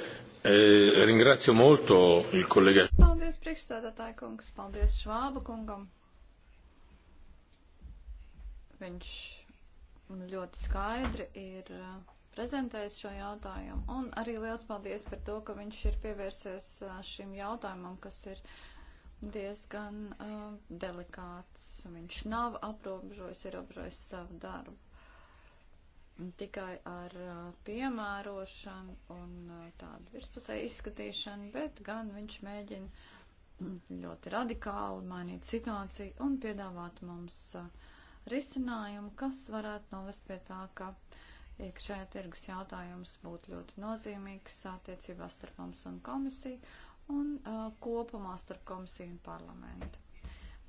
E, eh, ringrazio molto il collega. Paldies, priekšsēdētāji kungs. Paldies Švāba kungam. Viņš ļoti skaidri ir. Uh, prezentējis šo jautājumu. Un arī liels paldies par to, ka viņš ir pievērsies šim jautājumam, kas ir diezgan uh, delikāts. Viņš nav aprobežojis, ir aprobežojis savu darbu tikai ar piemērošanu un tādu virspusēju izskatīšanu, bet gan viņš mēģina hm, ļoti radikāli mainīt situāciju un piedāvāt mums risinājumu, kas varētu novest pie tā, ka uh, iekšējā tirgus jautājums būtu ļoti nozīmīgs attiecībā starp mums un komisiju un uh, kopumā starp komisiju un parlamentu.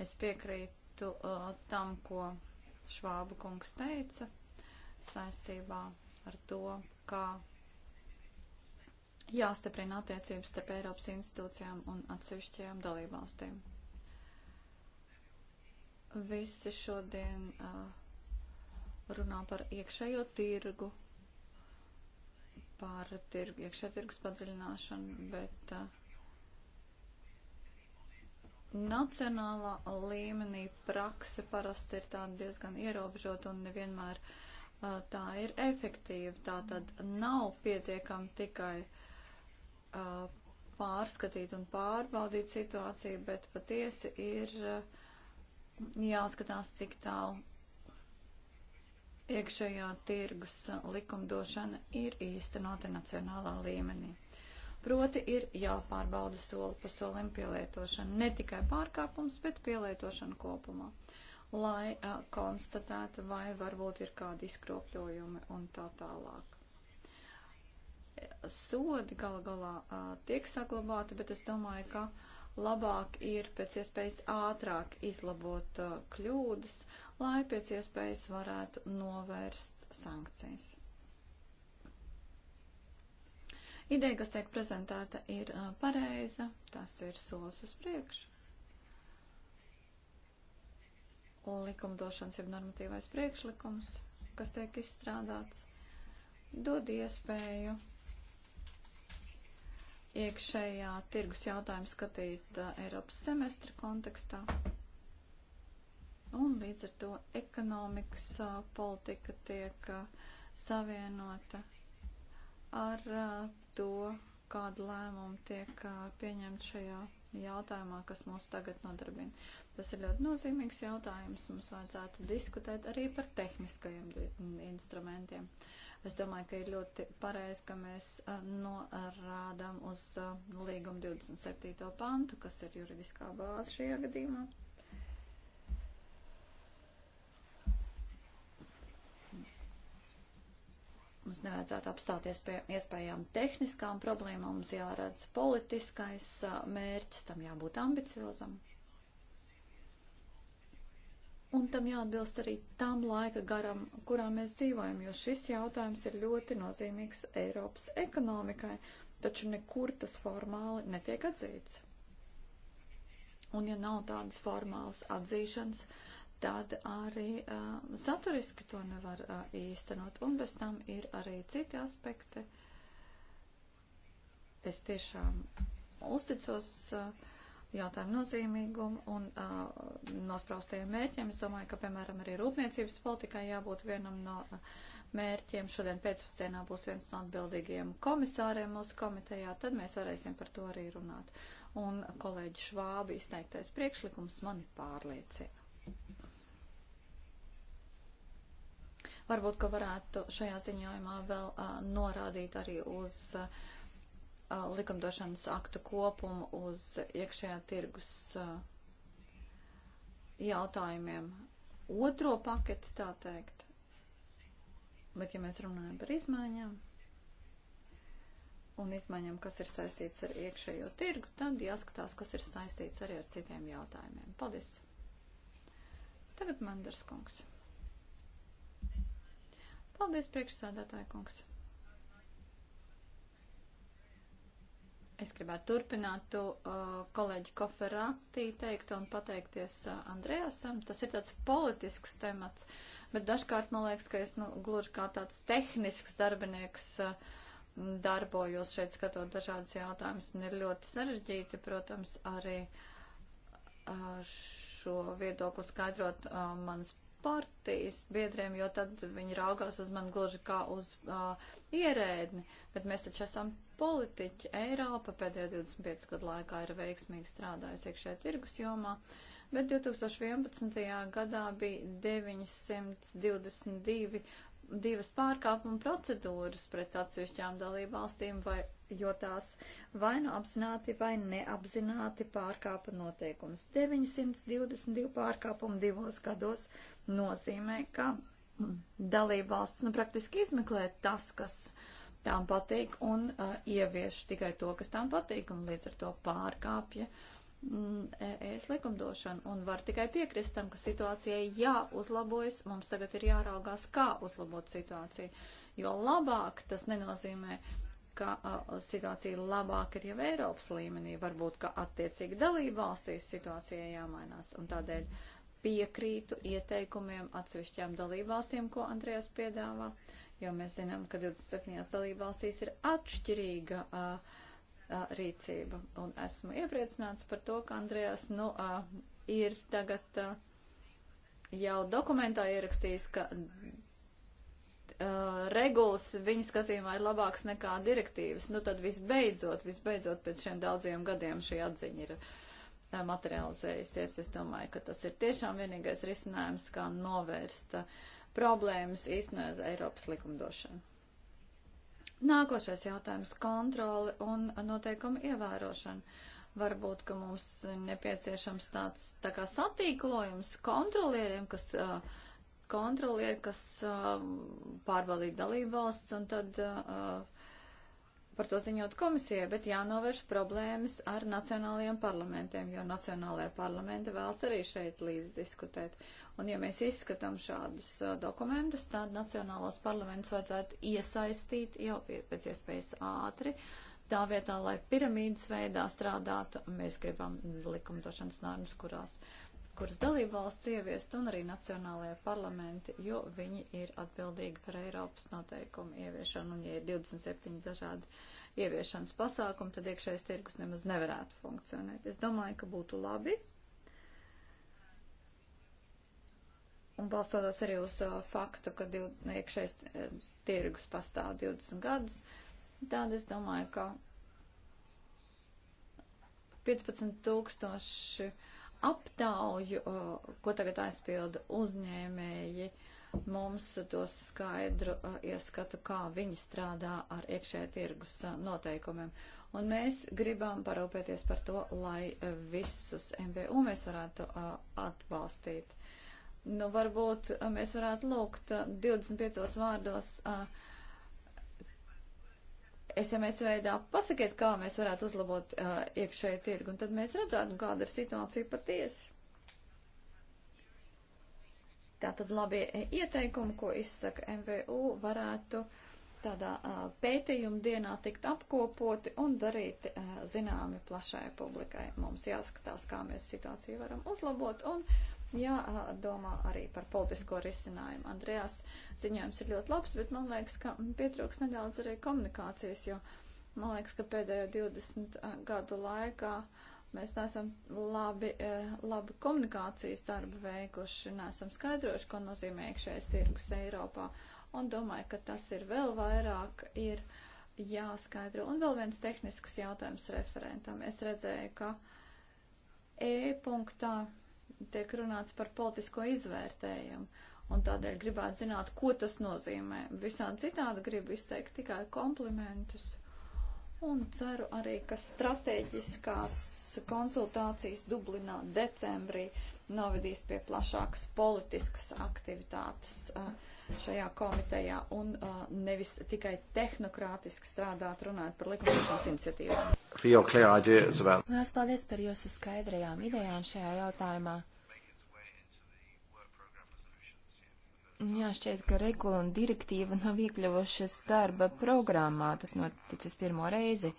Es piekrītu uh, tam, ko Švāba kungs teica saistībā ar to, kā jāstiprina attiecības starp Eiropas institūcijām un atsevišķajām dalībvalstīm. Visi šodien uh, runā par iekšējo tirgu, par tirgu, iekšē tirgus padziļināšanu, bet uh, nacionālā līmenī prakse parasti ir tāda diezgan ierobežota un nevienmēr uh, tā ir efektīva. Tā tad nav pietiekami tikai uh, pārskatīt un pārbaudīt situāciju, bet patiesi ir uh, jāskatās, cik tālu iekšējā tirgus likumdošana ir īstenota nacionālā līmenī. Proti ir jāpārbauda soli pa solim pielietošana, ne tikai pārkāpums, bet pielietošana kopumā, lai a, konstatētu, vai varbūt ir kādi izkropļojumi un tā tālāk. Sodi gal galā a, tiek saglabāti, bet es domāju, ka a, labāk ir pēc iespējas ātrāk izlabot uh, kļūdas, lai pēc iespējas varētu novērst sankcijas. Ideja, kas tiek prezentēta, ir uh, pareiza, tas ir solis uz priekšu. Likumdošanas ir normatīvais priekšlikums, kas tiek izstrādāts, dod iespēju iekšējā tirgus jautājumu skatīt uh, Eiropas semestra kontekstā. Un līdz ar to ekonomikas uh, politika tiek uh, savienota ar to, kādu lēmumu tiek pieņemt šajā jautājumā, kas mūs tagad nodarbina. Tas ir ļoti nozīmīgs jautājums. Mums vajadzētu diskutēt arī par tehniskajiem instrumentiem. Uh, Es domāju, ka ir ļoti pareizi, ka mēs norādām uz līguma 27. pantu, kas ir juridiskā bāze šajā gadījumā. mums nevajadzētu apstāties pie iespējām tehniskām problēmām, mums jāredz politiskais mērķis, tam jābūt ambiciozam. Un tam jāatbilst arī tam laika garam, kurā mēs dzīvojam, jo šis jautājums ir ļoti nozīmīgs Eiropas ekonomikai, taču nekur tas formāli netiek atzīts. Un ja nav tādas formālas atzīšanas, tad arī uh, saturiski to nevar uh, īstenot. Un bez tam ir arī citi aspekti. Es tiešām uzticos. Uh, jautājumu nozīmīgumu un uh, nospraustajiem mērķiem. Es domāju, ka, piemēram, arī rūpniecības politikai jābūt vienam no uh, mērķiem. Šodien pēcpusdienā būs viens no atbildīgiem komisāriem mūsu komitejā, tad mēs varēsim par to arī runāt. Un kolēģi Švābi izteiktais priekšlikums mani pārliecina. Varbūt, ka varētu šajā ziņojumā vēl uh, norādīt arī uz uh, likumdošanas aktu kopumu uz iekšējā tirgus jautājumiem. Otro paketi, tā teikt. Bet, ja mēs runājam par izmaiņām un izmaiņām, kas ir saistīts ar iekšējo tirgu, tad jāskatās, kas ir saistīts arī ar citiem jautājumiem. Paldies! Tagad Manders kungs. Paldies, priekšsādātāja kungs! Es gribētu turpināt tu, uh, kolēģi Koferati teikt un pateikties uh, Andrejasam. Tas ir tāds politisks temats, bet dažkārt man liekas, ka es nu, gluži kā tāds tehnisks darbinieks uh, darbojos šeit skatot dažādas jautājumas un ir ļoti sarežģīti, protams, arī uh, šo viedokli skaidrot uh, manas partijas biedriem, jo tad viņi raugās uz mani gluži kā uz uh, ierēdni, bet mēs taču esam politiķi Eiropa pēdējo 25 gadu laikā ir veiksmīgi strādājusi iekšē tirgus jomā, bet 2011. gadā bija 922 divas pārkāpuma procedūras pret atsevišķām dalību valstīm, vai, jo tās vai nu apzināti vai neapzināti pārkāpa noteikums. 922 pārkāpumi divos gados nozīmē, ka dalību valsts nu, praktiski izmeklē tas, kas tām patīk un uh, ievieš tikai to, kas tām patīk, un līdz ar to pārkāpja mm, es e likumdošanu. Un var tikai piekrist tam, ka situācijai jāuzlabojas, mums tagad ir jāraugās, kā uzlabot situāciju. Jo labāk tas nenozīmē, ka uh, situācija labāk ir jau Eiropas līmenī, varbūt, ka attiecīgi dalība valstīs situācijai jāmainās. Un tādēļ piekrītu ieteikumiem atsevišķām dalībvalstīm, ko Andrēs piedāvā. Uh, jo mēs zinām, ka 27. dalībvalstīs ir atšķirīga a, a, rīcība. Un esmu iepriecināts par to, ka Andrejās nu, a, ir tagad a, jau dokumentā ierakstījis, ka Uh, regulas viņa skatījumā ir labāks nekā direktīvas. Nu tad visbeidzot, visbeidzot pēc šiem daudziem gadiem šī atziņa ir uh, materializējusies. Es domāju, ka tas ir tiešām vienīgais risinājums, kā novērst uh, problēmas īstenojot Eiropas likumdošanu. Nākošais jautājums - kontroli un noteikumu ievērošana. Varbūt, ka mums nepieciešams tāds tā kā satīklojums kontrolieriem, kas uh, kontrolieri, kas uh, pārbaudīja dalību valsts un tad uh, par to ziņot komisijai, bet jānovērš problēmas ar nacionālajiem parlamentiem, jo nacionālajie parlamenti vēlas arī šeit līdz diskutēt. Un ja mēs izskatām šādus uh, dokumentus, tad nacionālos parlamentus vajadzētu iesaistīt jau pēc iespējas ātri. Tā vietā, lai piramīdas veidā strādātu, mēs gribam likumdošanas normas, kurās uh, kuras dalību valsts ieviest un arī nacionālajie parlamenti, jo viņi ir atbildīgi par Eiropas noteikumu ieviešanu. Un, ja ir 27 dažādi ieviešanas pasākumi, tad iekšējais tirgus nemaz nevarētu funkcionēt. Es domāju, ka būtu labi. Un balstoties arī uz uh, faktu, ka div, iekšējais uh, tirgus pastāv 20 gadus, tad es domāju, ka 15 tūkstoši 000 aptauju, uh, ko tagad aizpilda uzņēmēji, mums dos skaidru uh, ieskatu, kā viņi strādā ar iekšējā tirgus uh, noteikumiem. Un mēs gribam parūpēties par to, lai visus MBU mēs varētu atbalstīt. Nu, varbūt mēs varētu lūgt 25 vārdos uh, SMS veidā pasakiet, kā mēs varētu uzlabot uh, iekšēju tirgu, un tad mēs redzētu, kāda ir situācija patiesi. Tātad labie eh, ieteikumi, ko izsaka MVU, varētu tādā uh, pētījuma dienā tikt apkopoti un darīt uh, zināmi plašai publikai. Mums jāskatās, kā mēs situāciju varam uzlabot un uh, jādomā arī par politisko risinājumu. Andrejās ziņojums ir ļoti labs, bet man liekas, ka pietrūks nedaudz arī komunikācijas, jo man liekas, ka pēdējo 20 gadu laikā mēs neesam labi, e, labi komunikācijas darbu veikuši, neesam skaidrojuši, ko nozīmē iekšējais tirgus Eiropā. Un domāju, ka tas ir vēl vairāk ir jāskaidro. Un vēl viens tehnisks jautājums referentam. Es redzēju, ka e-punktā tiek runāts par politisko izvērtējumu. Un tādēļ gribētu zināt, ko tas nozīmē. Visādi citādi gribu izteikt tikai komplimentus. Un ceru arī, ka strateģiskās konsultācijas Dublinā decembrī novedīs pie plašākas politiskas aktivitātes uh, šajā komitejā un uh, nevis tikai tehnokrātiski strādāt, runājot par likumdošanas iniciatīvām. Lielas paldies par jūsu skaidrajām idejām šajā jautājumā. Jā, šķiet, ka regula un direktīva nav iekļuvušas darba programmā. Tas noticis pirmo reizi.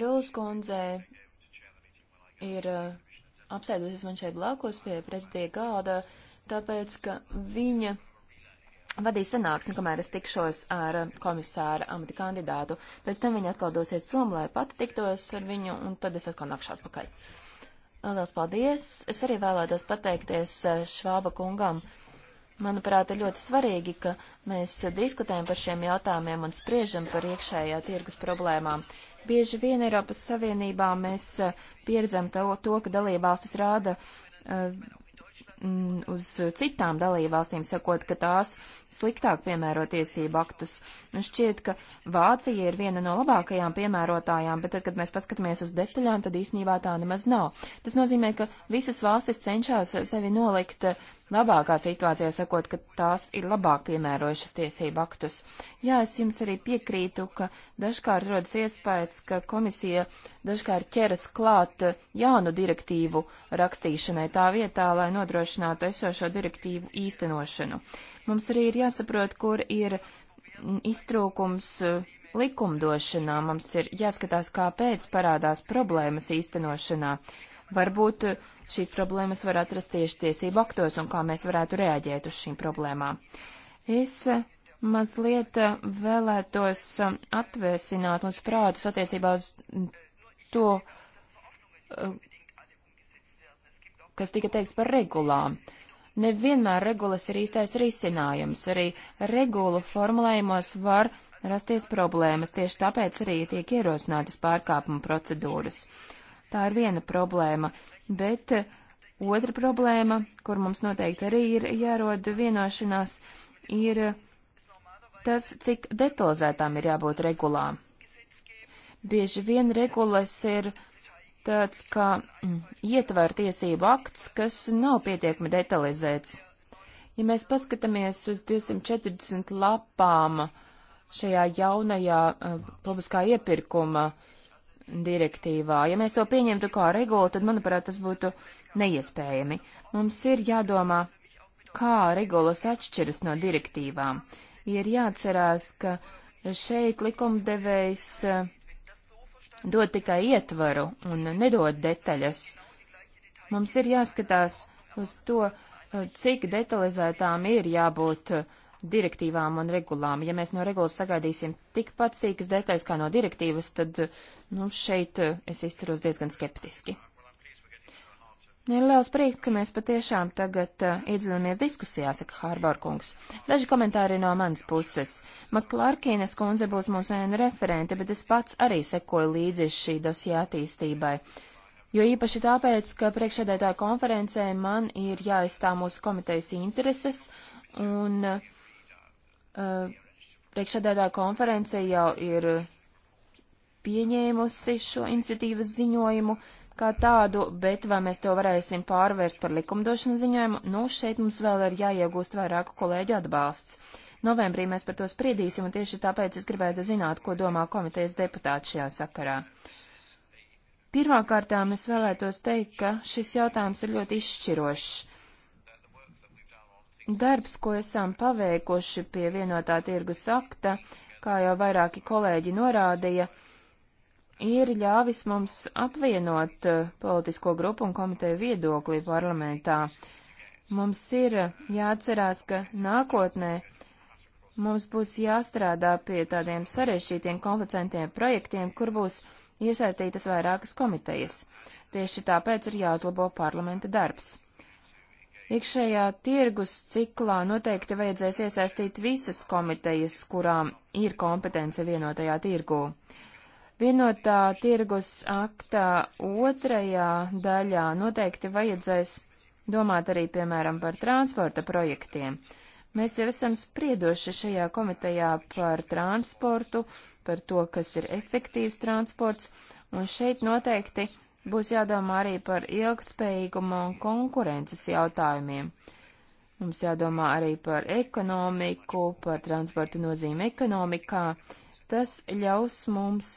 Rūlas kundze ir uh, apsēdusies man šeit blakus pie prezidija galda, tāpēc, ka viņa vadīja sanāksmi, kamēr es tikšos ar komisāra amata kandidātu. Pēc tam viņa atkal dosies prom, lai pati tiktos ar viņu, un tad es atkal nakšu atpakaļ. Lielas paldies! Es arī vēlētos pateikties eh, Švāba kungam. Manuprāt, ir ļoti svarīgi, ka mēs diskutējam par šiem jautājumiem un spriežam par iekšējā tirgus problēmām. Bieži vien Eiropas Savienībā mēs eh, pieredzam to, to ka dalībvalstis rāda eh, uz citām dalībvalstīm, sakot, ka tās sliktāk piemēro tiesību aktus. Un nu, šķiet, ka Vācija ir viena no labākajām piemērotājām, bet tad, kad mēs paskatāmies uz detaļām, tad īsnībā tā nemaz nav. Tas nozīmē, ka visas valstis cenšas sevi nolikt eh, labākā situācijā sakot, ka tās ir labāk piemērojušas tiesību aktus. Jā, es jums arī piekrītu, ka dažkārt rodas iespējas, ka komisija dažkārt ķeras klāt jaunu direktīvu rakstīšanai tā vietā, lai nodrošinātu esošo direktīvu īstenošanu. Mums arī ir jāsaprot, kur ir iztrūkums eh, likumdošanā, mums ir jāskatās, kāpēc parādās problēmas īstenošanā. Varbūt šīs problēmas var atrast tieši tiesību aktos un kā mēs varētu reaģēt uz šīm problēmām. Es mazliet vēlētos atvēsināt mūsu prātus attiecībā uz to, kas tika teikts par regulām. Nevienmēr regulas ir īstais risinājums, arī regulu formulējumos var rasties problēmas, tieši tāpēc arī tiek ierosinātas pārkāpuma procedūras. Tā ir viena problēma, bet eh, otra problēma, kur mums noteikti arī ir jārod vienošanās, ir eh, tas, cik detalizētām ir jābūt regulām. Bieži vien regulas ir tāds kā mm, ietver tiesību akts, kas nav pietiekami detalizēts. Ja mēs paskatāmies uz 240 lapām šajā jaunajā uh, publiskā iepirkuma uh, direktīvā. Ja mēs to pieņemtu kā regulu, tad, manuprāt, tas būtu neiespējami. Mums ir jādomā, kā regulas atšķiras no direktīvām. Ir jāatcerās, ka šeit likumdevējs eh, dod tikai ietvaru un nedod detaļas. Mums ir jāskatās uz to, eh, cik detalizētām ir jābūt uh, direktīvām un regulām. Ja mēs no regulas sagaidīsim tikpat sīkas detaļas kā no direktīvas, tad nu, šeit eh, es izturos diezgan skeptiski. Ir liels prieks, ka mēs patiešām tagad uh, eh, iedzinamies diskusijā, saka Hārbārkungs. Daži komentāri no manas puses. Maklārkīnes kundze būs mūsu ēnu referente, bet es pats arī sekoju līdzi šī dosijā attīstībai. Jo īpaši tāpēc, ka priekšsēdētāja konferencē man ir jāizstāv mūsu komitejas intereses, un uh, priekšsēdētāja konference jau ir pieņēmusi šo iniciatīvas ziņojumu kā tādu, bet vai mēs to varēsim pārvērst par likumdošanas ziņojumu, nu šeit mums vēl ir jāiegūst vairāku kolēģu atbalsts. Novembrī mēs par to spriedīsim, un tieši tāpēc es gribētu zināt, ko domā komitejas deputāti šajā sakarā. Pirmkārtām es vēlētos teikt, ka šis jautājums ir ļoti izšķirošs. Darbs, ko esam paveikuši pie vienotā tirgus akta, kā jau vairāki kolēģi norādīja, ir ļāvis mums apvienot eh, politisko grupu un komiteju viedokli parlamentā. Mums ir jāatcerās, ka nākotnē mums būs jāstrādā pie tādiem sarežģītiem, komplicentiem projektiem, kur būs iesaistītas vairākas komitejas. Tieši tāpēc ir jāuzlabo parlamenta darbs. Iekšējā tirgus ciklā noteikti vajadzēs iesaistīt visas komitejas, kurām ir kompetence vienotajā tirgū. Vienotā tirgus aktā otrajā daļā noteikti vajadzēs domāt arī, piemēram, par transporta projektiem. Mēs jau esam spriedoši šajā komitejā par transportu, par to, kas ir efektīvs transports, un šeit noteikti Būs jādomā arī par ilgtspējīgumu un konkurences jautājumiem. Mums jādomā arī par ekonomiku, par transporta nozīmi ekonomikā. Tas ļaus mums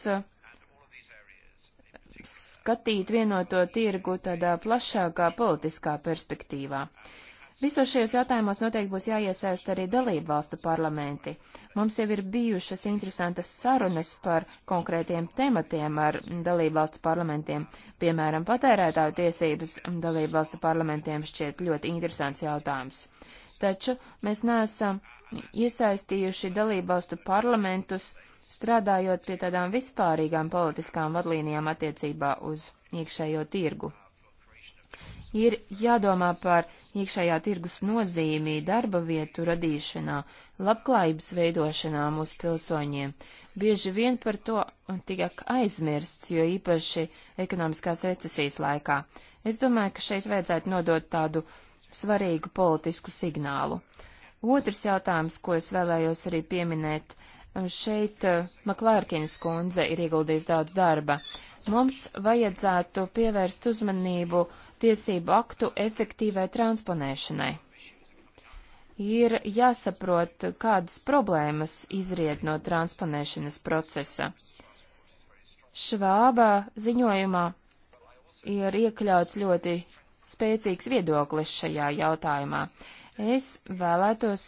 skatīt vienoto tirgu tādā plašākā politiskā perspektīvā. Visos šajos jautājumos noteikti būs jāiesaist arī dalību valstu parlamenti. Mums jau ir bijušas interesantas sarunas par konkrētiem tematiem ar dalību valstu parlamentiem. Piemēram, patērētāju tiesības dalību valstu parlamentiem šķiet ļoti interesants jautājums. Taču mēs neesam iesaistījuši dalību valstu parlamentus strādājot pie tādām vispārīgām politiskām vadlīnijām attiecībā uz iekšējo tirgu. Ir jādomā par iekšējā tirgus nozīmi, darba vietu radīšanā, labklājības veidošanā mūsu pilsoņiem. Bieži vien par to tiek aizmirsts, jo īpaši ekonomiskās recesijas laikā. Es domāju, ka šeit vajadzētu nodot tādu svarīgu politisku signālu. Otrs jautājums, ko es vēlējos arī pieminēt, šeit eh, Maklārkins kundze ir ieguldījis daudz darba. Mums vajadzētu pievērst uzmanību uh, tiesību aktu efektīvai transponēšanai. Ir jāsaprot, kādas problēmas izriet no transponēšanas procesa. Švāba ziņojumā ir iekļauts ļoti spēcīgs viedoklis šajā jautājumā. Es vēlētos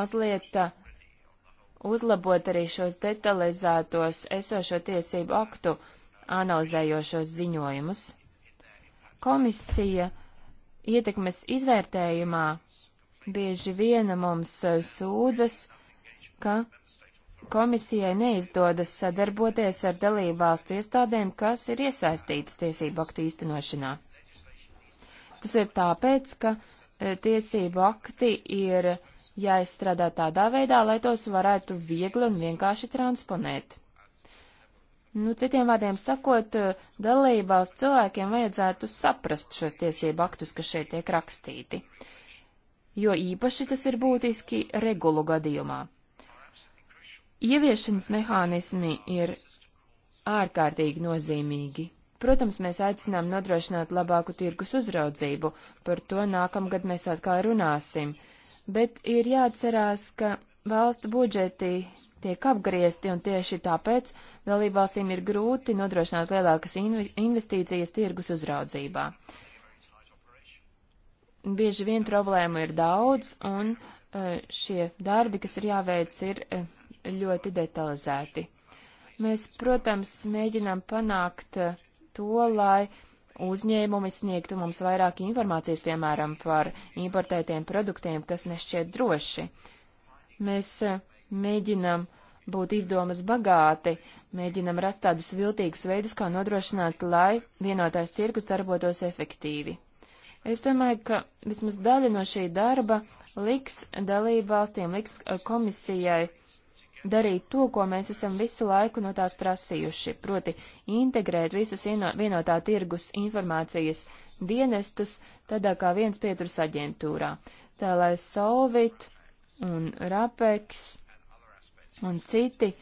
mazliet uh, uzlabot arī šos detalizētos esošo tiesību aktu analizējošos ziņojumus. Komisija ietekmes izvērtējumā bieži viena mums eh, sūdzas, ka komisijai neizdodas sadarboties ar dalībvalstu iestādēm, kas ir iesaistītas tiesību aktu īstenošanā. Tas ir tāpēc, ka eh, tiesību akti ir jāizstrādā tādā veidā, lai tos varētu viegli un vienkārši transponēt. Nu, citiem vārdiem sakot, eh, dalībvalsts cilvēkiem vajadzētu saprast šos tiesību aktus, kas šeit tiek rakstīti, jo īpaši tas ir būtiski regulu gadījumā. Ieviešanas mehānismi ir ārkārtīgi nozīmīgi. Protams, mēs aicinām nodrošināt labāku tirgus uzraudzību, par to nākamgad mēs atkal runāsim, bet ir jāatcerās, ka valstu budžeti tiek apgriezti, un tieši tāpēc dalībvalstīm ir grūti nodrošināt lielākas investīcijas tirgus uzraudzībā. Bieži vien problēmu ir daudz, un e, šie darbi, kas ir jāveic, ir e, ļoti detalizēti. Mēs, protams, mēģinām panākt e, to, lai uzņēmumi sniegtu mums vairāk informācijas, piemēram, par importētiem produktiem, kas nešķiet droši. Mēs uh, mēģinam būt izdomas bagāti, mēģinam rast tādus viltīgus veidus, kā nodrošināt, lai vienotais tirgus darbotos efektīvi. Es domāju, ka vismaz daļa no šī darba liks dalību valstīm, liks eh, komisijai darīt to, ko mēs esam visu laiku no tās prasījuši, proti integrēt visus ieno, vienotā tirgus informācijas dienestus tādā kā viens pieturs aģentūrā, tā lai Solvit un Rapex un citi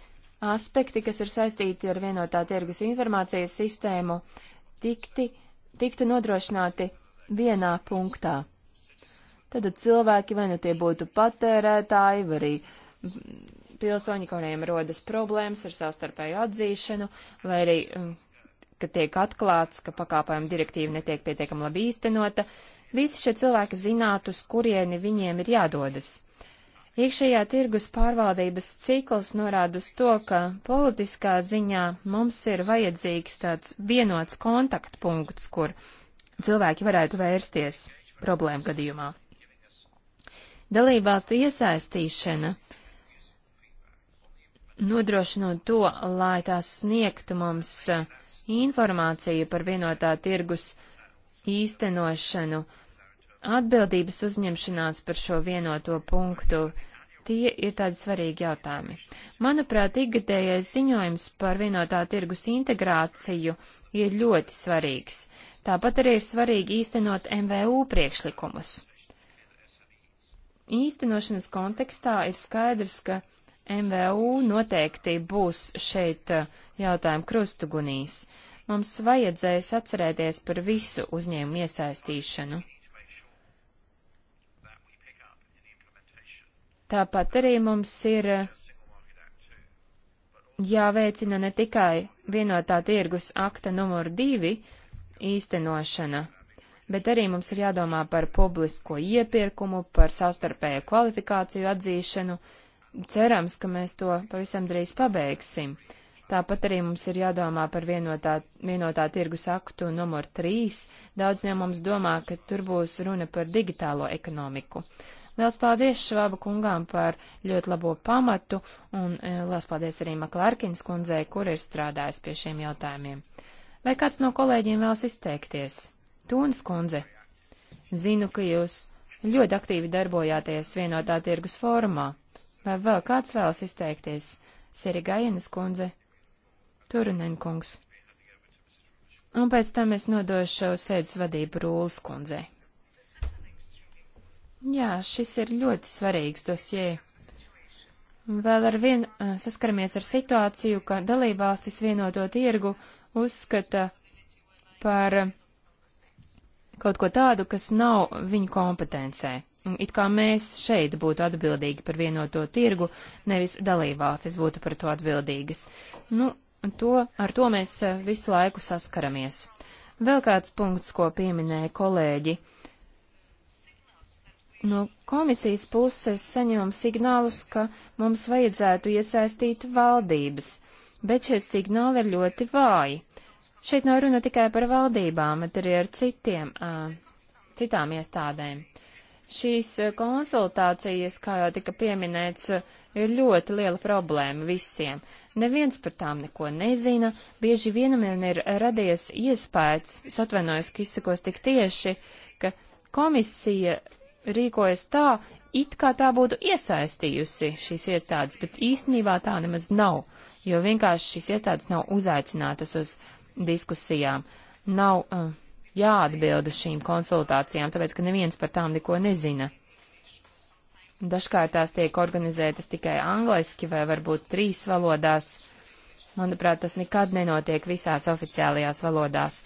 aspekti, kas ir saistīti ar vienotā tirgus informācijas sistēmu, tikti, tiktu nodrošināti vienā punktā. Tad cilvēki, vai nu tie būtu patērētāji, vai arī pilsoņi, kuriem rodas problēmas ar savstarpēju atzīšanu, vai arī, mm, ka tiek atklāts, ka pakāpojuma direktīva netiek pietiekami labi īstenota, visi šie cilvēki zinātu, uz kurieni viņiem ir jādodas. Iekšējā tirgus pārvaldības cikls norāda uz to, ka politiskā ziņā mums ir vajadzīgs tāds vienots kontaktpunkts, kur cilvēki varētu vērsties problēmu gadījumā. Dalībvalstu iesaistīšana nodrošinot to, lai tās sniegtu mums uh, informāciju par vienotā tirgus īstenošanu, atbildības uzņemšanās par šo vienoto punktu tie ir tādi svarīgi jautājumi. Manuprāt, ikgadējais ziņojums par vienotā tirgus integrāciju ir ļoti svarīgs. Tāpat arī ir svarīgi īstenot MVU priekšlikumus. Īstenošanas kontekstā ir skaidrs, ka MVU noteikti būs šeit uh, jautājumu krustugunīs. Mums vajadzēs atcerēties par visu uzņēmumu iesaistīšanu. Tāpat arī mums ir jāveicina ne tikai vienotā tirgus akta numur divi īstenošana, bet arī mums ir jādomā par publisko iepirkumu, par savstarpēju kvalifikāciju atzīšanu. Cerams, ka mēs to pavisam drīz pabeigsim. Tāpat arī mums ir jādomā par vienotā, vienotā tirgus aktu numur 3. Daudz no mums domā, ka tur būs runa par digitālo ekonomiku. Liels paldies Švāba kungām par ļoti labo pamatu un e, liels paldies arī Maklārkins kundzei, kur ir strādājis pie šiem jautājumiem. Vai kāds no kolēģiem vēlas izteikties? Tūns kundze, zinu, ka jūs ļoti aktīvi darbojāties vienotā tirgus fórumā. Vai vēl kāds vēlas izteikties? Siri Gajenas kundze, Turunenkungs. Un pēc tam es nodošu savu sēdes vadību Rūlas kundzei. Jā, šis ir ļoti svarīgs dosie. Vēl ar vien saskaramies ar situāciju, ka dalībvalstis vienoto tirgu uzskata par kaut ko tādu, kas nav viņu kompetencē. It kā mēs šeit būtu atbildīgi par vienoto tirgu, nevis dalībvalstis būtu par to atbildīgas. Nu, to, ar to mēs visu laiku saskaramies. Vēl kāds punkts, ko pieminēja kolēģi. Uh, No komisijas puses saņemam signālus, ka mums vajadzētu iesaistīt valdības, bet šie signāli ir ļoti vāji. Šeit nav runa tikai par valdībām, bet arī ar citiem, citām iestādēm. Šīs konsultācijas, kā jau tika pieminēts, ir ļoti liela problēma visiem. Neviens par tām neko nezina, bieži vienam ir radies iespējas, atvainojos, ka izsakos tik tieši, ka komisija rīkojas tā, it kā tā būtu iesaistījusi šīs iestādes, bet īstenībā tā nemaz nav, jo vienkārši šīs iestādes nav uzaicinātas uz diskusijām, nav uh, jāatbild uz šīm konsultācijām, tāpēc, ka neviens par tām neko nezina. Dažkārt tās tiek organizētas tikai angliski vai varbūt trīs valodās. Manuprāt, tas nekad nenotiek visās oficiālajās valodās.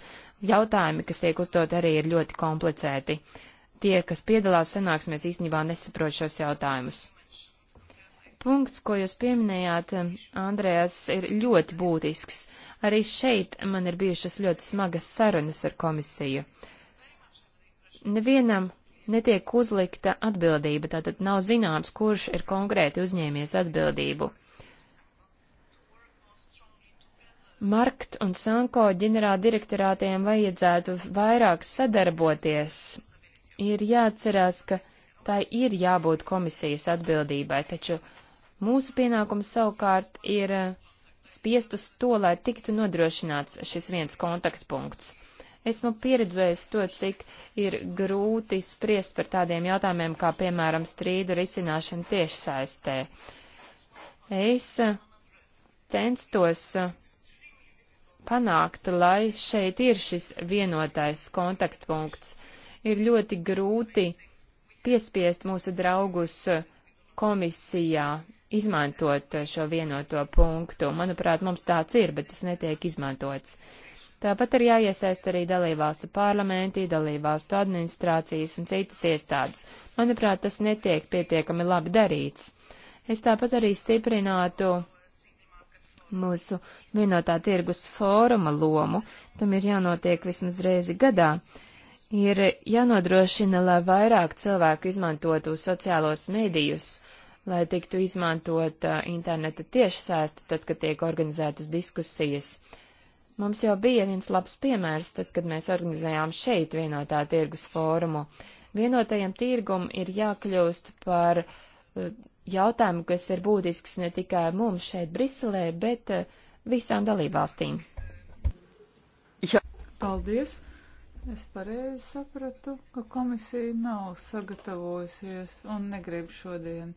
Jautājumi, kas tiek uzdot arī, ir ļoti komplicēti tie, kas piedalās sanāksmēs, īstenībā nesaprot šos jautājumus. Punkts, ko jūs pieminējāt, Andrējas, ir ļoti būtisks. Arī šeit man ir bijušas ļoti smagas sarunas ar komisiju. Nevienam netiek uzlikta atbildība, tātad nav zināms, kurš ir konkrēti uzņēmies atbildību. Markt un Sanko ģenerāldirektorātiem vajadzētu vairāk sadarboties ir jāatcerās, ka tai ir jābūt komisijas atbildībai, taču mūsu pienākums savukārt ir uh, spiest uz to, lai tiktu nodrošināts šis viens kontaktpunkts. Esmu pieredzējis to, cik ir grūti spriest par tādiem jautājumiem, kā piemēram strīdu risināšana tiešsaistē. Es uh, censtos uh, panākt, lai šeit ir šis vienotais kontaktpunkts. Uh, ir ļoti grūti piespiest mūsu draugus komisijā izmantot šo vienoto punktu. Manuprāt, mums tāds ir, bet tas netiek izmantots. Tāpat ir jāiesaist arī dalībvalstu parlamenti, dalībvalstu administrācijas un citas iestādes. Manuprāt, tas netiek pietiekami labi darīts. Es tāpat arī stiprinātu mūsu vienotā tirgus fóruma lomu, tam ir jānotiek vismaz reizi gadā. Uh, Ir jānodrošina, lai vairāk cilvēku izmantotu sociālos mēdījus, lai tiktu izmantota uh, interneta tiešsaiste, tad, kad tiek organizētas diskusijas. Mums jau bija viens labs piemērs, tad, kad mēs organizējām šeit vienotā tirgus fórumu. Vienotajam tirgum ir jākļūst par uh, jautājumu, kas ir būtisks ne tikai mums šeit Briselē, bet uh, visām dalībvalstīm. Paldies! Es pareizi sapratu, ka komisija nav sagatavojusies un negrib šodien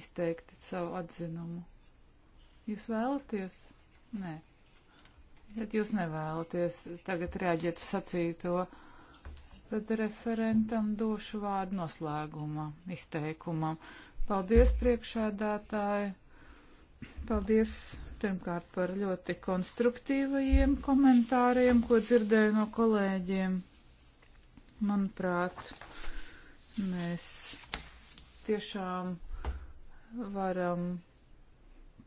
izteikt savu atzinumu. Jūs vēlaties? Nē. Tad jūs nevēlaties tagad reaģēt uz sacīto. Tad referentam došu vārdu noslēgumā, izteikumam. Paldies, priekšēdātāji! Paldies Pirmkārt par ļoti konstruktīvajiem komentāriem, ko dzirdēju no kolēģiem. Manuprāt, mēs tiešām varam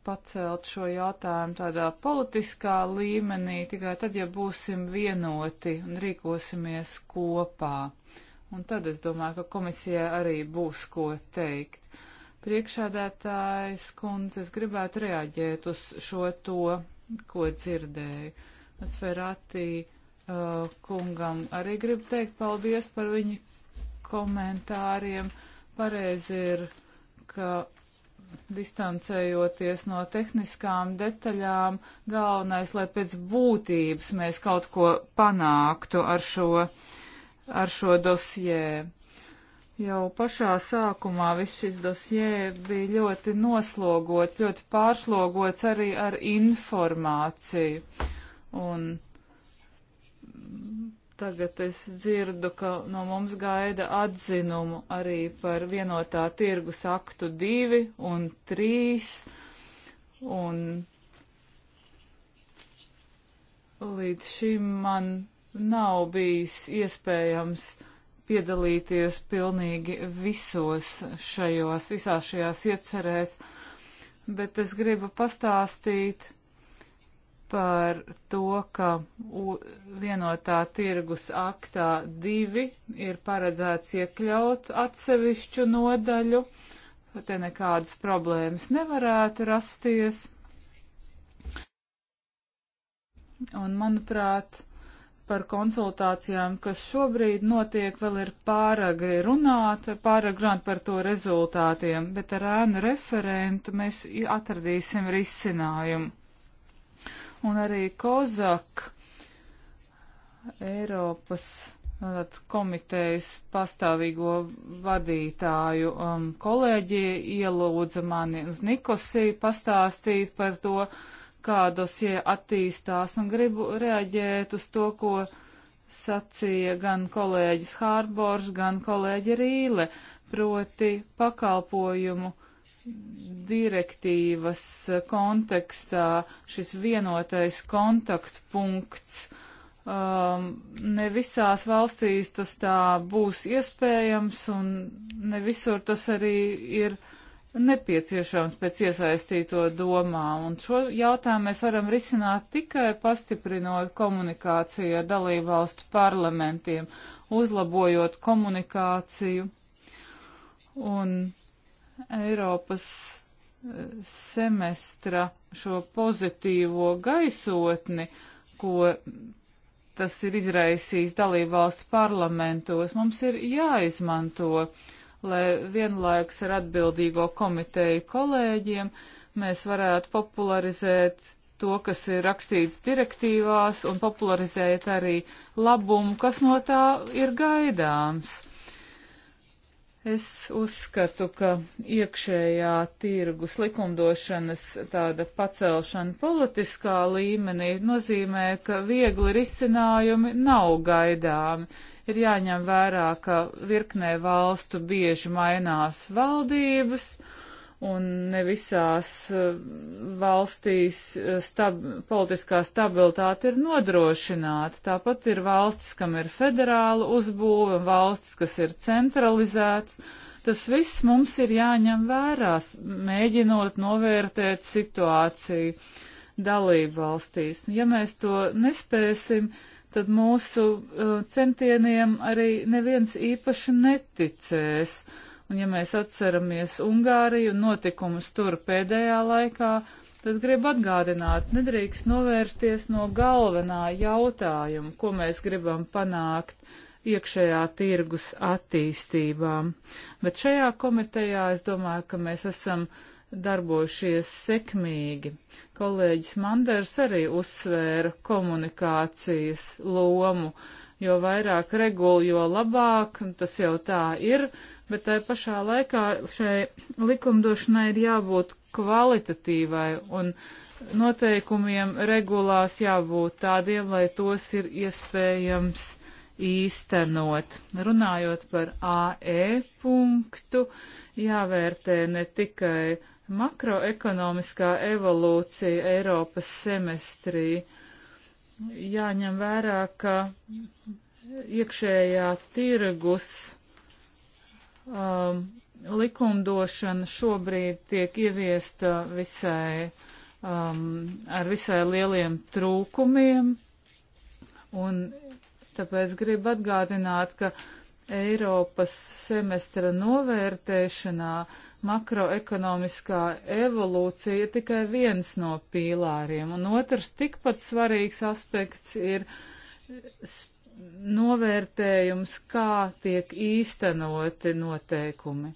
pacelt šo jautājumu tādā politiskā līmenī tikai tad, ja būsim vienoti un rīkosimies kopā. Un tad es domāju, ka komisijai arī būs ko teikt. Uh, Priekšādātājs kundze, es gribētu reaģēt uz šo to, ko dzirdēju. Asferati uh, kungam arī gribu teikt paldies par viņu komentāriem. Pareizi ir, ka distancējoties no tehniskām detaļām, galvenais, lai pēc būtības mēs kaut ko panāktu ar šo, ar šo dosjē. Jau pašā sākumā viss šis dosjē bija ļoti noslogots, ļoti pārslogots arī ar informāciju. Un tagad es dzirdu, ka no mums gaida atzinumu arī par vienotā tirgus aktu divi un trīs. Un līdz šim man nav bijis iespējams piedalīties pilnīgi visos šajos, visās šajās iecerēs, bet es gribu pastāstīt par to, ka vienotā tirgus aktā divi ir paredzēts iekļaut atsevišķu nodaļu, te nekādas problēmas nevarētu rasties. Un, manuprāt, par konsultācijām, kas šobrīd notiek, vēl ir pāragri runāt, pāragri runāt par to rezultātiem, bet ar ēnu referentu mēs atradīsim risinājumu. Un arī Kozak Eiropas komitejas pastāvīgo vadītāju um, kolēģi ielūdza mani uz Nikosiju pastāstīt par to, uh, kā dosie attīstās, un gribu reaģēt uz to, ko sacīja gan kolēģis Hārbors, gan kolēģi Rīle, proti pakalpojumu direktīvas kontekstā šis vienotais kontaktpunkts. Um, ne visās valstīs tas tā būs iespējams un ne visur tas arī ir uh, nepieciešams pēc iesaistīto domā, un šo jautājumu mēs varam risināt tikai pastiprinot komunikāciju ar dalībvalstu parlamentiem, uzlabojot komunikāciju un Eiropas eh, semestra šo pozitīvo gaisotni, ko tas ir izraisījis dalībvalstu parlamentos, mums ir jāizmanto. Uh, lai vienlaiks ar atbildīgo komiteju kolēģiem mēs varētu popularizēt to, kas ir rakstīts direktīvās, un popularizēt arī labumu, kas no tā ir gaidāms. Es uzskatu, ka iekšējā tirgus likumdošanas tāda pacelšana politiskā līmenī nozīmē, ka viegli risinājumi nav gaidāmi. Ir jāņem vērā, ka virknē valstu bieži mainās valdības. Uh, un ne visās eh, valstīs eh, stab politiskā stabilitāte ir nodrošināta. Tāpat ir valstis, kam ir federāla uzbūve, valstis, kas ir centralizēts. Tas viss mums ir jāņem vērās, mēģinot novērtēt situāciju dalību valstīs. Ja mēs to nespēsim, tad mūsu eh, centieniem arī neviens īpaši neticēs. Uh, Un ja mēs atceramies Ungāriju un notikumus tur pēdējā laikā, tad gribu atgādināt, nedrīkst novērsties no galvenā jautājuma, ko mēs gribam panākt iekšējā tirgus attīstībām. Bet šajā komitejā es domāju, ka mēs esam darbojušies sekmīgi. Kolēģis Manders arī uzsvēra komunikācijas lomu. Uh, jo vairāk regulu, jo labāk, tas jau tā ir, bet tai pašā laikā šai likumdošanai ir jābūt kvalitatīvai un noteikumiem regulās jābūt tādiem, lai tos ir iespējams īstenot. Runājot par AE punktu, jāvērtē ne tikai makroekonomiskā evolūcija Eiropas semestrī, jāņem vērā, ka iekšējā tirgus um, likumdošana šobrīd tiek ieviesta visai, um, ar visai lieliem trūkumiem. Un tāpēc gribu atgādināt, ka Eiropas semestra novērtēšanā makroekonomiskā evolūcija ir tikai viens no pīlāriem, un otrs tikpat svarīgs aspekts ir novērtējums, kā tiek īstenoti noteikumi.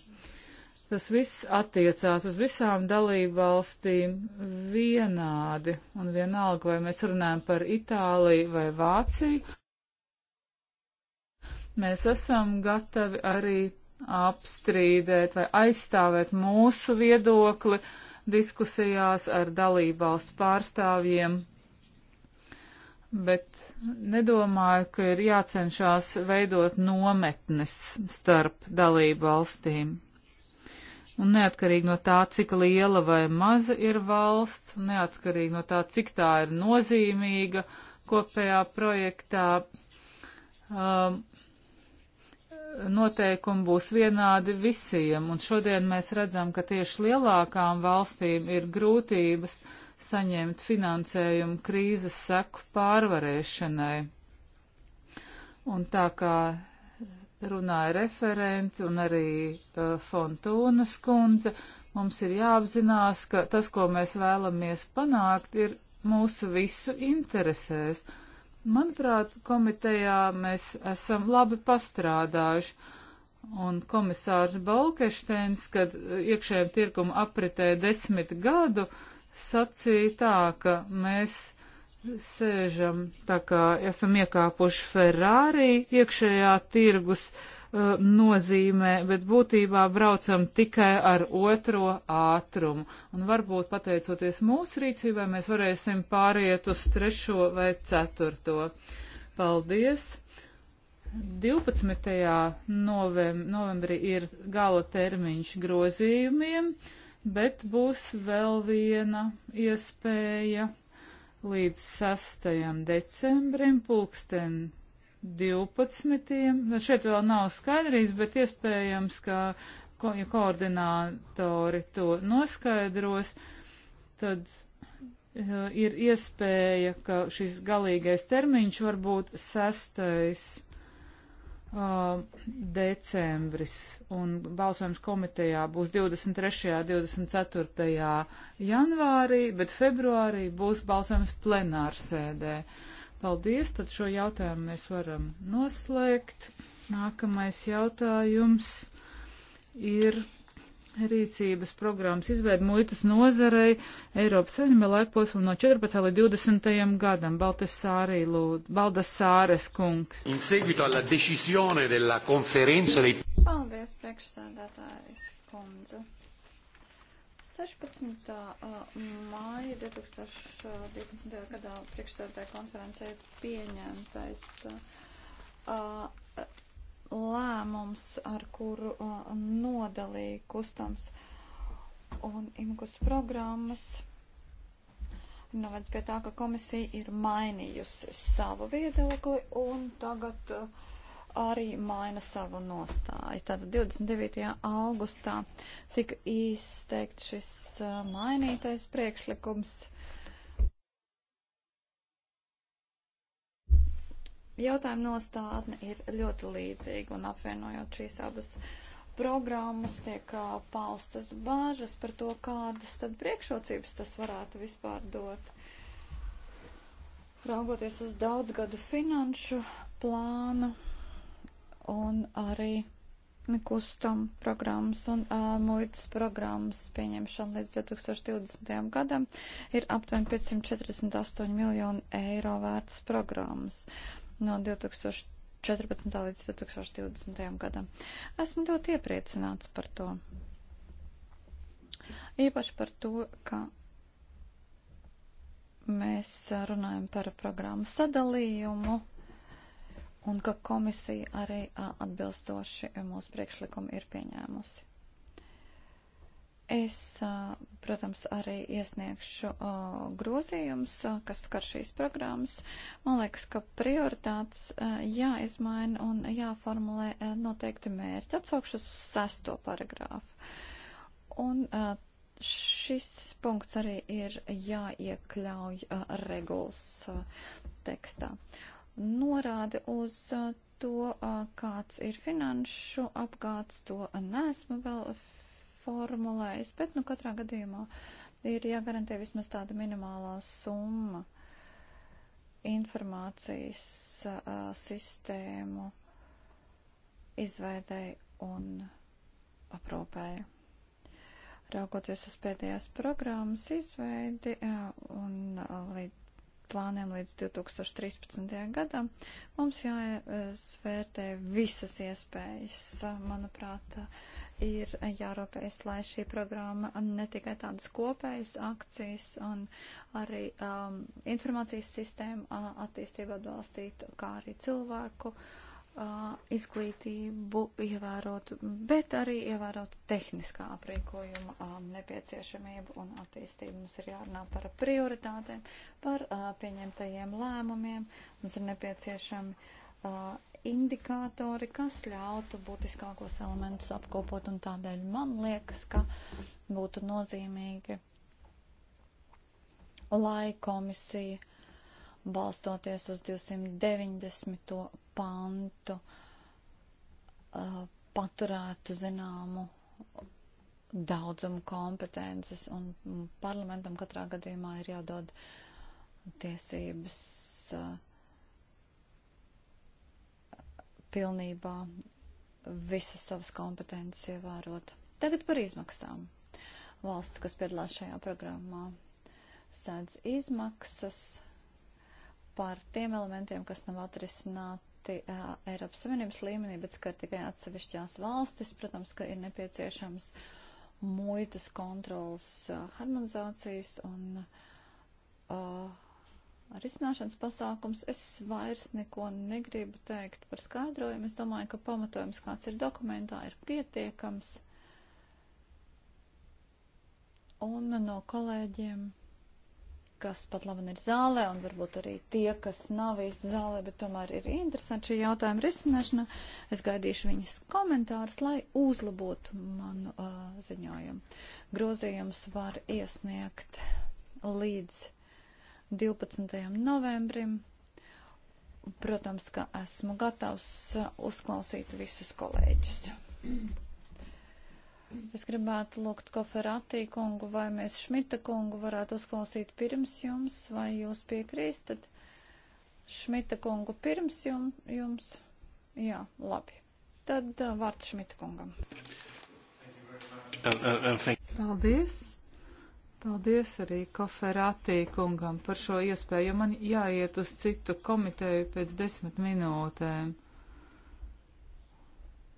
Tas viss attiecās uz visām dalību valstīm vienādi, un vienalga, vai mēs runājam par Itāliju vai Vāciju. Mēs esam gatavi arī apstrīdēt vai aizstāvēt mūsu viedokli diskusijās ar dalībvalstu pārstāvjiem. Bet nedomāju, ka ir jācenšās veidot nometnes starp dalībvalstīm. Un neatkarīgi no tā, cik liela vai maza ir valsts, neatkarīgi no tā, cik tā ir nozīmīga kopējā projektā, um, noteikumi būs vienādi visiem, un šodien mēs redzam, ka tieši lielākām valstīm ir grūtības saņemt finansējumu krīzes seku pārvarēšanai. Un tā kā runāja referenti un arī uh, Fontūnas kundze, mums ir jāapzinās, ka tas, ko mēs vēlamies panākt, ir mūsu visu interesēs. Uh, Manuprāt, komitejā mēs esam labi pastrādājuši. Un komisārs Balkešteins, kad iekšējiem tirkumu apritē desmit gadu, sacīja tā, ka mēs sēžam, tā kā esam iekāpuši Ferrari iekšējā tirgus uh, uh, nozīmē, bet būtībā braucam tikai ar otro ātrumu. Un varbūt pateicoties mūsu rīcībai, mēs varēsim pāriet uz trešo vai ceturto. Paldies! 12. Novem, novembrī ir gala termiņš grozījumiem, bet būs vēl viena iespēja līdz 6. decembrim pulksten 12. Nu, šeit vēl nav skaidrījis, bet iespējams, ka ko, ja koordinātori to noskaidros, tad uh, ir iespēja, ka šis galīgais termiņš var būt 6. Uh, decembris un balsojums komitejā būs 23. 24. janvārī, bet februārī būs balsojums plenārsēdē. Uh, Paldies, tad šo jautājumu mēs varam noslēgt. Nākamais jautājums ir rīcības programmas izveida muitas nozarei Eiropas Savienībā laikposmu no 14 līdz 20 gadam. Baltasārī lūdzu, Baldasāres kungs. In seguito alla decisione della conferenza dei... Paldies, priekšsēdētāji kundze. 16. māja 2012. gadā priekšstādāja konferencē pieņemtais lēmums, ar kuru nodalīja kustams un imkus programmas novēc pie tā, ka komisija ir mainījusi savu viedokli un tagad uh, arī maina savu nostāju. Tātad 29. augustā tika izteikt šis mainītais priekšlikums. Jautājuma nostātne ir ļoti līdzīga un apvienojot šīs abas programmas tiek paustas bāžas par to, kādas tad priekšrocības tas varētu vispār dot. Raugoties uz daudzgadu finanšu plānu, un arī kustam programmas un uh, muitas programmas pieņemšana līdz 2020. gadam ir aptuveni 548 miljonu eiro vērts programmas no 2014. līdz 2020. gadam. Esmu ļoti iepriecināts par to. Īpaši par to, ka mēs runājam par programmu sadalījumu un ka komisija arī atbilstoši mūsu priekšlikumu ir pieņēmusi. Es, protams, arī iesniegšu grozījumus, kas skar šīs programmas. Man liekas, ka prioritātes jāizmaina un jāformulē noteikti mērķi. Atsaukšos uz sesto paragrāfu. Un šis punkts arī ir jāiekļauj regulas tekstā norādi uz uh, to, uh, kāds ir finanšu apgāds, to neesmu vēl formulējis, bet nu katrā gadījumā ir jāgarantē vismaz tāda minimālā summa informācijas uh, sistēmu izveidēji un aprūpēji. Raugoties uz pēdējās programmas izveidi uh, un uh, līdz plāniem līdz 2013. gadam, mums jāsvērtē visas iespējas, manuprāt, ir jārūpējas, lai šī programma ne tikai tādas kopējas akcijas un arī um, informācijas sistēmu attīstību atbalstītu, kā arī cilvēku uh, izglītību ievērotu, bet arī ievērotu tehniskā aprīkojuma nepieciešamību un attīstību. Mums ir jārunā par prioritātēm, par pieņemtajiem lēmumiem. Mums ir nepieciešami indikātori, kas ļautu būtiskākos elementus apkopot, un tādēļ man liekas, ka būtu nozīmīgi, lai komisija balstoties uz 290. pantu, uh, paturētu zināmu daudzumu kompetences, un parlamentam katrā gadījumā ir jādod tiesības uh, pilnībā visas savas kompetences ievērot. Tagad par izmaksām. Valsts, kas piedalās šajā programmā, sēdz izmaksas par tiem elementiem, kas nav atrisināti uh, Eiropas Savienības līmenī, bet skar tikai atsevišķās valstis. Protams, ka ir nepieciešams muitas kontrolas uh, harmonizācijas un uh, risināšanas pasākums. Es vairs neko negribu teikt par skaidrojumu. Es domāju, ka pamatojums, kāds ir dokumentā, ir pietiekams. Un no kolēģiem kas pat labi ir zālē, un varbūt arī tie, kas nav īsti zālē, bet tomēr ir interesanti šī jautājuma risināšana. Es gaidīšu viņus komentārus, lai uzlabotu manu uh, ziņojumu. Grozījums var iesniegt līdz 12. novembrim. Protams, ka esmu gatavs uh, uzklausīt visus kolēģus. Mm. Es gribētu lūgt Koferatī kungu, vai mēs Šmita kungu varētu uzklausīt pirms jums, vai jūs piekrīstat Šmita kungu pirms jums. Jā, labi. Tad uh, vārds Šmita kungam. Paldies! Paldies arī Koferatī kungam par šo iespēju. Man jāiet uz citu komiteju pēc desmit minūtēm.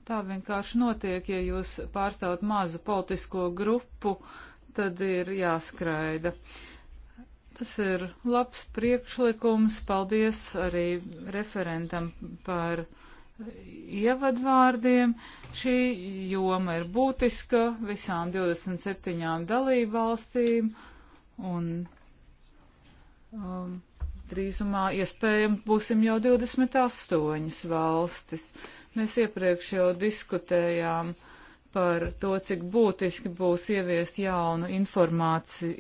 Tā vienkārši notiek, ja jūs pārstāvat mazu politisko grupu, tad ir jāskraida. Tas ir labs priekšlikums. Paldies arī referentam par ievadvārdiem. Šī joma ir būtiska visām 27 dalībvalstīm un um, drīzumā iespējams būsim jau 28 valstis. Mēs iepriekš jau diskutējām par to, cik būtiski būs ieviest jaunu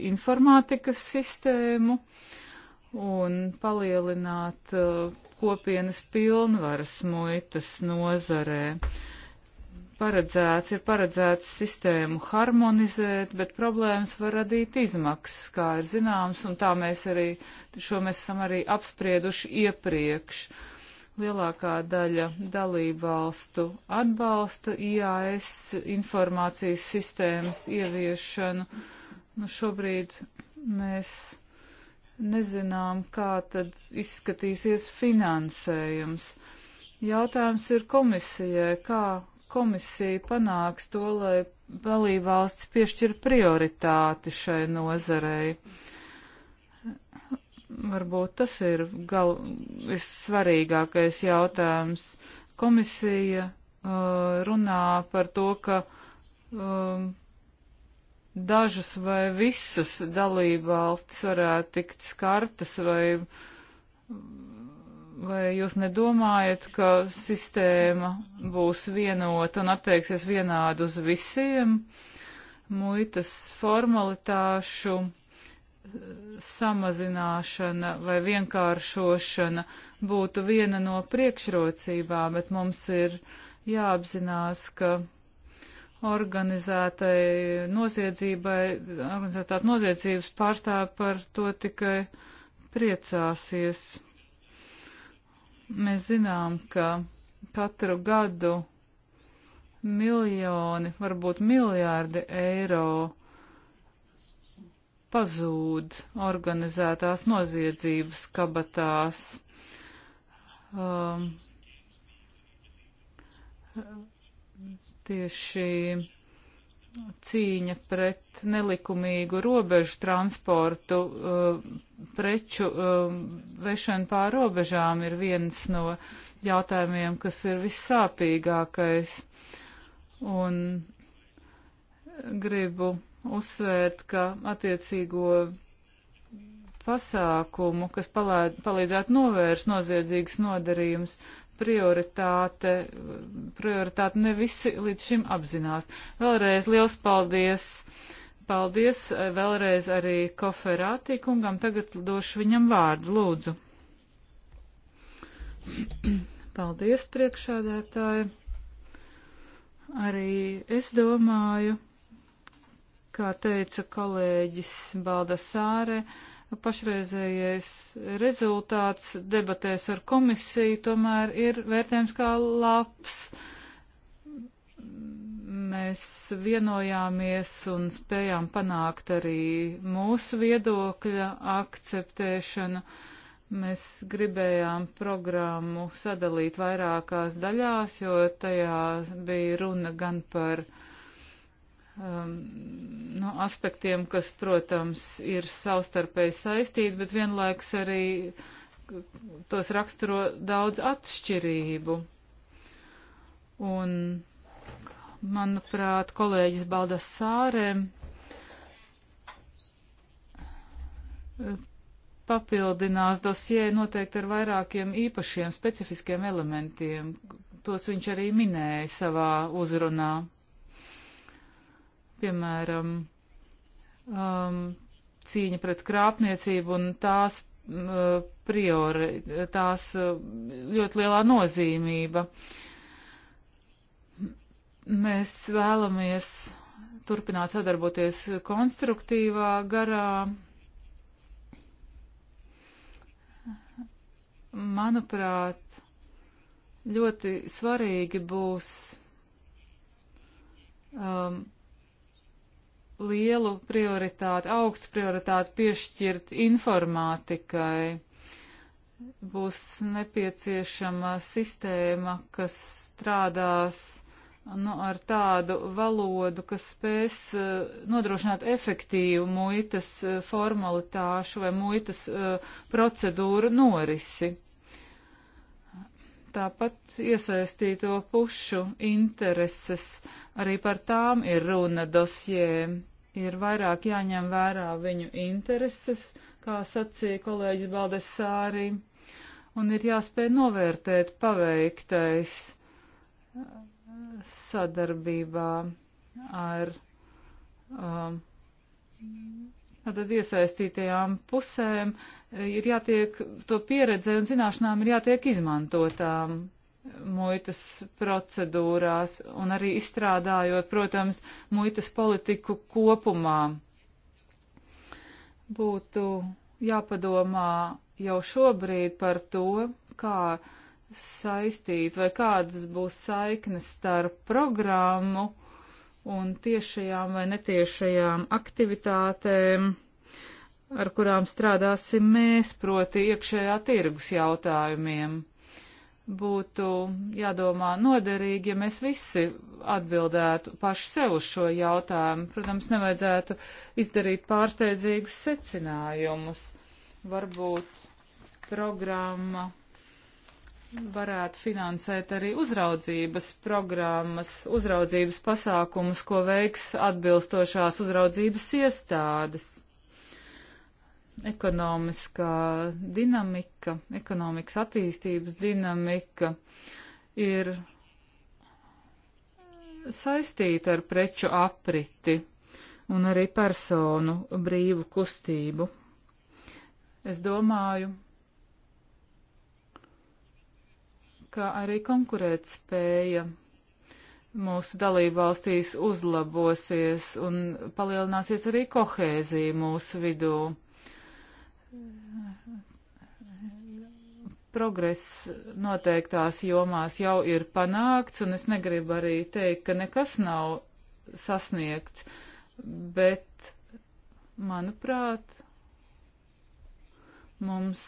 informātikas sistēmu un palielināt uh, kopienas pilnvaras muitas nozarē. Uh, paredzēts, ir paredzēts sistēmu harmonizēt, bet problēmas var radīt izmaksas, kā ir zināms, un tā mēs arī, šo mēs esam arī apsprieduši iepriekš. Lielākā daļa dalībvalstu atbalsta IAS informācijas sistēmas ieviešanu. Nu, šobrīd mēs nezinām, kā tad izskatīsies finansējums. Jautājums ir komisijai, kā komisija panāks to, lai dalībvalsts piešķir prioritāti šai nozarei. Varbūt tas ir gal, vissvarīgākais jautājums. Komisija uh, runā par to, ka um, dažas vai visas dalībvalstis varētu tikt skartas vai um, Vai jūs nedomājat, ka sistēma būs vienota un attieksies vienādu uz visiem muitas formalitāšu samazināšana vai vienkāršošana būtu viena no priekšrocībām, bet mums ir jāapzinās, ka organizētai noziedzībai, organizētāt noziedzības pārstāv par to tikai priecāsies. Mēs zinām, ka katru gadu miljoni, varbūt miljārdi eiro pazūd organizētās noziedzības kabatās. Um, tieši cīņa pret nelikumīgu robežu transportu, uh, preču uh, vešanu pār robežām ir viens no jautājumiem, kas ir vissāpīgākais. Un gribu uzsvērt, ka attiecīgo pasākumu, kas palēd, palīdzētu novērst noziedzīgas nodarījumus, uh, prioritāte, prioritāte ne visi līdz šim apzinās. Vēlreiz liels paldies! Paldies eh, vēlreiz arī Koferātī kungam. Tagad došu viņam vārdu, lūdzu. (clears throat) Paldies, priekšādētāji. Arī es domāju, kā teica kolēģis Baldasāre, uh, Nu, pašreizējais rezultāts debatēs ar komisiju tomēr ir vērtējums kā labs. Mēs vienojāmies un spējām panākt arī mūsu viedokļa akceptēšanu. Mēs gribējām programmu sadalīt vairākās daļās, jo tajā bija runa gan par uh, um, no aspektiem, kas, protams, ir savstarpēji saistīti, bet vienlaikus arī tos raksturo daudz atšķirību. Un, manuprāt, kolēģis Baldasārē uh, papildinās dosie noteikti ar vairākiem īpašiem, specifiskiem elementiem. Tos viņš arī minēja savā uzrunā. Piemēram, um, cīņa pret krāpniecību un tās uh, priori, tās uh, ļoti lielā nozīmība. Mēs vēlamies turpināt sadarboties konstruktīvā garā. Manuprāt, ļoti svarīgi būs um, lielu prioritāti, augstu prioritāti piešķirt informātikai. Būs nepieciešama sistēma, kas strādās nu, ar tādu valodu, kas spēs uh, nodrošināt efektīvu muitas uh, formalitāšu vai muitas uh, procedūru norisi. Tāpat iesaistīto pušu intereses, arī par tām ir runa dosjēm ir vairāk jāņem vērā viņu intereses, kā sacīja kolēģis Baldesārī, un ir jāspēj novērtēt paveiktais uh, sadarbībā ar um, tad iesaistītajām pusēm, ir jātiek to pieredze un zināšanām ir jātiek izmantotām muitas procedūrās un arī izstrādājot, protams, muitas politiku kopumā. Būtu jāpadomā jau šobrīd par to, kā saistīt vai kādas būs saiknes starp programmu un tiešajām vai netiešajām aktivitātēm, ar kurām strādāsim mēs, proti iekšējā tirgus jautājumiem būtu jādomā noderīgi, ja mēs visi atbildētu paši sev uz šo jautājumu. Protams, nevajadzētu izdarīt pārsteidzīgus secinājumus. Varbūt programma varētu finansēt arī uzraudzības programmas, uzraudzības pasākumus, ko veiks atbilstošās uzraudzības iestādes ekonomiskā dinamika, ekonomikas attīstības dinamika ir saistīta ar preču apriti un arī personu brīvu kustību. Es domāju, ka arī konkurētspēja mūsu dalībvalstīs uzlabosies un palielināsies arī kohēzija mūsu vidū progress noteiktās jomās jau ir panākts, un es negribu arī teikt, ka nekas nav sasniegts, bet, manuprāt, mums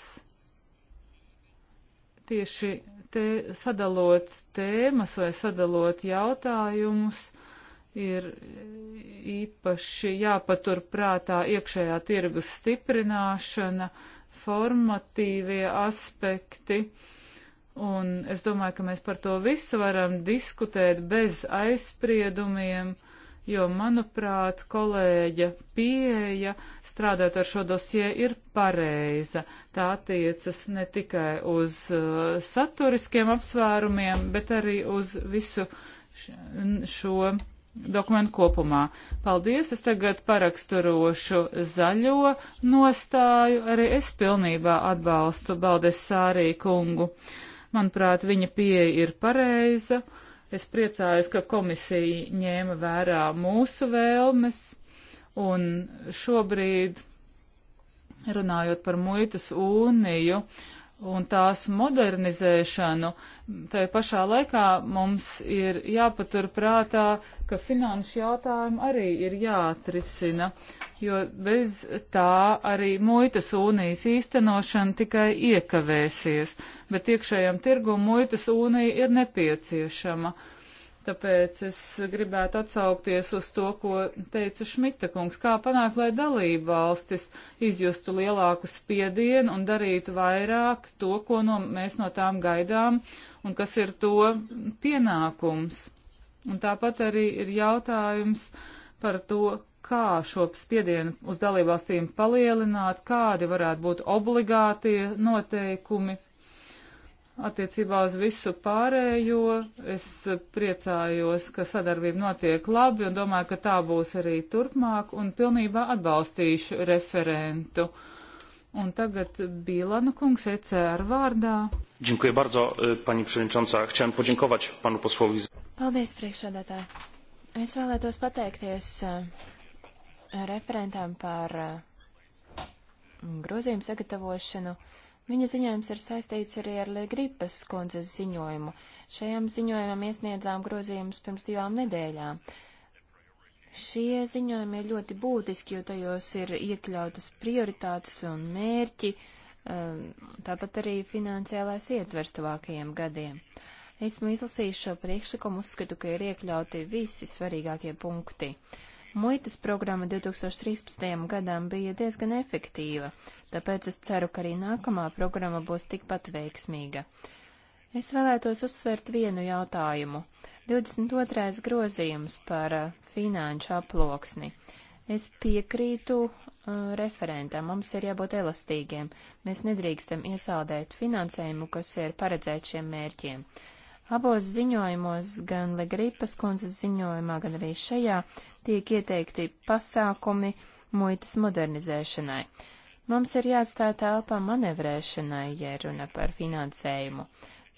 tieši te sadalot tēmas vai sadalot jautājumus, ir īpaši jāpatur prātā iekšējā tirgus stiprināšana, formatīvie aspekti. Un es domāju, ka mēs par to visu varam diskutēt bez aizspriedumiem, jo, manuprāt, kolēģa pieeja strādāt ar šo dosie ir pareiza. Tā attiecas ne tikai uz uh, saturiskiem apsvērumiem, bet arī uz visu šo dokumentu kopumā. Paldies, es tagad paraksturošu zaļo nostāju, arī es pilnībā atbalstu Baldesārī kungu. Manuprāt, viņa pieeja ir pareiza. Es priecājos, ka komisija ņēma vērā mūsu vēlmes un šobrīd, runājot par muitas uniju, uh, un tās modernizēšanu, tai pašā laikā mums ir jāpatur prātā, ka finanšu jautājumi arī ir jāatrisina, jo bez tā arī muitas unijas īstenošana tikai iekavēsies, bet iekšējam tirgu muitas unija ir nepieciešama. Uh, Tāpēc es gribētu atsaukties uz to, ko teica Šmita kungs, kā panākt, lai dalība valstis izjustu lielāku spiedienu un darītu vairāk to, ko no, mēs no tām gaidām un kas ir to pienākums. Un tāpat arī ir jautājums par to, kā šo spiedienu uz dalību valstīm palielināt, kādi varētu būt obligātie noteikumi Attiecībā uz visu pārējo es priecājos, ka sadarbība notiek labi un domāju, ka tā būs arī turpmāk un pilnībā atbalstīšu referentu. Un tagad Bīlana kungs ECR vārdā. Dziękuję bardzo, e, pani przewodnicząca. Chciałem podziękować panu posłowi. Paldies, priekšsēdētāji. Es vēlētos pateikties e, referentam par e, grozījumu sagatavošanu. Viņa ziņojums ir saistīts arī ar Gripas kundzes ziņojumu. Šajam ziņojumam iesniedzām grozījumus pirms divām nedēļām. Šie ziņojumi ir ļoti būtiski, jo tajos ir iekļautas prioritātes un mērķi, um, tāpat arī finansiālais ietvers tuvākajiem gadiem. Esmu izlasījis šo priekšlikumu, uzskatu, ka ir iekļauti visi svarīgākie punkti. Uh, Muitas programma 2013. gadam bija diezgan efektīva, tāpēc es ceru, ka arī nākamā programma būs tikpat veiksmīga. Es vēlētos uzsvērt vienu jautājumu. 22. grozījums par uh, finanšu aploksni. Es piekrītu uh, referentam, mums ir jābūt elastīgiem. Mēs nedrīkstam iesaldēt finansējumu, kas ir paredzēts šiem mērķiem. Abos ziņojumos, gan Legripas kundzes ziņojumā, gan arī šajā, tiek ieteikti pasākumi muitas modernizēšanai. Mums ir jāatstāj telpā manevrēšanai, ja runa par finansējumu.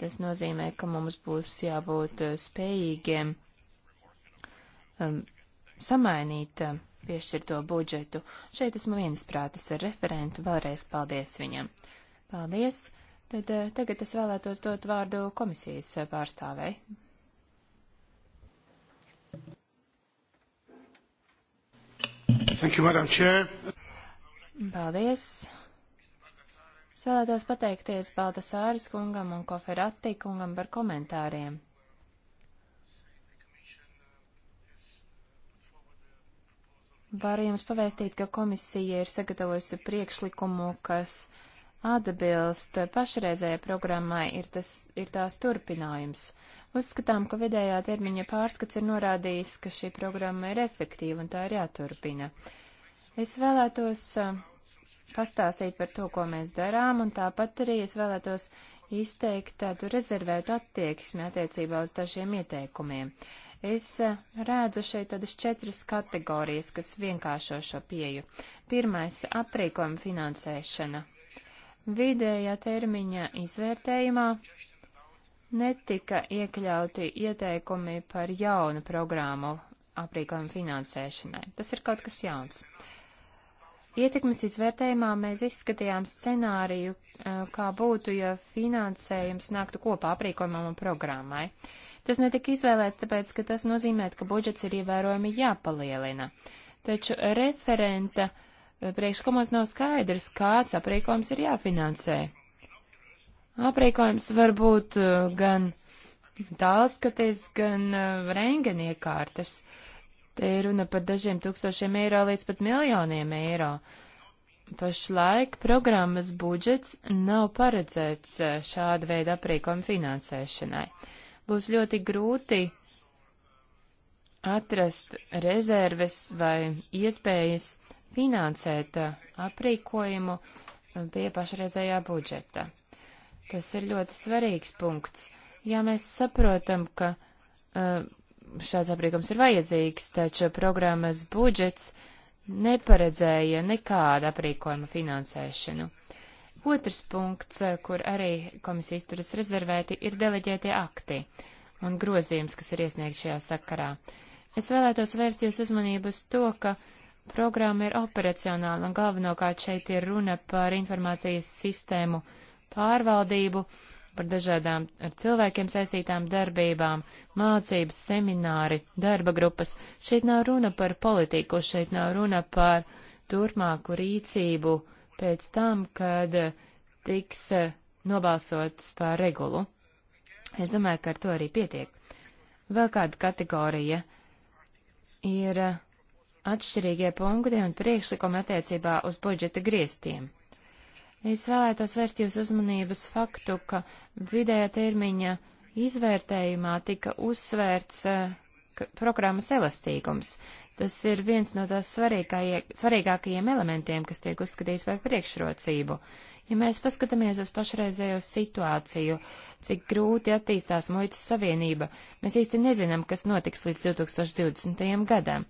Tas nozīmē, ka mums būs jābūt eh, spējīgiem um, samainīt uh, piešķirto budžetu. Šeit esmu viensprātis ar referentu, vēlreiz paldies viņam. Paldies! Tad eh, tagad es vēlētos dot vārdu komisijas pārstāvei. Thank you, Madam Chair. Paldies. Es vēlētos pateikties Baltasāras kungam un Koferati kungam par komentāriem. Varu jums pavēstīt, ka komisija ir sagatavojusi priekšlikumu, kas atbilst pašreizējai programmai, ir, tas, ir tās turpinājums. Uzskatām, ka vidējā termiņa pārskats ir norādījis, ka šī programma ir efektīva un tā ir jāturpina. Es vēlētos pastāstīt par to, ko mēs darām, un tāpat arī es vēlētos izteikt tādu rezervētu attieksmi attiecībā uz dažiem ieteikumiem. Es redzu šeit tādas četras kategorijas, kas vienkāršo šo pieju. Pirmais - aprīkojuma finansēšana. Vidējā termiņa izvērtējumā netika iekļauti ieteikumi par jaunu programmu aprīkojumu finansēšanai. Tas ir kaut kas jauns. Ietekmes izvērtējumā mēs izskatījām scenāriju, kā būtu, ja finansējums nāktu kopā aprīkojumam un programmai. Tas netika izvēlēts, tāpēc, ka tas nozīmē, ka budžets ir ievērojami jāpalielina. Taču referenta priekšlikumos nav skaidrs, kāds aprīkojums ir jāfinansē. Aprīkojums var būt uh, gan tālskatis, gan uh, rengeniekārtas. Te ir runa par dažiem tūkstošiem eiro līdz pat miljoniem eiro. Pašlaik programmas budžets nav paredzēts uh, šāda veida aprīkojuma finansēšanai. Būs ļoti grūti atrast rezerves vai iespējas finansēt aprīkojumu pie pašreizējā budžeta. Tas ir ļoti svarīgs punkts. Jā, mēs saprotam, ka uh, šāds aprīkums ir vajadzīgs, taču programmas budžets neparedzēja nekādu aprīkojuma finansēšanu. Otrs punkts, uh, kur arī komisija izturas rezervēti, ir deleģētie akti un grozījums, kas ir iesniegts šajā sakarā. Es vēlētos vērst jūs uzmanību uz to, ka programma ir operacionāla un galvenokārt šeit ir runa par informācijas sistēmu pārvaldību, par dažādām ar cilvēkiem saistītām darbībām, mācības, semināri, darba grupas. Šeit nav runa par politiku, šeit nav runa par turpmāku rīcību pēc tam, kad eh, tiks eh, nobalsots par regulu. Es domāju, ka ar to arī pietiek. Vēl kāda kategorija ir eh, atšķirīgie punkti un priekšlikumi attiecībā uz budžeta griestiem. Es vēlētos vērst jūs uzmanības faktu, ka vidējā termiņa izvērtējumā tika uzsvērts uh, programmas elastīgums. Tas ir viens no tās svarīgākajiem elementiem, kas tiek uzskatīts par priekšrocību. Ja mēs paskatāmies uz pašreizējo situāciju, cik grūti attīstās muitas savienība, mēs īsti nezinām, kas notiks līdz 2020. gadam.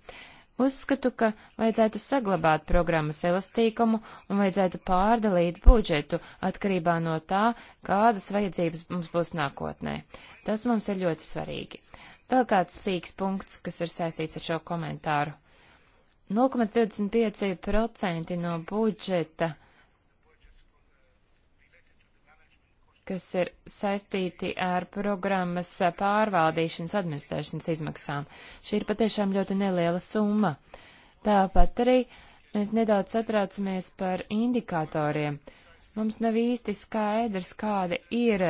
Uzskatu, ka vajadzētu saglabāt programmas elastīkumu un vajadzētu pārdalīt budžetu atkarībā no tā, kādas vajadzības mums būs nākotnē. Tas mums ir ļoti svarīgi. Vēl kāds sīks punkts, kas ir saistīts ar šo komentāru. 0,25% no budžeta kas ir saistīti ar programmas pārvaldīšanas administrēšanas izmaksām. Šī ir patiešām ļoti neliela summa. Tāpat arī mēs nedaudz satraucamies par indikatoriem. Mums nav īsti skaidrs, kādi ir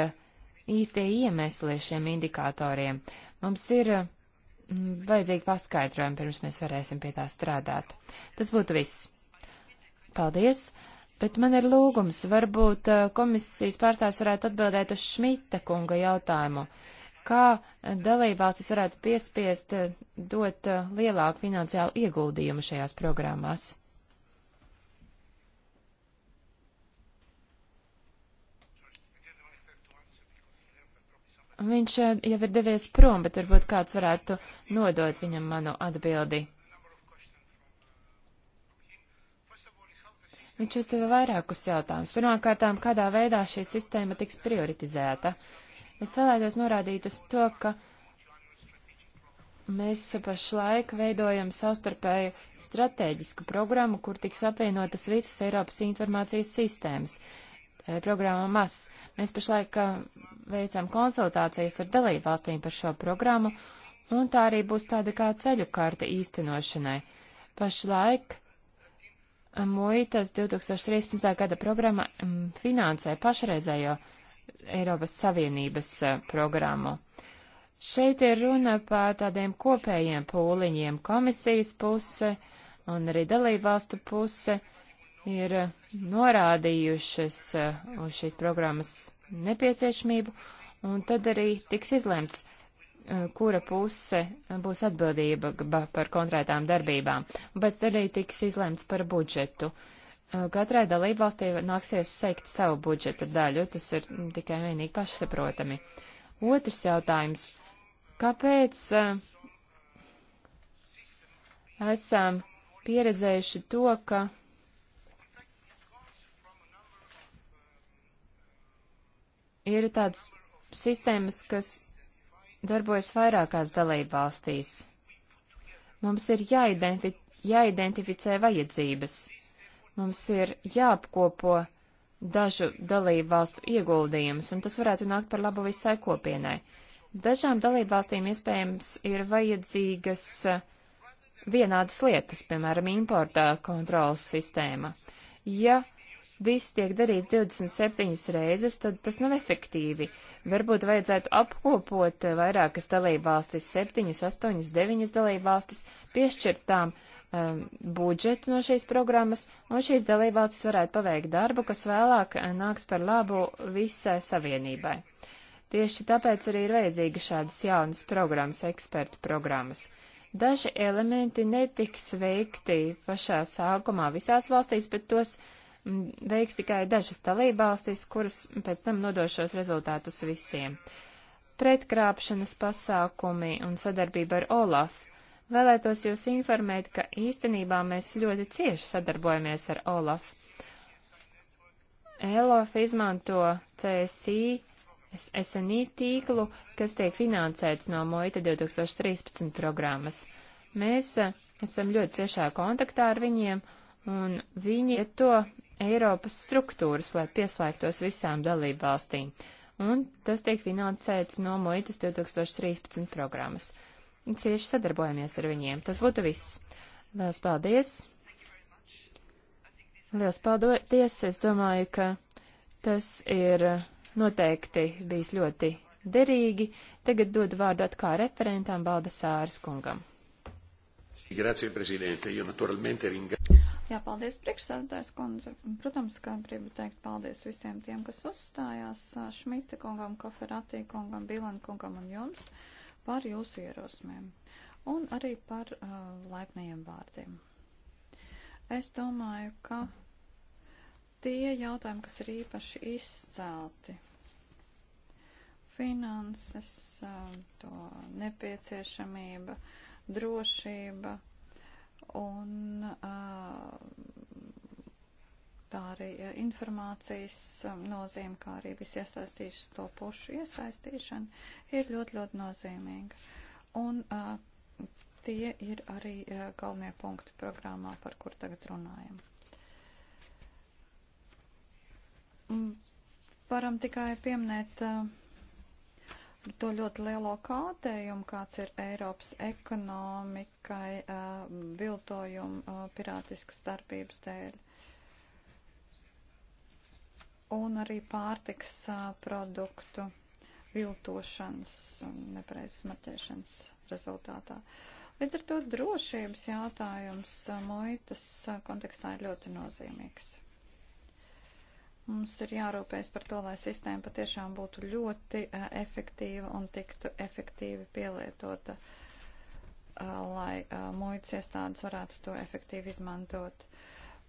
īstie iemesli šiem indikatoriem. Mums ir mm, vajadzīgi paskaidrojumi, pirms mēs varēsim pie tā strādāt. Tas būtu viss. Paldies! Bet man ir lūgums, varbūt eh, komisijas pārstāvs varētu atbildēt uz Šmita kunga jautājumu. Kā dalībvalstis varētu piespiest eh, dot eh, lielāku finansiālu ieguldījumu šajās programmās? Viņš jau ir devies prom, bet varbūt kāds varētu nodot viņam manu atbildi. Viņš uzdeva vairākus jautājumus. Pirmkārt, kādā veidā šī sistēma tiks prioritizēta? Es vēlētos norādīt uz to, ka mēs pašlaik veidojam savstarpēju strateģisku programmu, kur tiks apvienotas visas Eiropas informācijas sistēmas. Programma MAS. Mēs pašlaik uh, veicam konsultācijas ar dalību valstīm par šo programmu, un tā arī būs tāda kā ceļu karta īstenošanai. Pašlaik muitas 2013. gada programma mm, finansē pašreizējo Eiropas Savienības e, programmu. Šeit ir runa par tādiem kopējiem pūliņiem. Komisijas puse un arī dalībvalstu puse ir norādījušas e, uz šīs programmas nepieciešamību, un tad arī tiks izlemts, Eh, kura puse eh, būs atbildība par konkrētām darbībām, un pēc arī tiks izlemts par budžetu. Eh, katrai dalībvalstī nāksies seikt savu budžeta daļu, tas ir mm, tikai vienīgi pašsaprotami. Otrs jautājums. Kāpēc esam pieredzējuši to, ka ir tāds sistēmas, kas darbojas vairākās dalībvalstīs. Mums ir jāidentifi jāidentificē vajadzības. Mums ir jāapkopo dažu dalību valstu ieguldījumus, un tas varētu nākt par labu visai kopienai. Dažām dalību valstīm iespējams ir vajadzīgas eh, vienādas lietas, piemēram, importa kontrolas sistēma. Ja viss tiek darīts 27 reizes, tad tas nav efektīvi. Varbūt vajadzētu apkopot eh, vairākas dalībvalstis, 7, 8, 9 dalībvalstis, piešķirt tām um, budžetu no šīs programmas, un šīs dalībvalstis varētu paveikt darbu, kas vēlāk eh, nāks par labu visai savienībai. Tieši tāpēc arī ir vajadzīga šādas jaunas programmas, ekspertu programmas. Daži elementi netiks veikti pašā sākumā visās valstīs, bet tos uh, veiks tikai dažas dalībvalstis, kuras pēc tam nodošos rezultātus visiem. Pretkrāpšanas pasākumi un sadarbība ar Olaf. Vēlētos jūs informēt, ka īstenībā mēs ļoti cieši sadarbojamies ar Olaf. Olaf izmanto CSI SNI tīklu, kas tiek finansēts no Moita 2013 programmas. Mēs eh, esam ļoti ciešā kontaktā ar viņiem, un viņi to Eiropas struktūras, lai pieslēgtos visām dalību valstīm, un tas tiek finansēts no Moitas 2013 programmas. Cieši sadarbojamies ar viņiem. Tas būtu viss. Lielas paldies! Lielas paldies! Es domāju, ka tas ir noteikti bijis ļoti derīgi. Tagad dodu vārdu atkal referentam Baldasāras kungam. Grazie, prezidente. Jo naturalmente ringrazio. Jā, paldies priekšsēdētājs kundze. Protams, kā gribu teikt paldies visiem tiem, kas uzstājās Šmita kungam, Koferatī kungam, Bilan kungam un jums par jūsu ierosmēm un arī par uh, laipnajiem vārdiem. Es domāju, ka tie jautājumi, kas ir īpaši izcelti, finanses, uh, to nepieciešamība, drošība, uh, un tā arī informācijas nozīme, kā arī visi iesaistīšu to pušu iesaistīšana ir ļoti, ļoti nozīmīga. Un tie ir arī galvenie punkti programmā, par kur tagad runājam. Mm, varam tikai pieminēt uh, to ļoti lielo kautējumu, kāds ir Eiropas ekonomikai viltojumu pirātiskas darbības dēļ. Un arī pārtiks produktu viltošanas un nepareizes marķēšanas rezultātā. Līdz ar to drošības jautājums muitas kontekstā ir ļoti nozīmīgs. Mums ir jārūpējas par to, lai sistēma patiešām būtu ļoti uh, efektīva un tiktu efektīvi pielietota, uh, lai uh, muitas iestādes varētu to efektīvi izmantot.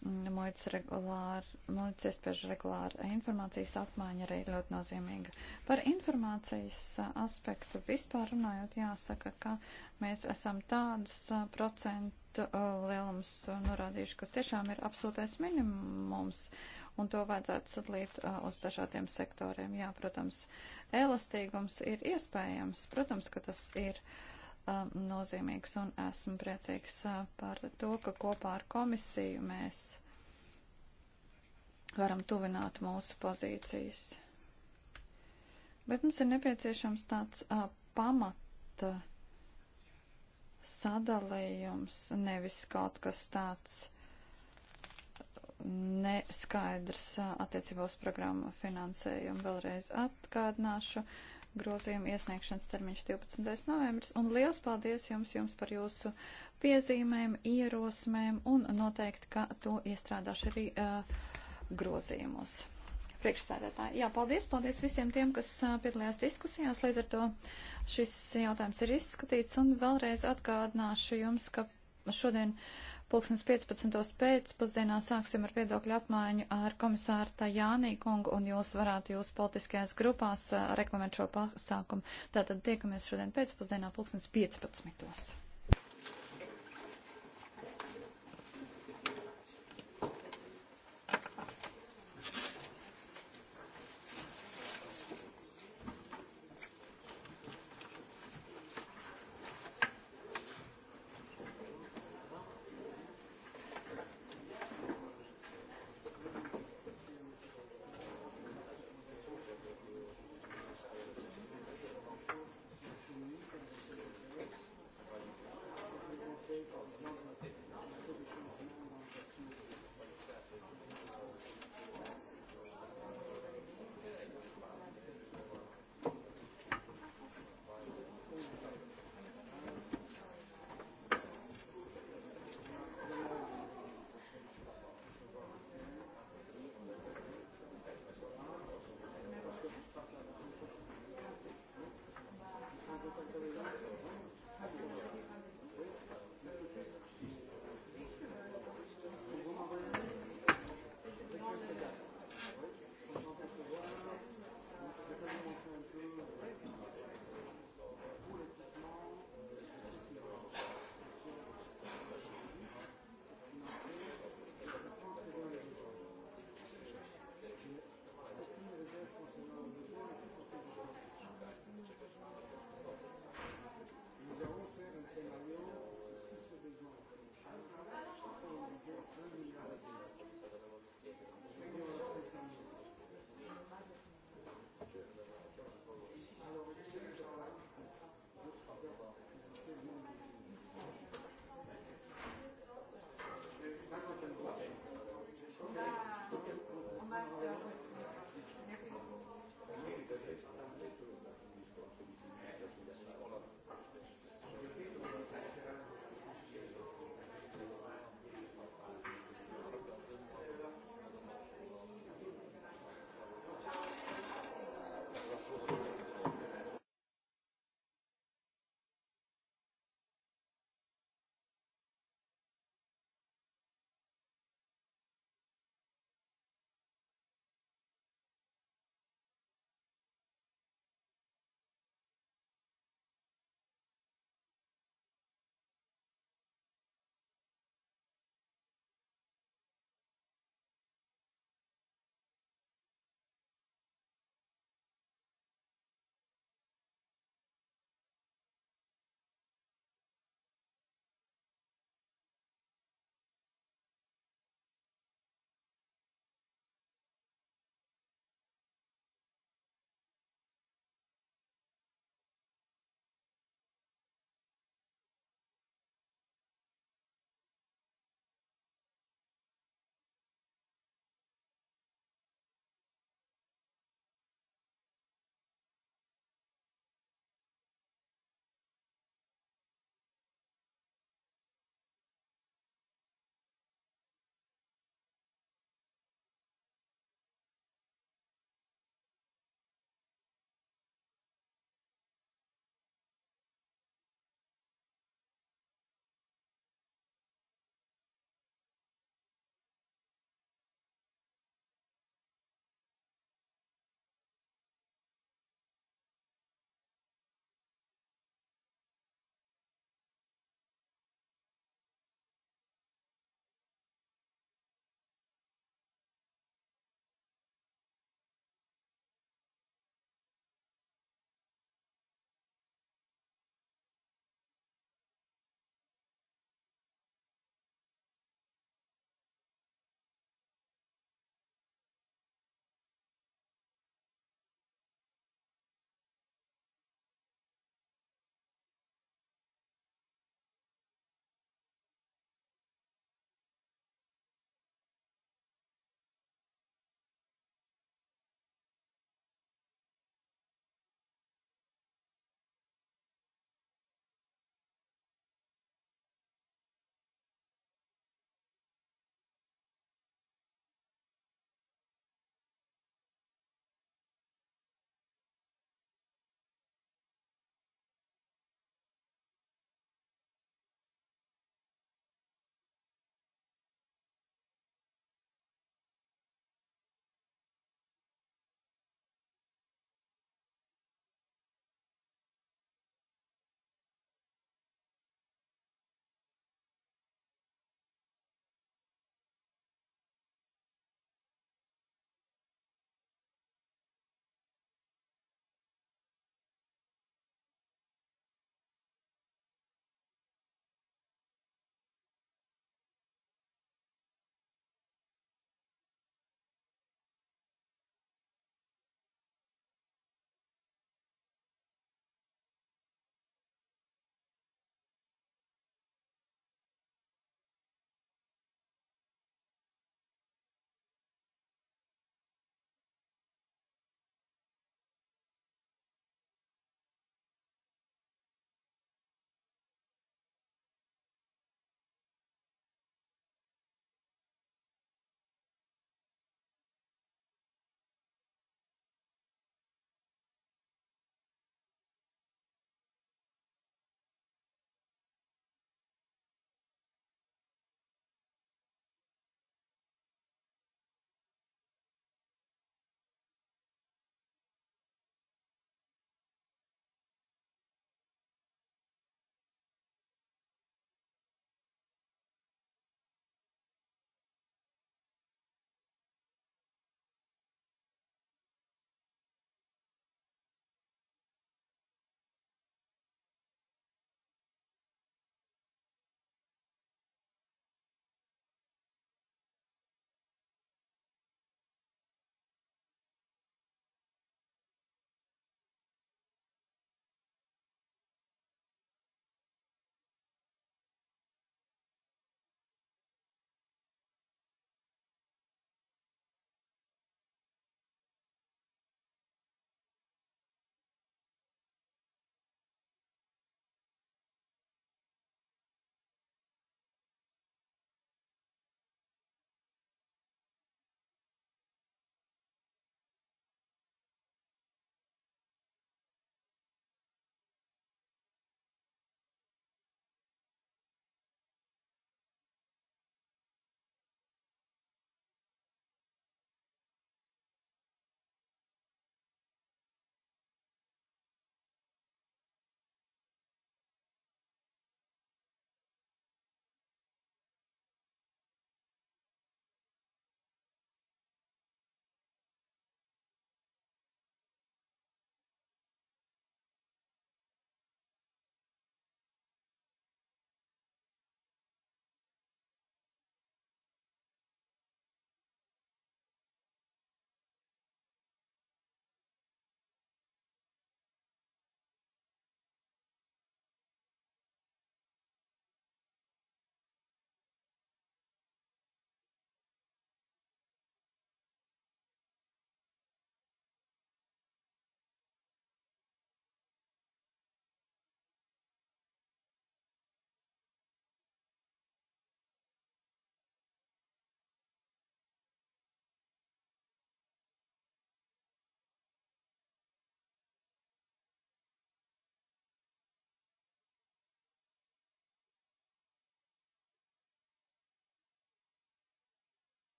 Mm, muitas, regulār, muitas iespēžu regulāra informācijas apmaiņa arī ir ļoti nozīmīga. Par informācijas aspektu vispār runājot, jāsaka, ka mēs esam tādus procentu lielums norādījuši, kas tiešām ir absolūtais minimums. Uh, un to vajadzētu sadalīt uh, uz dažādiem sektoriem. Jā, protams, elastīgums ir iespējams, protams, ka tas ir um, nozīmīgs un esmu priecīgs uh, par to, ka kopā ar komisiju mēs varam tuvināt mūsu pozīcijas. Bet mums ir nepieciešams tāds uh, pamata sadalījums, nevis kaut kas tāds. Uh, neskaidrs attiecībā uz programmu finansējumu. Vēlreiz atgādināšu grozījumu iesniegšanas termiņš 12. novembris. Un liels paldies jums, jums par jūsu piezīmēm, ierosmēm un noteikti, ka to iestrādāšu arī uh, grozījumos. Priekšsēdētāji, jā, paldies, paldies visiem tiem, kas uh, piedalījās diskusijās. Līdz ar to šis jautājums ir izskatīts un vēlreiz atgādināšu jums, ka šodien Pulksnes 15. pēcpusdienā sāksim ar viedokļu apmaiņu ar komisāru Tajānī kungu, un jūs varētu jūs politiskajās grupās uh, reklamēt šo pasākumu. Tātad tiekamies šodien pēcpusdienā pulksnes 15.